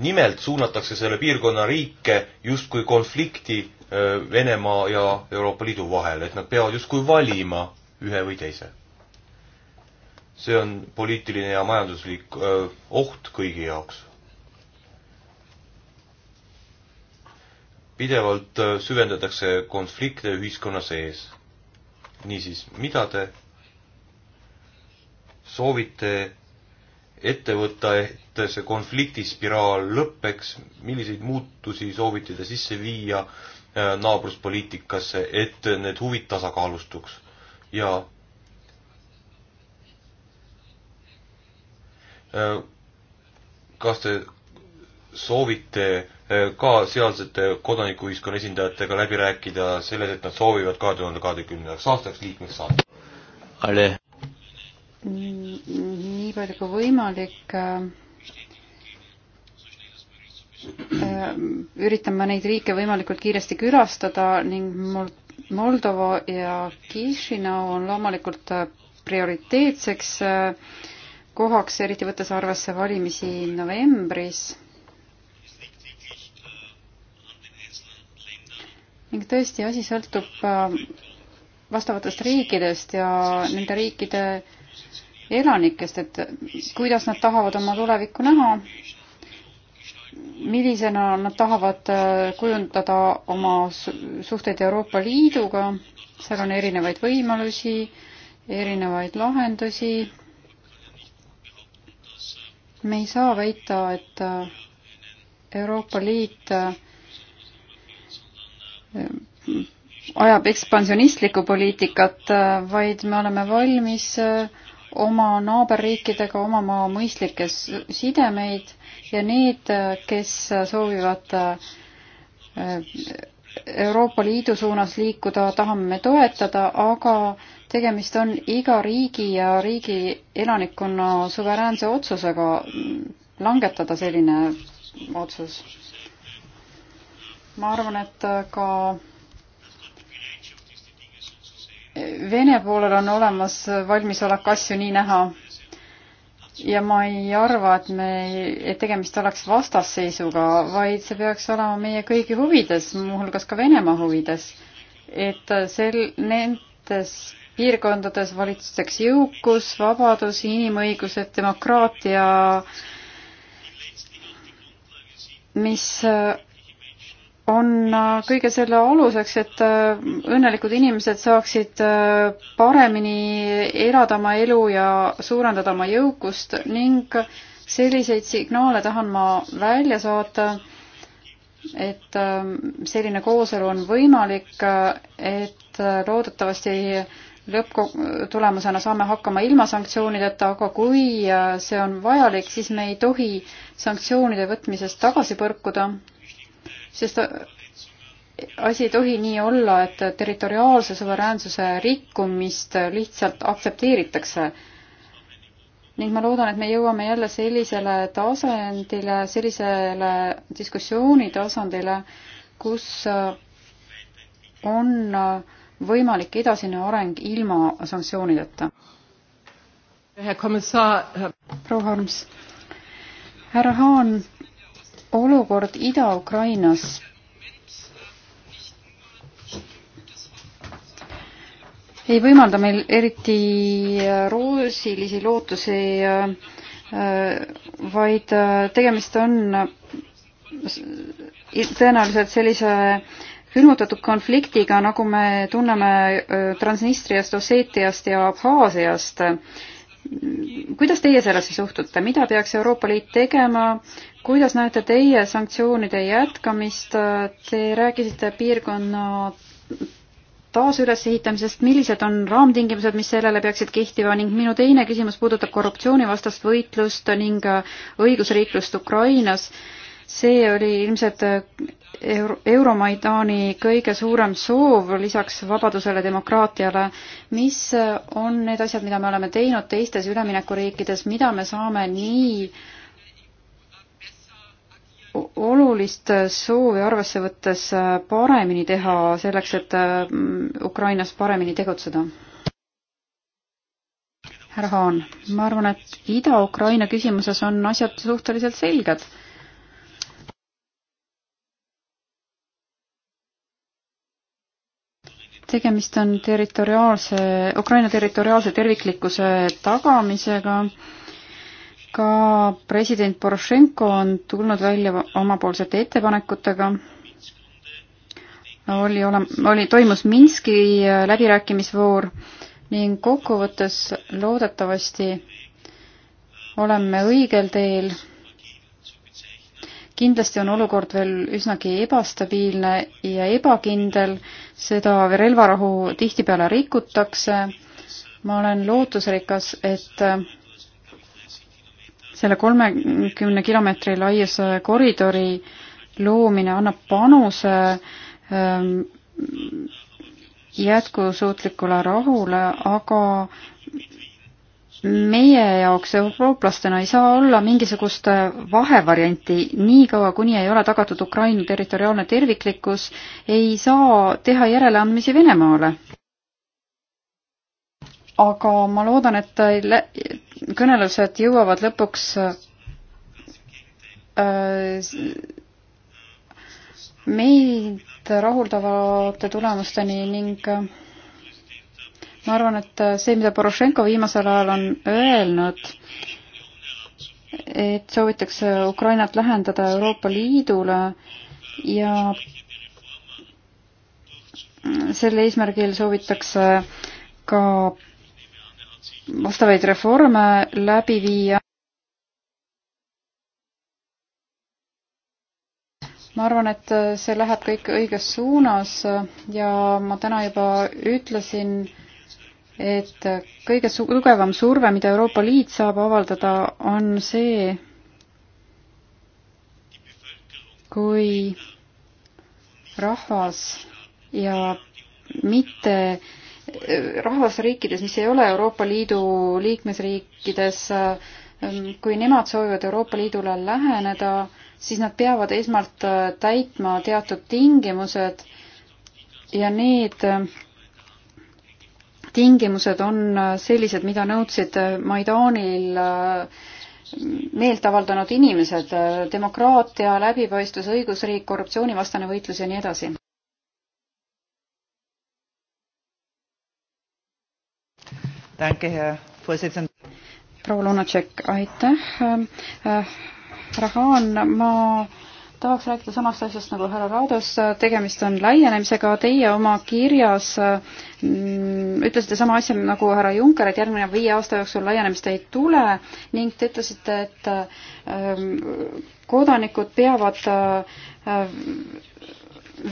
nimelt suunatakse selle piirkonna riike justkui konflikti Äh, Venemaa ja Euroopa Liidu vahel, et nad peavad justkui valima ühe või teise. see on poliitiline ja majanduslik öö, äh, oht kõigi jaoks. pidevalt öö, äh, süvendatakse konflikte ühiskonna sees. niisiis, mida te soovite ette võtta, et see konfliktispiraal lõpeks, milliseid muutusi soovite te sisse viia öö, Äh, naabruspoliitikasse, et need huvid tasakaalustuks ja äh, kas te soovite äh, ka sealsete kodanikuühiskonna esindajatega läbi rääkida selles, et nad soovivad kahe tuhande kahekümnendaks aastaks liikmeks saada? nii palju kui võimalik äh, Äh, üritan ma neid riike võimalikult kiiresti külastada ning Moldova ja Kišinau on loomulikult äh, prioriteetseks äh, kohaks, eriti võttes arvesse valimisi novembris. ning tõesti, asi sõltub vastavatest riikidest ja nende riikide elanikest, et kuidas nad tahavad oma tulevikku näha millisena nad tahavad äh, kujundada oma suhteid Euroopa Liiduga, seal on erinevaid võimalusi, erinevaid lahendusi. me ei saa väita, et äh, Euroopa Liit äh, ajab ekspansionistlikku poliitikat, vaid me oleme valmis oma naaberriikidega omama mõistlikke sidemeid ja need, kes soovivad äh, Euroopa Liidu suunas liikuda, tahame me toetada, aga tegemist on iga riigi ja riigi elanikkonna suveräänse otsusega langetada selline otsus. ma arvan, et ka Vene poolel on olemas valmisolek asju nii näha ja ma ei arva, et me, et tegemist oleks vastasseisuga, vaid see peaks olema meie kõigi huvides, muuhulgas ka Venemaa huvides. et sel, nendes piirkondades valitseks jõukus, vabadus, inimõigused, demokraatia, mis on äh, kõige selle aluseks, et äh, õnnelikud inimesed saaksid äh, paremini elada oma elu ja suurendada oma jõukust ning selliseid signaale tahan ma välja saata, et selline kooselu on võimalik, et loodetavasti lõpptulemusena saame hakkama ilma sanktsioonideta, aga kui see on vajalik, siis me ei tohi sanktsioonide võtmisest tagasi põrkuda sest äh, asi ei tohi nii olla, et territoriaalse suveräänsuse rikkumist lihtsalt aktsepteeritakse. ning ma loodan, et me jõuame jälle sellisele tasandile, sellisele diskussiooni tasandile, kus äh, on äh, võimalik edasine areng ilma sanktsioonideta. proua Harms, härra Haan olukord Ida-Ukrainas ei võimalda meil eriti roosilisi lootusi, äh, vaid äh, tegemist on tõenäoliselt sellise külmutatud konfliktiga, nagu me tunneme äh, Transnistriast, Osseetiast ja Abhaasiast kuidas teie sellesse suhtute, mida peaks Euroopa Liit tegema, kuidas näete teie sanktsioonide jätkamist, te rääkisite piirkonna taasülesehitamisest, millised on raamtingimused, mis sellele peaksid kehtima ning minu teine küsimus puudutab korruptsioonivastast võitlust ning õigusriiklust Ukrainas. see oli ilmselt Euro-, Euromaidani kõige suurem soov lisaks vabadusele, demokraatiale, mis on need asjad, mida me oleme teinud teistes üleminekuriikides, mida me saame nii olulist soovi arvesse võttes paremini teha selleks, et mm, Ukrainas paremini tegutseda? härra Haan, ma arvan, et Ida-Ukraina küsimuses on asjad suhteliselt selged tegemist on territoriaalse, Ukraina territoriaalse terviklikkuse tagamisega. ka president Porošenko on tulnud välja omapoolsete ettepanekutega. oli ole-, oli, toimus Minski äh, läbirääkimisvoor ning kokkuvõttes loodetavasti oleme õigel teel kindlasti on olukord veel üsnagi ebastabiilne ja ebakindel, seda relvarahu tihtipeale rikutakse. ma olen lootusrikas, et selle kolmekümne kilomeetri laiuse koridori loomine annab panuse ähm, jätkusuutlikule rahule, aga meie jaoks eurooplastena ei saa olla mingisugust vahevarianti, niikaua kuni ei ole tagatud Ukraina territoriaalne terviklikkus, ei saa teha järeleandmisi Venemaale. aga ma loodan, et lä-, kõnelused jõuavad lõpuks äh, meid rahuldavate tulemusteni ning äh, ma arvan, et äh, see, mida Porošenko viimasel ajal on öelnud, et soovitakse Ukrainat lähendada Euroopa Liidule ja sel eesmärgil soovitakse ka vastavaid reforme läbi viia. ma arvan, et äh, see läheb kõik õiges suunas ja ma täna juba ütlesin, et kõige tugevam surve, mida Euroopa Liit saab avaldada, on see, kui rahvas ja mitte rahvasriikides, mis ei ole Euroopa Liidu liikmesriikides, kui nemad soovivad Euroopa Liidule läheneda, siis nad peavad esmalt täitma teatud tingimused ja need tingimused on äh, sellised, mida nõudsid äh, Maidanil äh, meelt avaldanud inimesed, demokraatia, läbipaistvus, õigusriik, korruptsioonivastane võitlus ja nii edasi. proua Lunatšek, aitäh. Rahan, ma tahaks rääkida samast asjast nagu härra Raados, tegemist on laienemisega, teie oma kirjas mm, ütlesite sama asja nagu härra Juncker, et järgmine viie aasta jooksul laienemist ei tule ning te ütlesite, et ähm, kodanikud peavad äh,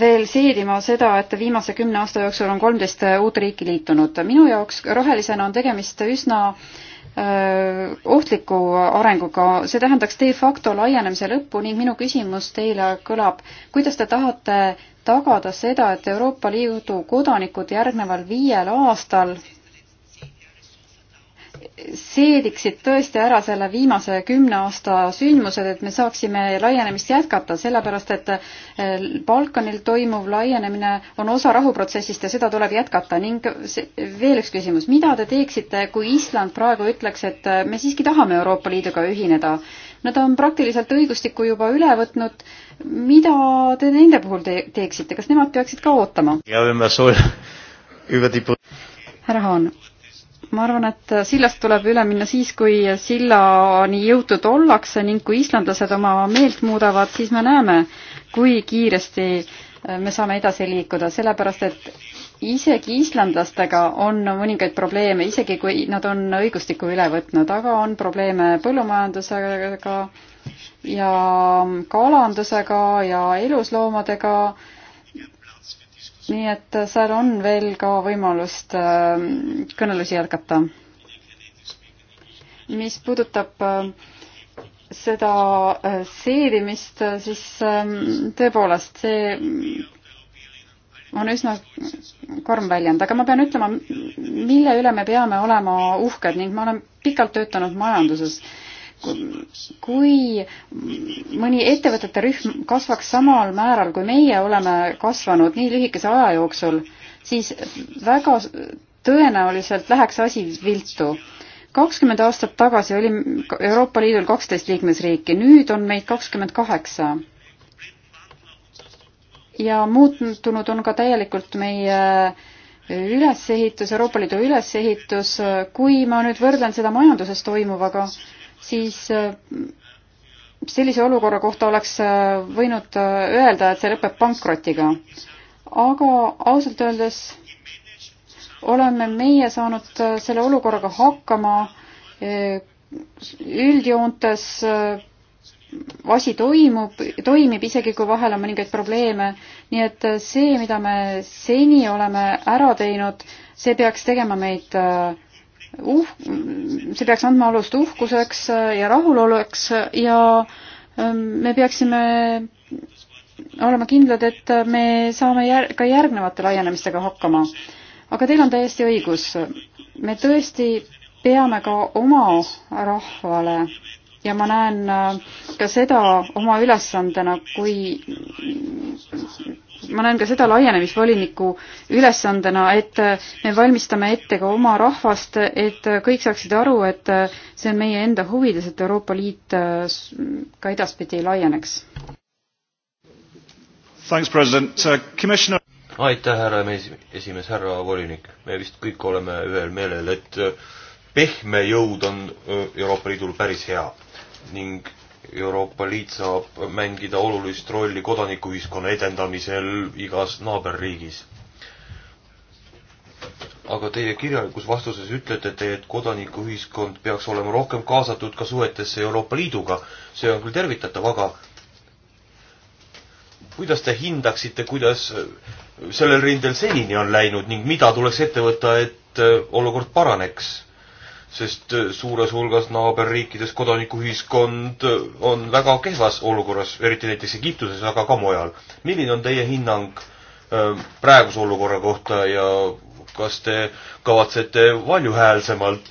veel seedima seda, et viimase kümne aasta jooksul on kolmteist uut riiki liitunud. minu jaoks rohelisena on tegemist üsna äh, Äh, ohtliku arenguga, see tähendaks de facto laienemise lõppu ning minu küsimus teile kõlab, kuidas te tahate tagada seda, et Euroopa Liidu kodanikud järgneval viiel aastal seediksid tõesti ära selle viimase kümne aasta sündmused, et me saaksime laienemist jätkata, sellepärast et eh, Balkanil toimuv laienemine on osa rahuprotsessist ja seda tuleb jätkata ning veel üks küsimus, mida te teeksite, kui Island praegu ütleks, et eh, me siiski tahame Euroopa Liiduga ühineda? Nad on praktiliselt õigustikku juba üle võtnud, mida te nende puhul te teeksite, kas nemad peaksid ka ootama? [LAUGHS] härra Haan ma arvan, et sillast tuleb üle minna siis, kui sillani jõutud ollakse ning kui islandlased oma meelt muudavad, siis me näeme, kui kiiresti me saame edasi liikuda, sellepärast et isegi islandlastega on mõningaid probleeme, isegi kui nad on õigustiku üle võtnud, aga on probleeme põllumajandusega ja kalandusega ja elusloomadega nii et äh, seal on veel ka võimalust äh, kõnelusi jätkata. mis puudutab äh, seda seedimist, siis ähm, tõepoolest, see on üsna karm väljend, aga ma pean ütlema, mille üle me peame olema uhked ning ma olen pikalt töötanud majanduses kui mõni ettevõtete rühm kasvaks samal määral, kui meie oleme kasvanud nii lühikese aja jooksul, siis väga tõenäoliselt läheks asi viltu. kakskümmend aastat tagasi oli Euroopa Liidul kaksteist liikmesriiki, nüüd on meid kakskümmend kaheksa. ja muutunud on ka täielikult meie ülesehitus, Euroopa Liidu ülesehitus, kui ma nüüd võrdlen seda majanduses toimuvaga, siis äh, sellise olukorra kohta oleks äh, võinud äh, öelda, et see lõpeb pankrotiga. aga ausalt öeldes oleme meie saanud selle olukorraga hakkama üldjoontes asi toimub, toimib, isegi kui vahel on mõningaid probleeme. nii et see, mida me seni oleme ära teinud, see peaks tegema meid uh-, see peaks andma alust uhkuseks ja rahuloluks ja ähm, me peaksime olema kindlad, et me saame jär-, ka järgnevate laienemistega hakkama. aga teil on täiesti õigus, me tõesti peame ka oma rahvale ja ma näen äh, ka seda oma ülesandena, kui ma näen ka seda laienemisvoliniku ülesandena, et me valmistame ette ka oma rahvast, et kõik saaksid aru, et see on meie enda huvides, et Euroopa Liit äh, ka edaspidi laieneks. Uh, aitäh, härra esimees, härra volinik. me vist kõik oleme ühel meelel, et äh, pehme jõud on äh, Euroopa Liidul päris hea ning Euroopa Liit saab mängida olulist rolli kodanikuühiskonna edendamisel igas naaberriigis. aga teie kirjalikus vastuses ütlete te, et kodanikuühiskond peaks olema rohkem kaasatud ka suhetesse Euroopa Liiduga. see on küll tervitatav, aga kuidas te hindaksite, kuidas sellel rindel senini on läinud ning mida tuleks ette võtta, et olukord paraneks? sest äh, suures hulgas naaberriikides kodanikuühiskond äh, on väga kehvas olukorras, eriti näiteks Egiptuses, aga ka mujal. milline on teie hinnang äh, praeguse olukorra kohta ja kas te kavatsete valjuhäälsemalt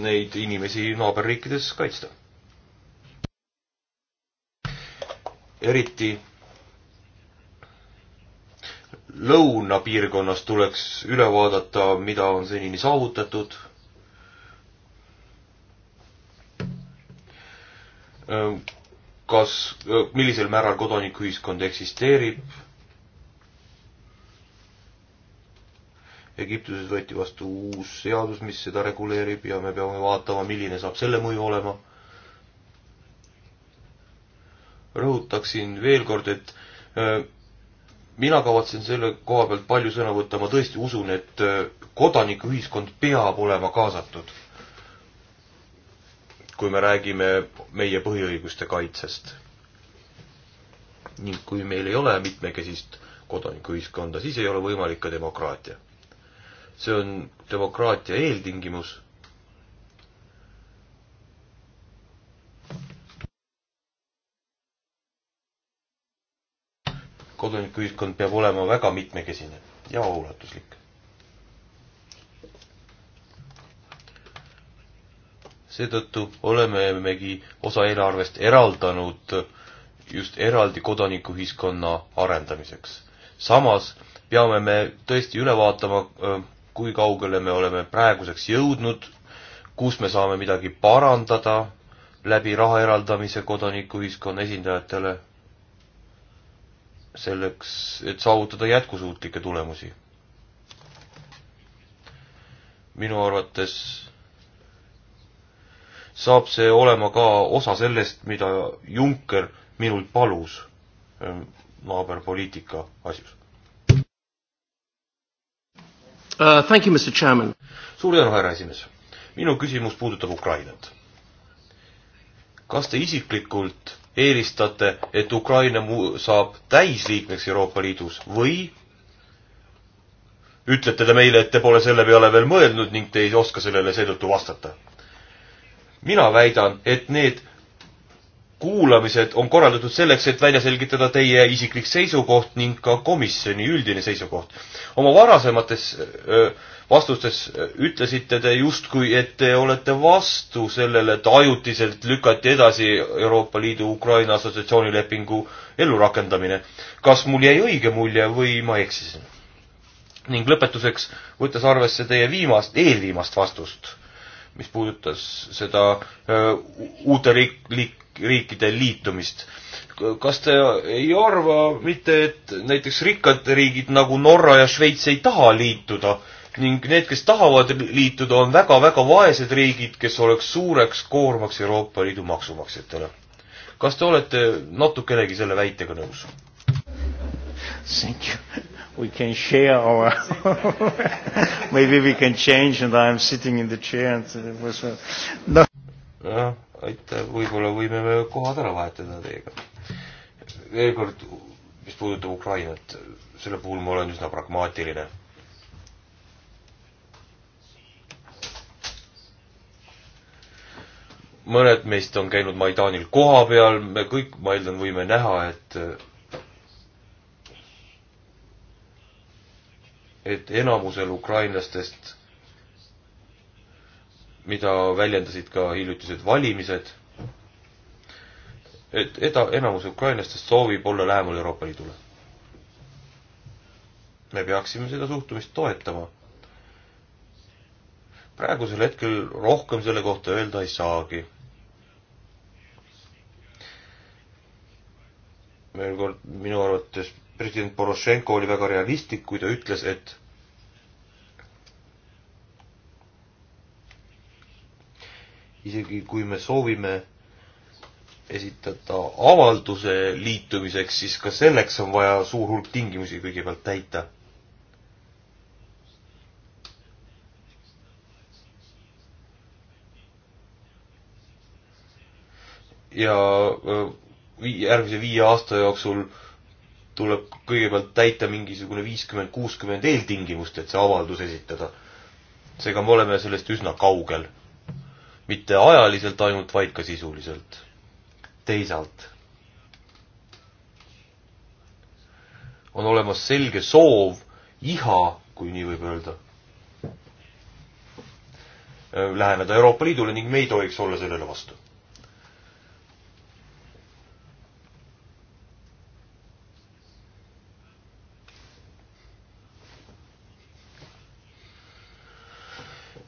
neid inimesi naaberriikides kaitsta? eriti lõunapiirkonnas tuleks üle vaadata, mida on senini saavutatud Äh, kas, äh, millisel määral kodanikuühiskond eksisteerib. Egiptuses võeti vastu uus seadus, mis seda reguleerib ja me peame vaatama, milline saab selle mõju olema. rõhutaksin veel kord, et äh, mina kavatsen selle koha pealt palju sõna võtta, ma tõesti usun, et kodanikuühiskond peab olema kaasatud kui me räägime meie põhiõiguste kaitsest. ning kui meil ei ole mitmekesist kodanikuühiskonda, siis ei ole võimalik ka demokraatia. see on demokraatia eeltingimus. kodanikuühiskond peab olema väga mitmekesine ja ulatuslik seetõttu oleme megi osa eelarvest eraldanud just eraldi kodanikuühiskonna arendamiseks. samas peame me tõesti üle vaatama, kui kaugele me oleme praeguseks jõudnud, kus me saame midagi parandada läbi raha eraldamise kodanikuühiskonna esindajatele, selleks, et saavutada jätkusuutlikke tulemusi. minu arvates saab see olema ka osa sellest, mida Juncker minult palus ähm, naaberpoliitika asjus uh,. Thank you, Mr Chairman. suur tänu, härra esimees. minu küsimus puudutab Ukrainat. kas te isiklikult eelistate, et Ukraina mu-, saab täisliikmeks Euroopa Liidus või ütlete te meile, et te pole selle peale veel mõelnud ning te ei oska sellele seetõttu vastata? mina väidan, et need kuulamised on korraldatud selleks, et välja selgitada teie isiklik seisukoht ning ka komisjoni üldine seisukoht. oma varasemates vastustes ütlesite te justkui, et te olete vastu sellele, et ajutiselt lükati edasi Euroopa Liidu Ukraina assotsiatsioonilepingu ellurakendamine. kas mul jäi õige mulje või ma eksisin? ning lõpetuseks, võttes arvesse teie viimast, eelviimast vastust mis puudutas seda uute riik, liik, riikide liitumist. kas te ei arva mitte, et näiteks rikkad riigid nagu Norra ja Šveits ei taha liituda ning need, kes tahavad liituda, on väga-väga vaesed riigid, kes oleks suureks koormaks Euroopa Liidu maksumaksjatele? kas te olete natukenegi selle väitega nõus? Thank you we can share our [LAUGHS] maybe we can change and I am sitting in the chair and it was a... Uh, no. jah, aitäh, võib-olla võime me kohad ära vahetada teiega. veel kord, mis puudutab Ukrainat, selle puhul ma olen üsna pragmaatiline. mõned meist on käinud Maidanil kohapeal, me kõik, ma eeldan, võime näha, et et enamusel ukrainlastest, mida väljendasid ka hiljutised valimised, et eda-, enamus ukrainlastest soovib olla lähemal Euroopa Liidule. me peaksime seda suhtumist toetama. praegusel hetkel rohkem selle kohta öelda ei saagi. veel kord, minu arvates president Porošenko oli väga realistlik, kui ta ütles, et isegi kui me soovime esitada avalduse liitumiseks, siis ka selleks on vaja suur hulk tingimusi kõigepealt täita. ja äh, järgmise viie aasta jooksul äh, tuleb kõigepealt täita mingisugune viiskümmend, kuuskümmend eeltingimust, et see avaldus esitada. seega me oleme sellest üsna kaugel. mitte ajaliselt ainult, vaid ka sisuliselt. teisalt on olemas selge soov, iha, kui nii võib öelda, läheneda Euroopa Liidule ning me ei tohiks olla sellele vastu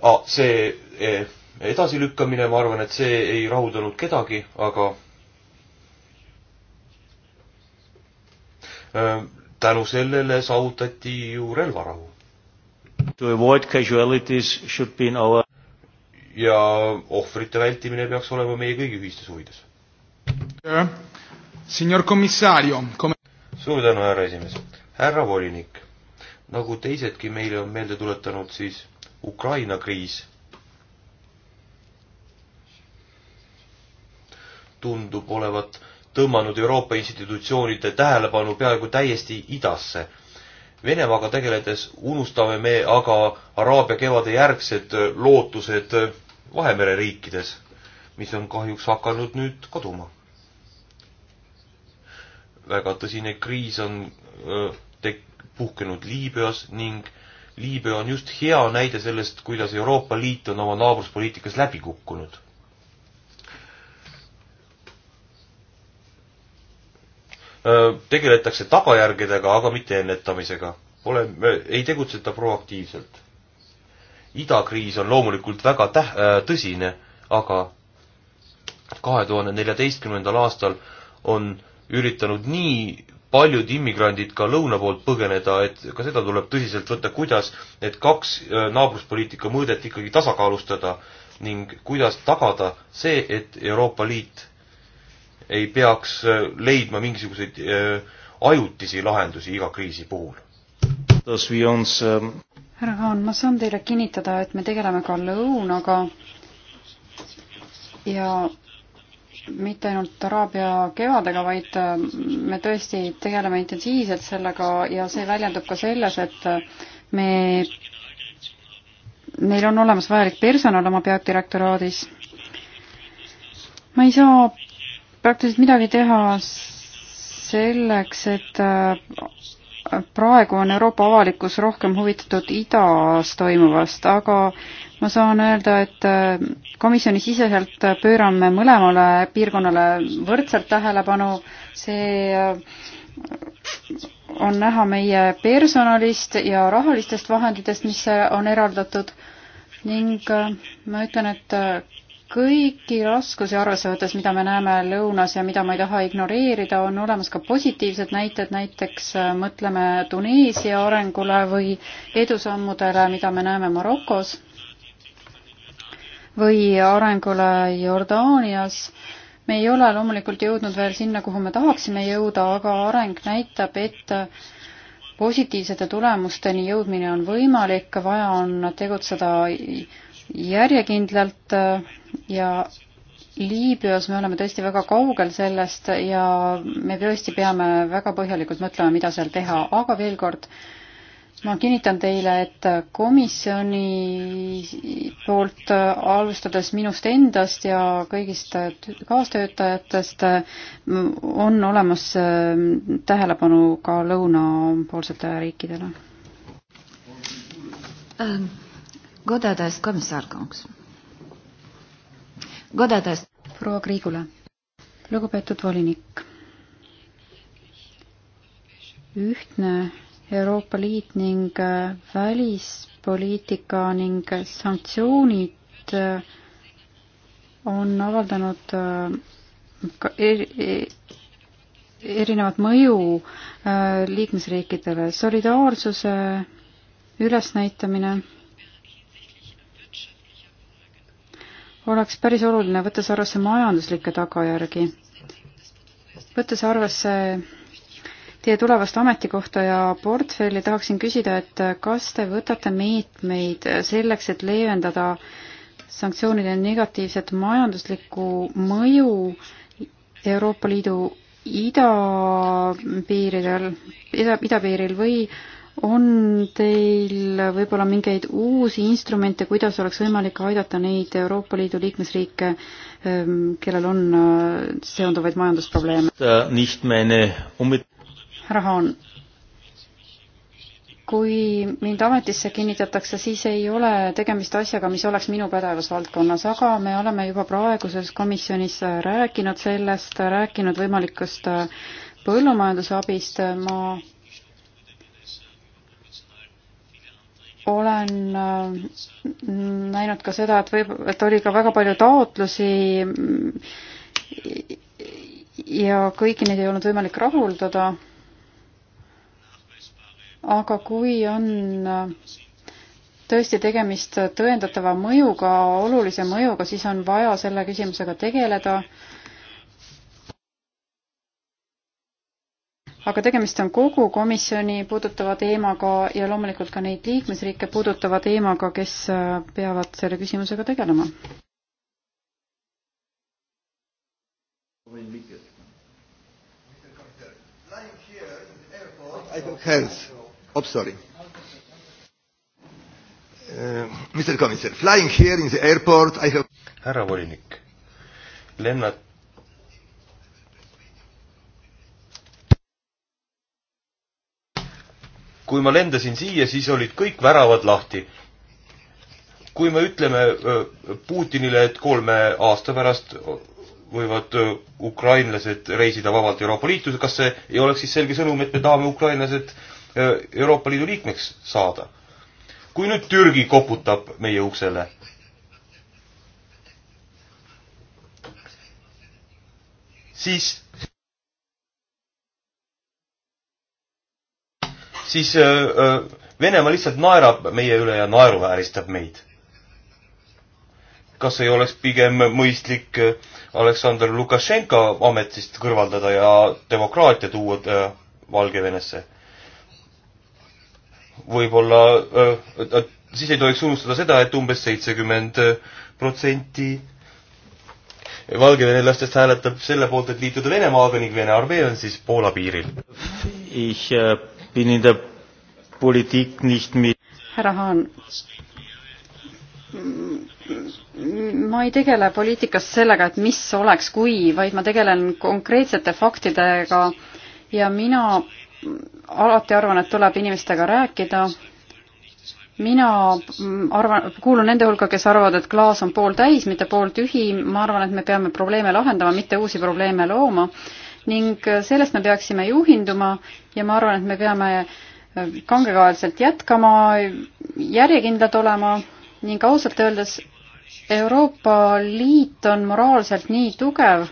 Ah, see e, edasilükkamine, ma arvan, et see ei rahuldanud kedagi, aga e, tänu sellele saavutati ju relvarahu. To avoid casualities should be in our ja ohvrite vältimine peaks olema meie kõigi ühistes huvides. Eh, suur tänu, härra esimees. härra volinik, nagu teisedki meile on meelde tuletanud, siis Ukraina kriis tundub olevat tõmmanud Euroopa institutsioonide tähelepanu peaaegu täiesti idasse. Venemaaga tegeledes unustame me aga Araabia kevade järgsed lootused Vahemere riikides, mis on kahjuks hakanud nüüd kaduma. väga tõsine kriis on äh, tek-, puhkenud Liibüas ning Liibüa on just hea näide sellest, kuidas Euroopa Liit on oma naabruspoliitikas läbi kukkunud. tegeletakse tagajärgedega, aga mitte ennetamisega. Pole, ei tegutseta proaktiivselt. idakriis on loomulikult väga täh-, tõsine, aga kahe tuhande neljateistkümnendal aastal on üritanud nii paljud immigrandid ka lõuna poolt põgeneda, et ka seda tuleb tõsiselt võtta, kuidas need kaks äh, naabruspoliitika mõõdet ikkagi tasakaalustada ning kuidas tagada see, et Euroopa Liit ei peaks äh, leidma mingisuguseid äh, ajutisi lahendusi iga kriisi puhul. Um, härra Haan, ma saan teile kinnitada, et me tegeleme ka lõunaga ja mitte ainult Araabia kevadega, vaid äh, me tõesti tegeleme intensiivselt sellega ja see väljendub ka selles, et äh, me, meil on olemas vajalik personal oma peadirektoraadis. ma ei saa praktiliselt midagi teha selleks, et äh, praegu on Euroopa avalikkus rohkem huvitatud idas toimuvast, aga ma saan öelda, et äh, komisjoni siseselt pöörame mõlemale piirkonnale võrdselt tähelepanu, see äh, on näha meie personalist ja rahalistest vahenditest, mis on eraldatud ning äh, ma ütlen, et kõiki raskusi arvesse võttes, mida me näeme lõunas ja mida ma ei taha ignoreerida, on olemas ka positiivsed näited, näiteks äh, mõtleme Tuneesia arengule või edusammudele, mida me näeme Marokos või arengule Jordaanias. me ei ole loomulikult jõudnud veel sinna, kuhu me tahaksime jõuda, aga areng näitab, et positiivsete tulemusteni jõudmine on võimalik, vaja on tegutseda järjekindlalt äh, ja Liibüas me oleme tõesti väga kaugel sellest ja me tõesti peame väga põhjalikult mõtlema, mida seal teha, aga veel kord, ma kinnitan teile, et komisjoni poolt äh, alustades minust endast ja kõigist äh, kaastöötajatest on olemas tähelepanu ka lõunapoolsetele riikidele um godātais komisārkungs. Godātais. proua Kriigula, lugupeetud volinik. ühtne Euroopa Liit ning äh, välispoliitika ning sanktsioonid äh, on avaldanud äh, ka e, erinevat mõju liikmesriikidele. solidaarsuse ülesnäitamine oleks päris oluline, võttes arvesse majanduslikke tagajärgi, võttes arvesse teie tulevast ametikohta ja portfelli, tahaksin küsida, et kas te võtate meetmeid selleks, et leevendada sanktsioonide negatiivset majanduslikku mõju Euroopa Liidu idapiiridel, ida, idapiiril või äh, on teil võib-olla mingeid uusi instrumente, kuidas oleks võimalik aidata neid Euroopa Liidu liikmesriike, ähm, kellel on äh, seonduvaid majandusprobleeme? Äh, raha on. kui mind ametisse kinnitatakse, siis ei ole tegemist asjaga, mis oleks minu pädevusvaldkonnas, aga me oleme juba praeguses komisjonis rääkinud sellest, rääkinud võimalikust äh, põllumajandusabist, ma olen äh, näinud ka seda, et võib, et oli ka väga palju taotlusi ja kõiki neid ei olnud võimalik rahuldada. aga kui on äh, tõesti tegemist tõendatava mõjuga, olulise mõjuga, siis on vaja selle küsimusega tegeleda aga tegemist on kogu komisjoni puudutava teemaga ja loomulikult ka neid liikmesriike puudutava teemaga, kes äh, peavad selle küsimusega tegelema. I don't have, oh sorry. Uh, Mr Commissioner, flying here in the airport I have härra volinik, lennat-, kui ma lendasin siia, siis olid kõik väravad lahti. kui me ütleme Putinile, et kolme aasta pärast võivad ukrainlased reisida vabalt Euroopa Liitu, kas see ei oleks siis selge sõnum, et me tahame ukrainlased Euroopa Liidu liikmeks saada? kui nüüd Türgi koputab meie uksele, siis siis äh, äh, Venemaa lihtsalt naerab meie üle ja naeruvääristab meid. kas ei oleks pigem mõistlik äh, Aleksandr Lukašenka ametist kõrvaldada ja demokraatia tuua Valgevenesse? võib-olla, siis ei tohiks unustada seda, et umbes seitsekümmend protsenti valgevenelastest hääletab selle poolt, et liituda Venemaaga ning Vene armee on siis Poola piiril. Ich äh, bin in der Politik nicht mit. härra Haan, ma ei tegele poliitikas sellega, et mis oleks, kui, vaid ma tegelen konkreetsete faktidega ja mina alati arvan, et tuleb inimestega rääkida. mina arvan, kuulun nende hulka, kes arvavad, et klaas on pooltäis, mitte pooltühi, ma arvan, et me peame probleeme lahendama, mitte uusi probleeme looma ning äh, sellest me peaksime juhinduma ja ma arvan, et me peame äh, kangekaelselt jätkama, järjekindlad olema ning ausalt öeldes Euroopa Liit on moraalselt nii tugev,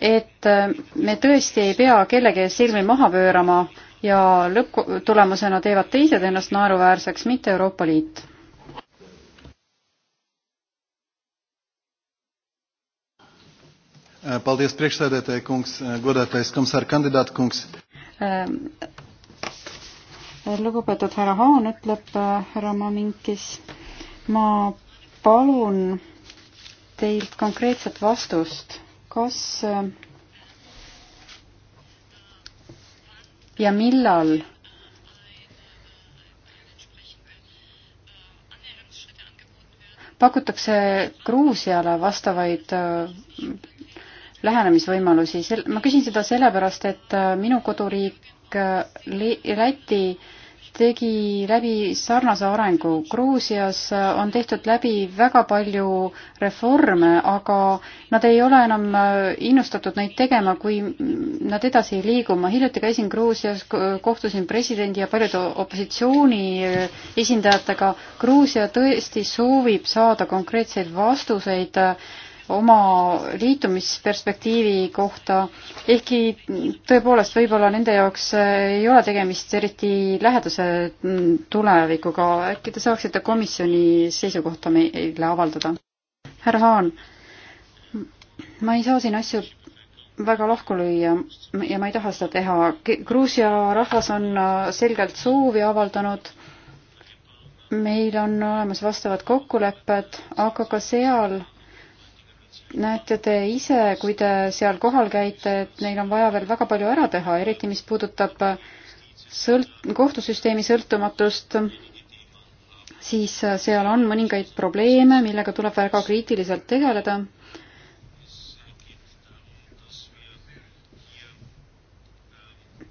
et äh, me tõesti ei pea kellegi ees silmi maha pöörama ja lõpptulemusena teevad teised ennast naeruväärseks, mitte Euroopa Liit Eh, paldies priekšsēdētāji kungs, eh, godātais komisāra kandidāta kungs. Eh, lugupeetud härra Haan, ütleb härra Maminkis. Ma palun teilt konkreetset vastust. Kas ja millal pakutakse Gruusiale vastavaid lähenemisvõimalusi. sel-, ma küsin seda sellepärast, et äh, minu koduriik äh, Läti tegi läbi sarnase arengu. Gruusias äh, on tehtud läbi väga palju reforme, aga nad ei ole enam innustatud neid tegema, kui nad edasi ei liigu. ma hiljuti käisin Gruusias, kohtusin presidendi ja paljude opositsiooni esindajatega. Gruusia tõesti soovib saada konkreetseid vastuseid äh, oma liitumisperspektiivi kohta, ehkki tõepoolest võib-olla nende jaoks ei ole tegemist eriti lähedase tulevikuga, äkki te saaksite komisjoni seisukohta meile avaldada? härra Haan, ma ei saa siin asju väga lahku lüüa ja ma ei taha seda teha. Gruusia rahvas on selgelt soovi avaldanud meil on olemas vastavad kokkulepped, aga ka seal näete te ise, kui te seal kohal käite, et neil on vaja veel väga palju ära teha, eriti mis puudutab sõlt-, kohtusüsteemi sõltumatust, siis seal on mõningaid probleeme, millega tuleb väga kriitiliselt tegeleda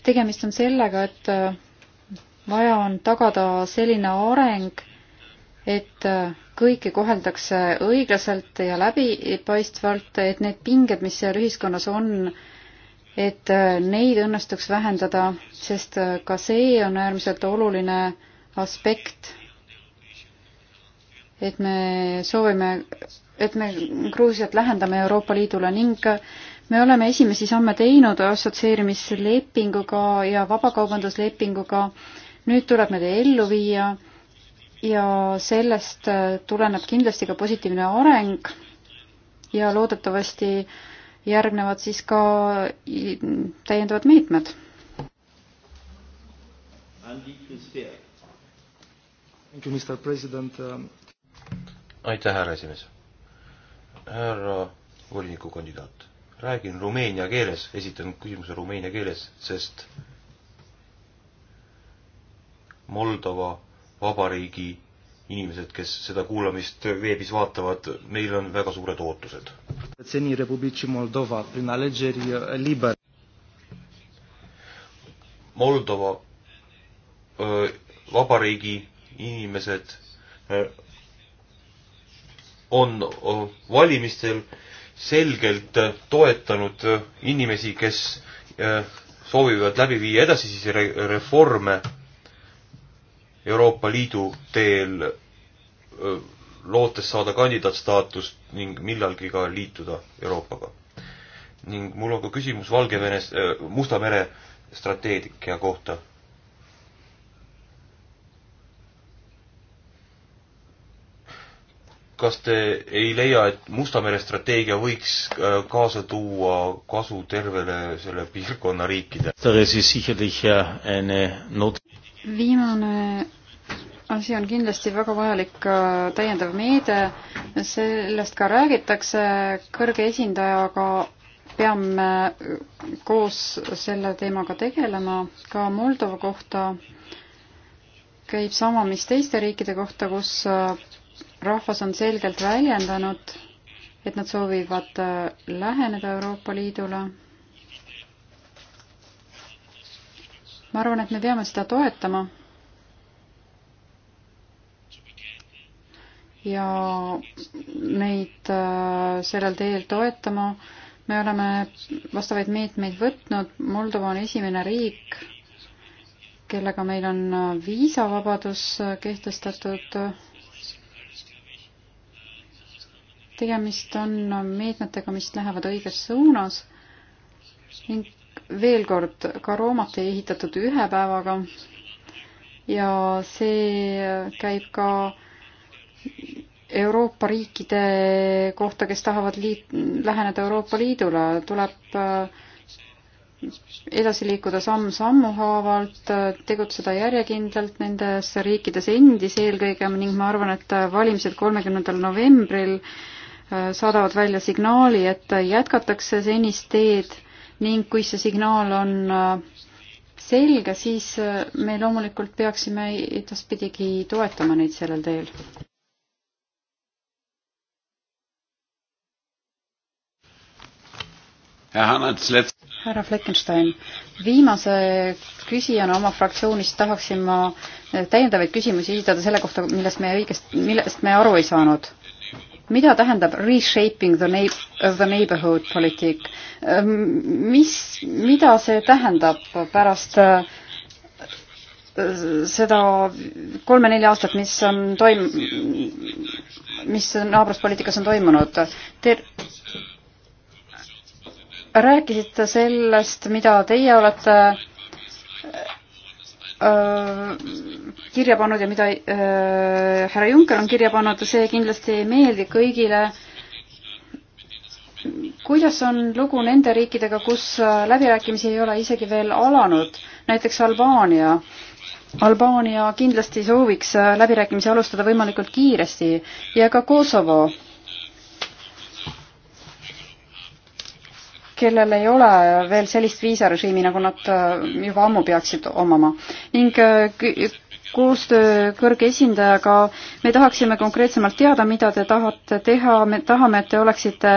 tegemist on sellega, et vaja on tagada selline areng, et äh, kõiki koheldakse õiglaselt ja läbipaistvalt, et need pinged, mis seal ühiskonnas on, et äh, neid õnnestuks vähendada, sest äh, ka see on äärmiselt oluline aspekt, et me soovime, et me Gruusiat lähendame Euroopa Liidule ning me oleme esimesi samme teinud assotsieerimislepinguga ja vabakaubanduslepinguga. nüüd tuleb need ellu viia ja sellest äh, tuleneb kindlasti ka positiivne areng ja loodetavasti järgnevad siis ka täiendavad meetmed. aitäh, härra esimees. härra volinikukandidaat, räägin rumeenia keeles, esitan küsimuse rumeenia keeles, sest Moldova Vabariigi inimesed, kes seda kuulamist veebis vaatavad, meil on väga suured ootused. Moldova eh, eh, vabariigi inimesed eh, on valimistel selgelt toetanud inimesi, kes soovivad läbi viia edasisi reforme Euroopa Liidu teel, lootes saada kandidaatstaatust ning millalgi ka liituda Euroopaga. ning mul on ka küsimus Valgevenes, Musta mere strateegia kohta. kas te ei leia, et Musta mere strateegia võiks kaasa tuua kasu tervele selle piirkonna riikidele? viimane asi on kindlasti väga vajalik äh, täiendav meede, sellest ka räägitakse, kõrge esindajaga peame äh, koos selle teemaga tegelema, ka Moldova kohta käib sama, mis teiste riikide kohta, kus äh, rahvas on selgelt väljendanud, et nad soovivad läheneda Euroopa Liidule ma arvan, et me peame seda toetama. ja neid äh, sellel teel toetama. me oleme vastavaid meetmeid võtnud, Moldova on esimene riik, kellega meil on äh, viisavabadus äh, kehtestatud. tegemist on meetmetega, mis lähevad õiges suunas ning veel kord, ka Roomat ei ehitatud ühe päevaga ja see käib ka Euroopa riikide kohta, kes tahavad liit-, läheneda Euroopa Liidule, tuleb äh, edasi liikuda samm-sammu haavalt, äh, tegutseda järjekindlalt nendes riikides endis eelkõige ning ma arvan, et äh, valimised kolmekümnendal novembril saadavad välja signaali, et jätkatakse senist teed ning kui see signaal on äh, selge, siis äh, me loomulikult peaksime edaspidigi toetama neid sellel teel. härra Fleckenstein, viimase küsijana oma fraktsioonist tahaksin ma äh, täiendavaid küsimusi esitada selle kohta, millest me õigest, millest me aru ei saanud mida tähendab reshaping the, neib the neighborhood politik? Ähm, mis, mida see tähendab pärast äh, seda kolme-neli aastat, mis on toim-, mis naabruspoliitikas on toimunud? Te rääkisite sellest, mida teie olete Äh, kirja pannud ja mida äh, härra Juncker on kirja pannud, see kindlasti ei meeldi kõigile. kuidas on lugu nende riikidega, kus äh, läbirääkimisi ei ole isegi veel alanud, näiteks Albaania? Albaania kindlasti sooviks läbirääkimisi alustada võimalikult kiiresti ja ka Kosovo kellel ei ole veel sellist viisarežiimi, nagu nad äh, juba ammu peaksid omama. ning äh, koostöö kõrge esindajaga, me tahaksime konkreetsemalt teada, mida te tahate teha, me tahame, et te oleksite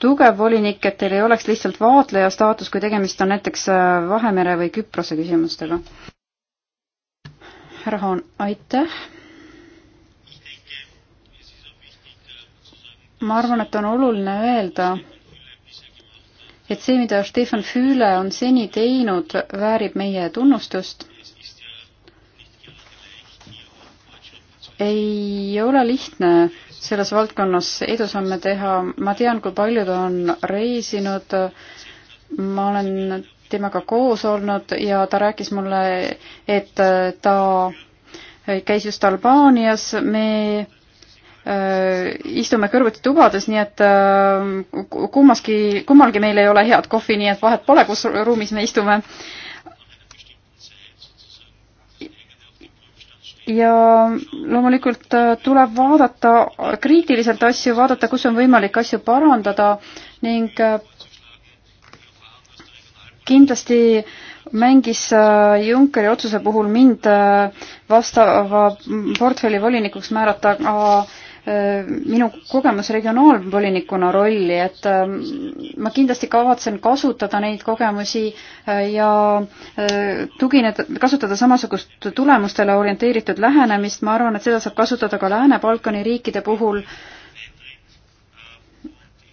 tugev volinik, et teil ei oleks lihtsalt vaatleja staatus, kui tegemist on näiteks äh, Vahemere või Küprose küsimustega. härra Haan, aitäh. ma arvan, et on oluline öelda et see, mida Stefan Füüle on seni teinud, väärib meie tunnustust. ei ole lihtne selles valdkonnas edusamme teha, ma tean, kui palju ta on reisinud, ma olen temaga koos olnud ja ta rääkis mulle, et ta käis just Albaanias, me Äh, istume kõrvuti tubades, nii et äh, kummaski, kummalgi meil ei ole head kohvi, nii et vahet pole, kus ruumis me istume. ja loomulikult äh, tuleb vaadata kriitiliselt asju, vaadata, kus on võimalik asju parandada ning kindlasti mängis Junckeri otsuse puhul mind vastava portfelli volinikuks määrata ka Äh, minu kogemus regionaalvolinikuna rolli, et ähm, ma kindlasti kavatsen kasutada neid kogemusi äh, ja äh, tugineda, kasutada samasugust tulemustele orienteeritud lähenemist, ma arvan, et seda saab kasutada ka Lääne-Balkani riikide puhul,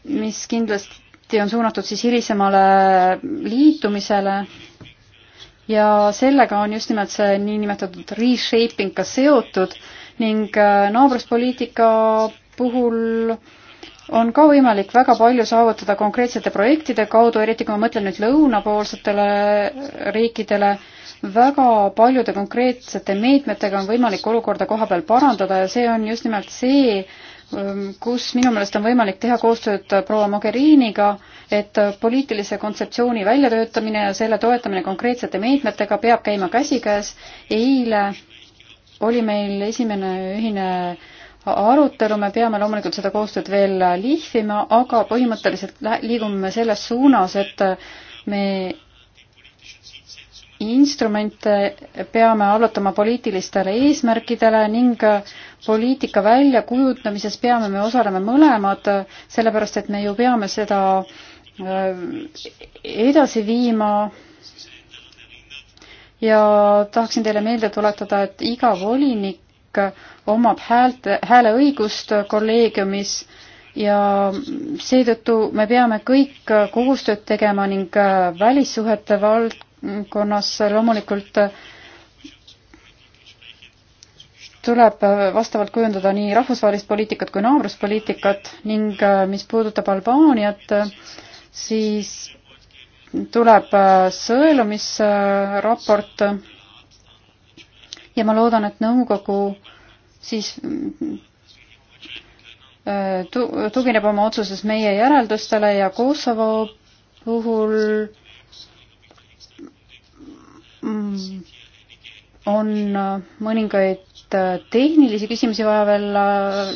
mis kindlasti on suunatud siis hilisemale liitumisele ja sellega on just nimelt see niinimetatud reshaping ka seotud ning äh, naabruspoliitika puhul on ka võimalik väga palju saavutada konkreetsete projektide kaudu, eriti kui ma mõtlen nüüd lõunapoolsetele riikidele, väga paljude konkreetsete meetmetega on võimalik olukorda koha peal parandada ja see on just nimelt see, ähm, kus minu meelest on võimalik teha koostööd proua Mogheriniga, et poliitilise kontseptsiooni väljatöötamine ja selle toetamine konkreetsete meetmetega peab käima käsikäes. eile oli meil esimene ühine arutelu, me peame loomulikult seda koostööd veel lihvima, aga põhimõtteliselt liigume selles suunas, et me instrumente peame allatama poliitilistele eesmärkidele ning poliitika väljakujundamises peame me osalema mõlemad, sellepärast et me ju peame seda äh, edasi viima ja tahaksin teile meelde tuletada, et iga volinik omab häält, hääleõigust kolleegiumis ja seetõttu me peame kõik koostööd tegema ning välissuhete valdkonnas loomulikult tuleb vastavalt kujundada nii rahvusvahelist poliitikat kui naabruspoliitikat ning mis puudutab Albaaniat, siis tuleb äh, sõelumisraport ja ma loodan, et nõukogu siis äh, tugineb oma otsuses meie järeldustele ja Kosovo puhul mm, on äh, mõningaid tehnilisi küsimusi vaja veel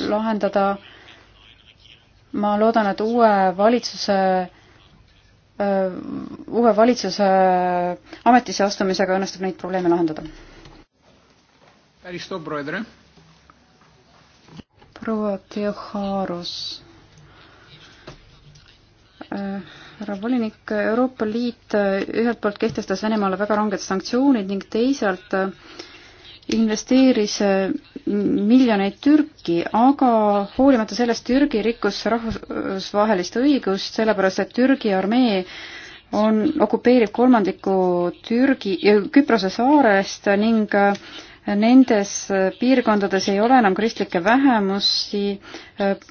lahendada. ma loodan, et uue valitsuse Äh, uue valitsuse äh, ametisse astumisega õnnestub neid probleeme lahendada. proua Teoharus. Äh, härra volinik, Euroopa Liit ühelt poolt kehtestas Venemaale väga ranged sanktsioonid ning teisalt äh, investeeris äh, miljoneid Türki, aga hoolimata sellest Türgi rikkus rahvusvahelist õigust, sellepärast et Türgi armee on, okupeerib kolmandiku Türgi, äh, Küprose saarest ning äh, nendes piirkondades ei ole enam kristlikke vähemusi,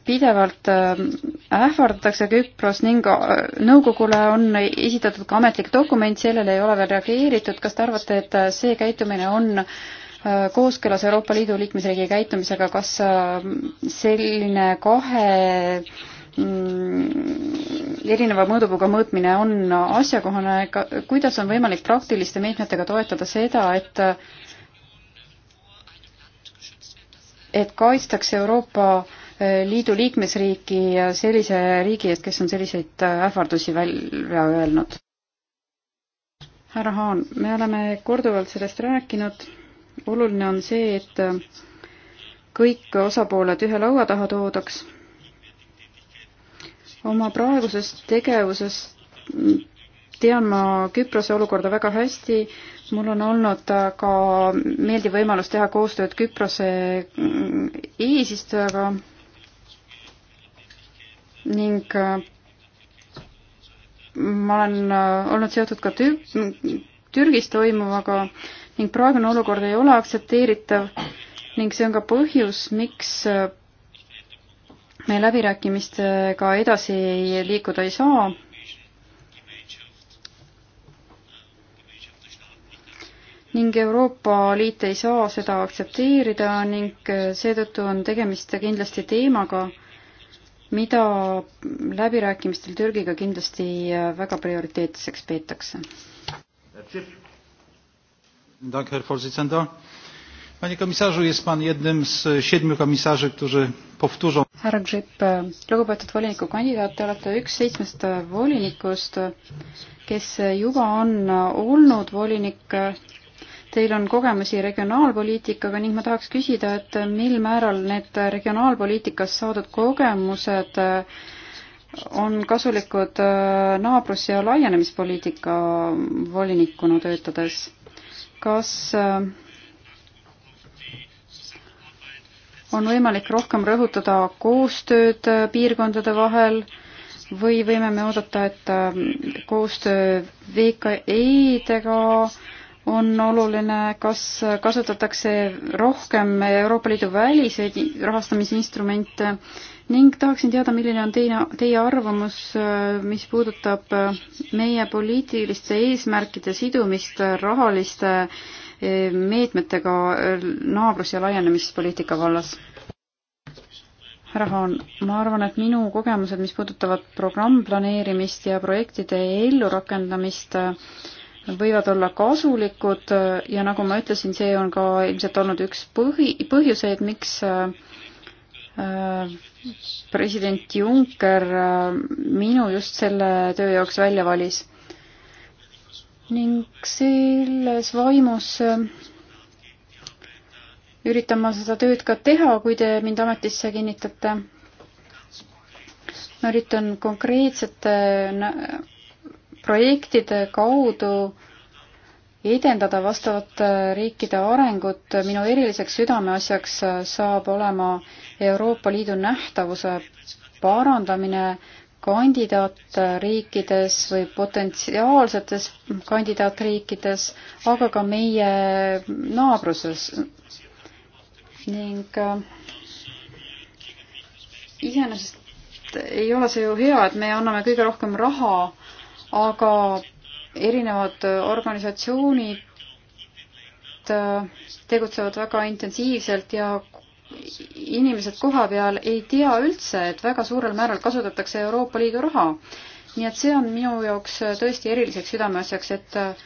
pidevalt ähvardatakse Küpros ning nõukogule on esitatud ka ametlik dokument, sellele ei ole veel reageeritud, kas te arvate, et see käitumine on äh, kooskõlas Euroopa Liidu liikmesriigi käitumisega, kas äh, selline kahe mm, erineva mõõdupuuga mõõtmine on asjakohane, kuidas on võimalik praktiliste meetmetega toetada seda, et et kaitstakse Euroopa äh, Liidu liikmesriiki sellise riigi eest, kes on selliseid äh, ähvardusi välja öelnud? härra Haan, me oleme korduvalt sellest rääkinud oluline on see, et kõik osapooled ühe laua taha toodaks. oma praegusest tegevusest tean ma Küprose olukorda väga hästi. mul on olnud ka meeldiv võimalus teha koostööd Küprose eesistujaga ning ma olen olnud seotud ka tür Türgis toimuvaga ning praegune olukord ei ole aktsepteeritav ning see on ka põhjus, miks äh, me läbirääkimistega edasi liikuda ei saa. ning Euroopa Liit ei saa seda aktsepteerida ning äh, seetõttu on tegemist kindlasti teemaga, mida läbirääkimistel Türgiga kindlasti äh, väga prioriteetseks peetakse. That's it herr präsident! panie komisarzu jest pan jednym z siedmiu komisarzy którzy powtórzą härra grzyb lugupeetud volinikukandidaat te olete üks seitsmest volinikust kes juba on olnud volinik Teil on kogemusi regionaalpoliitikaga ning ma tahaks küsida, et mil määral need regionaalpoliitikas saadud kogemused on kasulikud naabrus- ja laienemispoliitika volinikuna töötades kas äh, on võimalik rohkem rõhutada koostööd äh, piirkondade vahel või võime me oodata, et äh, koostöö VKI-dega on oluline, kas kasutatakse rohkem Euroopa Liidu väliseid rahastamisinstrumente ning tahaksin teada, milline on teine, teie arvamus, mis puudutab meie poliitiliste eesmärkide sidumist rahaliste eh, meetmetega naabrus- ja laienemispoliitika vallas? härra Haan, ma arvan, et minu kogemused, mis puudutavad programm planeerimist ja projektide ellurakendamist, võivad olla kasulikud ja nagu ma ütlesin, see on ka ilmselt olnud üks põhi, põhjuseid, miks äh, president Juncker äh, minu just selle töö jaoks välja valis. ning selles vaimus äh, üritan ma seda tööd ka teha, kui te mind ametisse kinnitate. ma üritan konkreetsete projektide kaudu edendada vastavate riikide arengut. minu eriliseks südameasjaks saab olema Euroopa Liidu nähtavuse parandamine kandidaatriikides või potentsiaalsetes kandidaatriikides, aga ka meie naabruses. ning äh, iseenesest ei ole see ju hea, et me anname kõige rohkem raha aga erinevad organisatsioonid äh, tegutsevad väga intensiivselt ja inimesed koha peal ei tea üldse, et väga suurel määral kasutatakse Euroopa Liidu raha. nii et see on minu jaoks äh, tõesti eriliseks südameasjaks, et äh,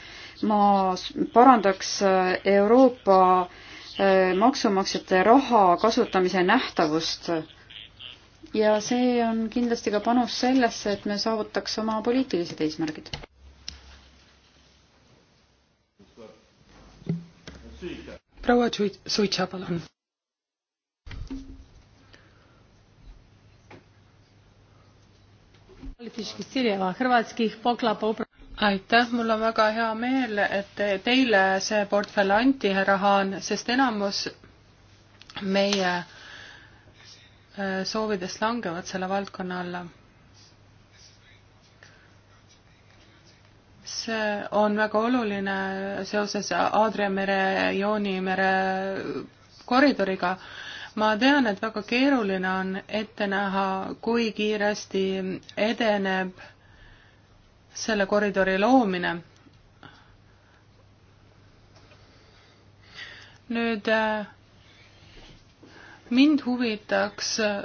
ma parandaks Euroopa maksumaksjate raha kasutamise nähtavust ja see on kindlasti ka panus sellesse, et me saavutaks oma poliitilised eesmärgid. proua Suitsa, palun. aitäh, mul on väga hea meel, et teile see portfell anti, härra Haan, sest enamus meie Äh, soovidest langevad selle valdkonna alla. see on väga oluline seoses Aadria mere, Jooni mere koridoriga. ma tean, et väga keeruline on ette näha, kui kiiresti edeneb selle koridori loomine nüüd äh, mind huvitaks, äh,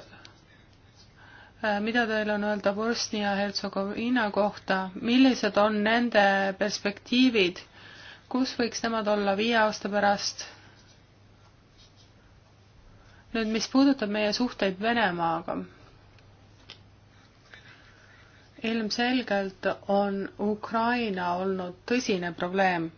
mida teil on öelda Bosnia-Hertsegoviina kohta, millised on nende perspektiivid, kus võiks nemad olla viie aasta pärast? nüüd, mis puudutab meie suhteid Venemaaga, ilmselgelt on Ukraina olnud tõsine probleem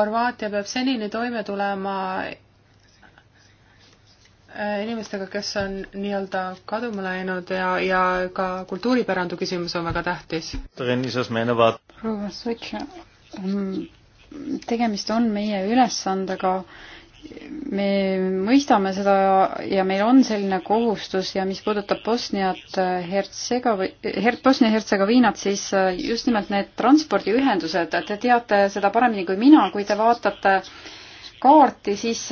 Horvaatia peab senini toime tulema äh, inimestega, kes on nii-öelda kaduma läinud ja, ja ka kultuuripärandu küsimus on väga tähtis. proua Sotša, mm, tegemist on meie ülesandega me mõistame seda ja meil on selline kohustus ja mis puudutab Bosniat äh, Hertsegovi-, äh, Her-, Bosnia-Hertsegoviinat, siis äh, just nimelt need transpordiühendused, te teate seda paremini kui mina, kui te vaatate kaarti, siis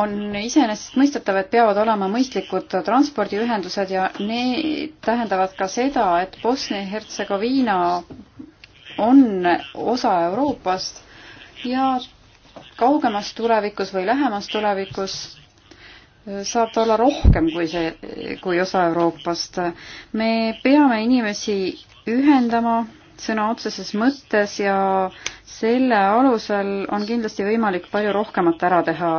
on iseenesestmõistetav, et peavad olema mõistlikud transpordiühendused ja need tähendavad ka seda, et Bosnia-Hertsegoviina on osa Euroopast ja kaugemas tulevikus või lähemas tulevikus saab ta olla rohkem kui see, kui osa Euroopast. me peame inimesi ühendama sõna otseses mõttes ja selle alusel on kindlasti võimalik palju rohkemat ära teha.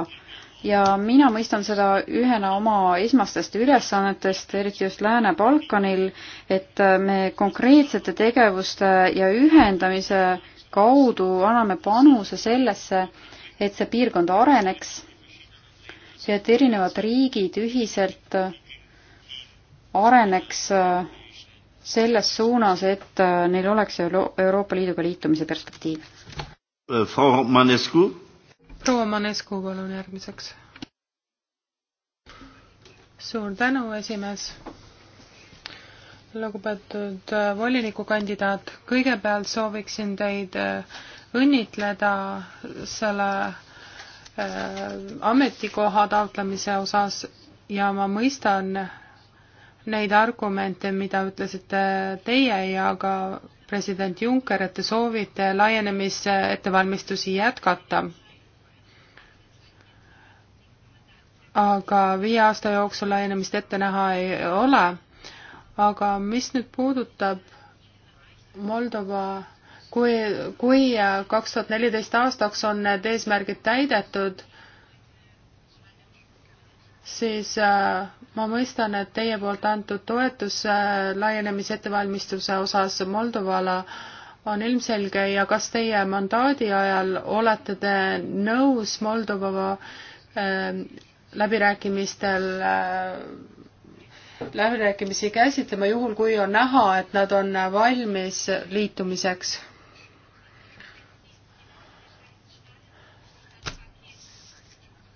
ja mina mõistan seda ühena oma esmastest ülesannetest, eriti just Lääne-Balkanil, et me konkreetsete tegevuste ja ühendamise kaudu anname panuse sellesse, et see piirkond areneks ja et erinevad riigid ühiselt areneks äh, selles suunas, et äh, neil oleks Euro Euroopa Liiduga liitumise perspektiiv. proua äh, Manescu. proua Manescu, palun järgmiseks. suur tänu, esimees lugupeetud äh, volinikukandidaat, kõigepealt sooviksin teid äh, õnnitleda selle äh, ametikoha taotlemise osas ja ma mõistan neid argumente, mida ütlesite teie ja ka president Juncker, et te soovite laienemise ettevalmistusi jätkata. aga viie aasta jooksul laienemist ette näha ei ole aga mis nüüd puudutab Moldova, kui, kui äh, kaks tuhat neliteist aastaks on need eesmärgid täidetud, siis äh, ma mõistan, et teie poolt antud toetus äh, laienemisettevalmistuse osas Moldovale on ilmselge ja kas teie mandaadi ajal olete te nõus Moldova läbirääkimistel läbirääkimisi käsitlema, juhul kui on näha, et nad on valmis liitumiseks.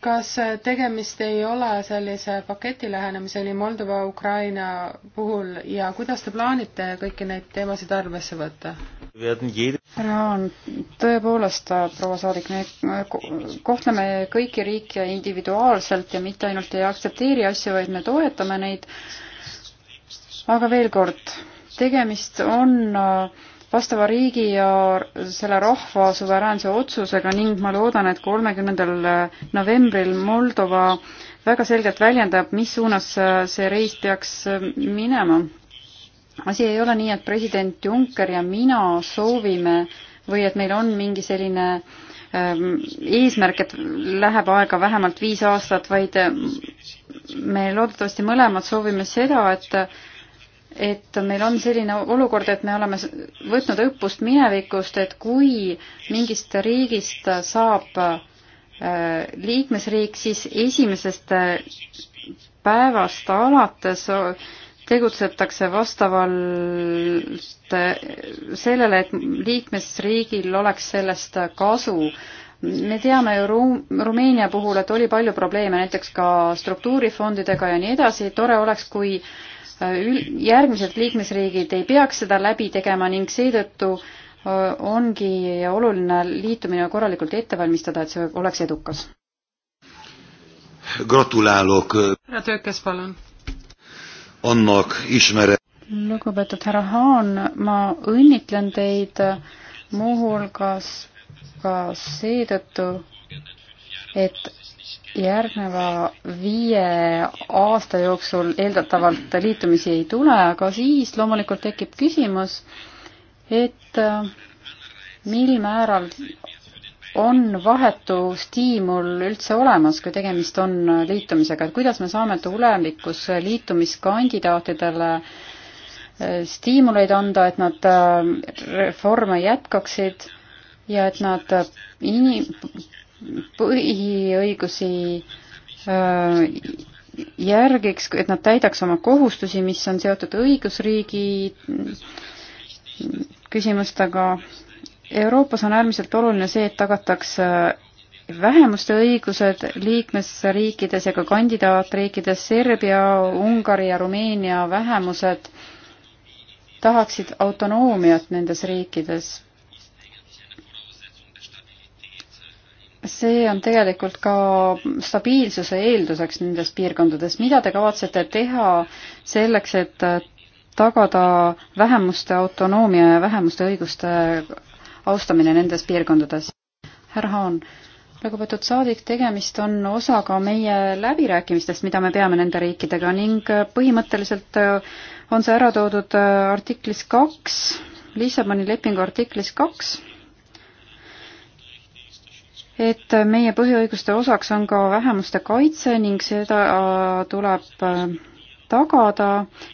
kas tegemist ei ole sellise paketi lähenemiseni Moldova, Ukraina puhul ja kuidas te plaanite kõiki neid teemasid arvesse võtta? härra Aan, tõepoolest, äh, proua saadik, me äh, kohtleme kõiki riike individuaalselt ja mitte ainult ei aktsepteeri asju, vaid me toetame neid. aga veel kord, tegemist on äh, vastava riigi ja selle rahva suveräänse otsusega ning ma loodan, et kolmekümnendal novembril Moldova väga selgelt väljendab, mis suunas see reis peaks minema asi ei ole nii, et president Juncker ja mina soovime või et meil on mingi selline ähm, eesmärk, et läheb aega vähemalt viis aastat, vaid ähm, me loodetavasti mõlemad soovime seda, et et meil on selline olukord, et me oleme võtnud õppust minevikust, et kui mingist riigist saab äh, liikmesriik, siis esimesest äh, päevast alates äh, tegutsetakse vastavalt sellele, et liikmesriigil oleks sellest kasu. me teame ju Ru-, Rumeenia puhul, et oli palju probleeme näiteks ka struktuurifondidega ja nii edasi, tore oleks, kui äh, järgmised liikmesriigid ei peaks seda läbi tegema ning seetõttu äh, ongi oluline liitumine korralikult ette valmistada, et see oleks edukas. gratulaalok. härra Töökes, palun annak ismere. lugupeetud härra Haan, ma õnnitlen teid muuhulgas ka seetõttu, et järgneva viie aasta jooksul eeldatavalt liitumisi ei tule, aga siis loomulikult tekib küsimus, et mil määral on vahetu stiimul üldse olemas, kui tegemist on liitumisega, et kuidas me saame tulevikus liitumiskandidaatidele eh, stiimuleid anda, et nad eh, reforme jätkaksid ja et nad eh, inim-, põhiõigusi järgiks, et nad täidaks oma kohustusi, mis on seotud õigusriigi mm, küsimustega Euroopas on äärmiselt oluline see, et tagatakse äh, vähemuste õigused liikmesriikides ja ka kandidaatriikides Serbia, Ungari ja Rumeenia vähemused tahaksid autonoomiat nendes riikides. see on tegelikult ka stabiilsuse eelduseks nendes piirkondades. mida te kavatsete teha selleks, et tagada vähemuste autonoomia ja vähemuste õiguste austamine nendes piirkondades. härra Haan, lugupeetud saadik, tegemist on osaga meie läbirääkimistest, mida me peame nende riikidega ning äh, põhimõtteliselt äh, on see ära toodud äh, artiklis kaks, Lissaboni lepingu artiklis kaks, et meie põhiõiguste osaks on ka vähemuste kaitse ning seda tuleb tagada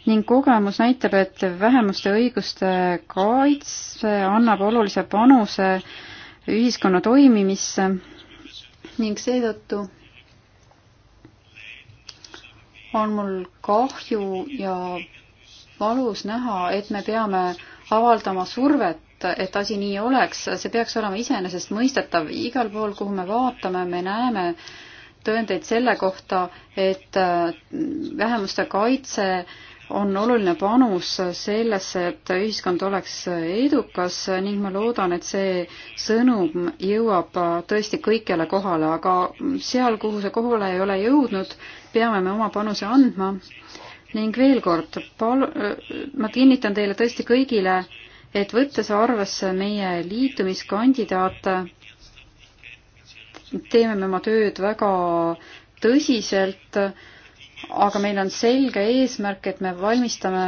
ning kogemus näitab, et vähemuste õiguste kaitse annab olulise panuse ühiskonna toimimisse ning seetõttu on mul kahju ja valus näha, et me peame avaldama survet, et asi nii oleks, see peaks olema iseenesestmõistetav, igal pool, kuhu me vaatame, me näeme äh, tõendeid selle kohta, et äh, vähemuste kaitse on oluline panus sellesse, et ühiskond oleks edukas ning ma loodan, et see sõnum jõuab äh, tõesti kõikjale kohale, aga seal, kuhu see kohale ei ole jõudnud, peame me oma panuse andma. ning veel kord, pal-, äh, ma kinnitan teile tõesti kõigile, et võttes arvesse meie liitumiskandidaate, teeme me oma tööd väga tõsiselt, aga meil on selge eesmärk, et me valmistame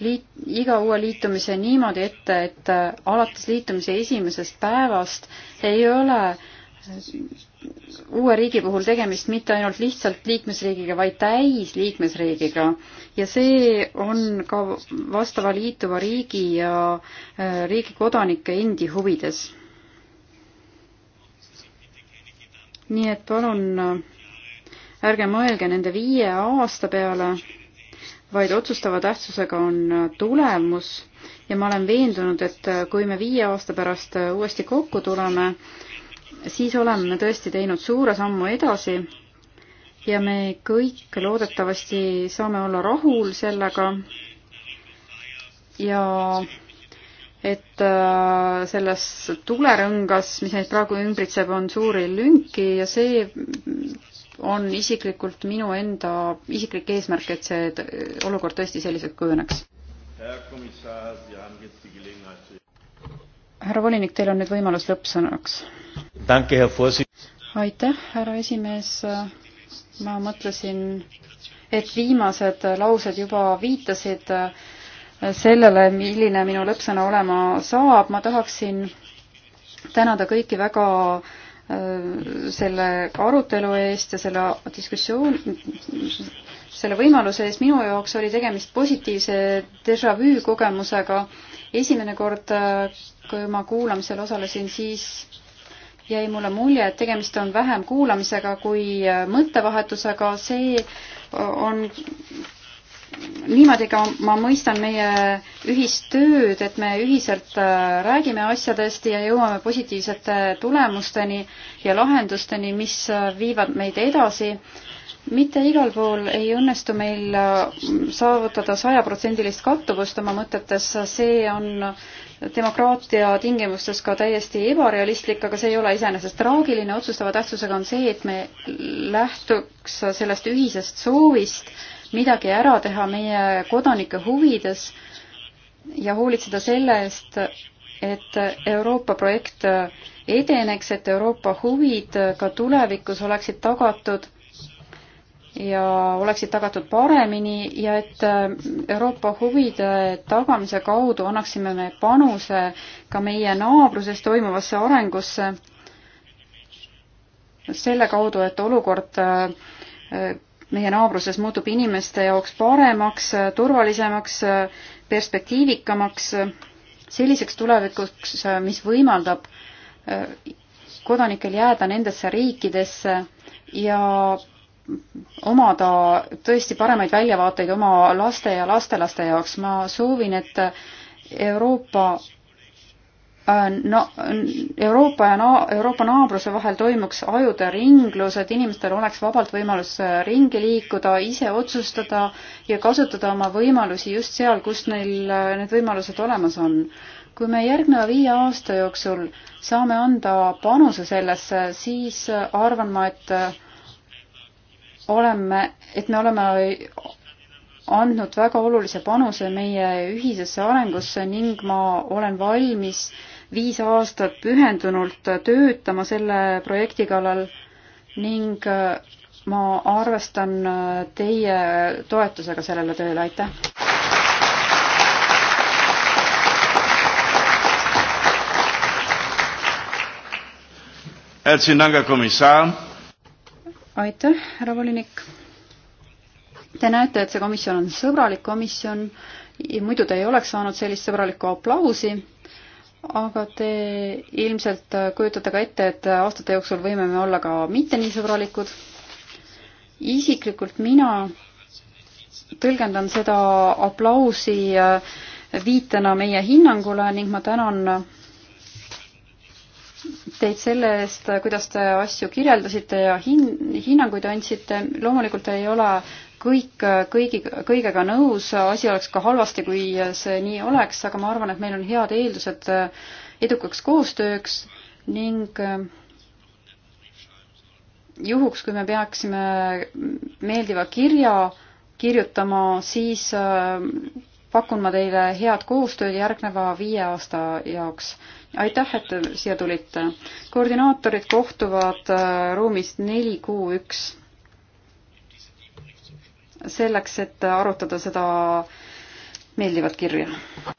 liit, iga uue liitumise niimoodi ette, et alates liitumise esimesest päevast ei ole uue riigi puhul tegemist mitte ainult lihtsalt liikmesriigiga, vaid täisliikmesriigiga ja see on ka vastava liituva riigi ja äh, riigi kodanike endi huvides nii et palun äh, ärge mõelge nende viie aasta peale, vaid otsustava tähtsusega on äh, tulemus ja ma olen veendunud, et äh, kui me viie aasta pärast uuesti kokku tuleme, siis oleme tõesti teinud suure sammu edasi ja me kõik loodetavasti saame olla rahul sellega ja et äh, selles tulerõngas, mis neid praegu ümbritseb, on suuri lünki ja see on isiklikult minu enda isiklik eesmärk, et see olukord tõesti selliselt kujuneks. härra volinik, teil on nüüd võimalus lõppsõnaks. aitäh, härra esimees. ma mõtlesin, et viimased laused juba viitasid äh, sellele, milline minu lõppsõna olema saab, ma tahaksin tänada kõiki väga äh, selle arutelu eest ja selle diskussioon, selle võimaluse eest, minu jaoks oli tegemist positiivse déjà vu kogemusega. esimene kord, äh, kui ma kuulamisel osalesin, siis jäi mulle mulje, et tegemist on vähem kuulamisega kui äh, mõttevahetusega, see on niimoodi ka ma mõistan meie ühist tööd, et me ühiselt äh, räägime asjadest ja jõuame positiivsete tulemusteni ja lahendusteni, mis äh, viivad meid edasi. mitte igal pool ei õnnestu meil äh, saavutada sajaprotsendilist kattuvust oma mõtetes, see on demokraatia tingimustes ka täiesti ebarealistlik, aga see ei ole iseenesest traagiline, otsustava tähtsusega on see, et me lähtuks sellest ühisest soovist midagi ära teha meie kodanike huvides ja hoolitseda selle eest, et Euroopa projekt edeneks, et Euroopa huvid ka tulevikus oleksid tagatud ja oleksid tagatud paremini ja et Euroopa huvide tagamise kaudu annaksime me panuse ka meie naabruses toimuvasse arengusse selle kaudu, et olukord meie naabruses muutub inimeste jaoks paremaks, turvalisemaks, perspektiivikamaks, selliseks tulevikuks, mis võimaldab eh, kodanikel jääda nendesse riikidesse ja omada tõesti paremaid väljavaateid oma laste ja lastelaste jaoks. ma soovin, et Euroopa Äh, no, Euroopa ja na-, Euroopa naabruse vahel toimuks ajude ringlus, et inimestel oleks vabalt võimalus äh, ringi liikuda, ise otsustada ja kasutada oma võimalusi just seal, kus neil äh, need võimalused olemas on. kui me järgneva viie aasta jooksul saame anda panuse sellesse, siis arvan ma, et oleme, et me oleme andnud väga olulise panuse meie ühisesse arengusse ning ma olen valmis äh, viis aastat pühendunult töötama selle projekti kallal ning äh, ma arvestan äh, teie toetusega sellele tööle, aitäh! aitäh, härra volinik! Te näete, et see komisjon on sõbralik komisjon, muidu te ei oleks saanud sellist sõbralikku aplausi aga te ilmselt kujutate ka ette, et aastate jooksul võime me olla ka mitte nii sõbralikud. isiklikult mina tõlgendan seda aplausi viitena meie hinnangule ning ma tänan teid selle eest, kuidas te asju kirjeldasite ja hin-, hinnanguid andsite. loomulikult ei ole kõik, kõigi, kõigega nõus, asi oleks ka halvasti, kui see nii oleks, aga ma arvan, et meil on head eeldused edukaks koostööks ning juhuks, kui me peaksime meeldiva kirja kirjutama, siis pakun ma teile head koostööd järgneva viie aasta jaoks. aitäh, et siia tulite. koordinaatorid kohtuvad ruumis neli kuu üks selleks, et arutada seda meeldivat kirja.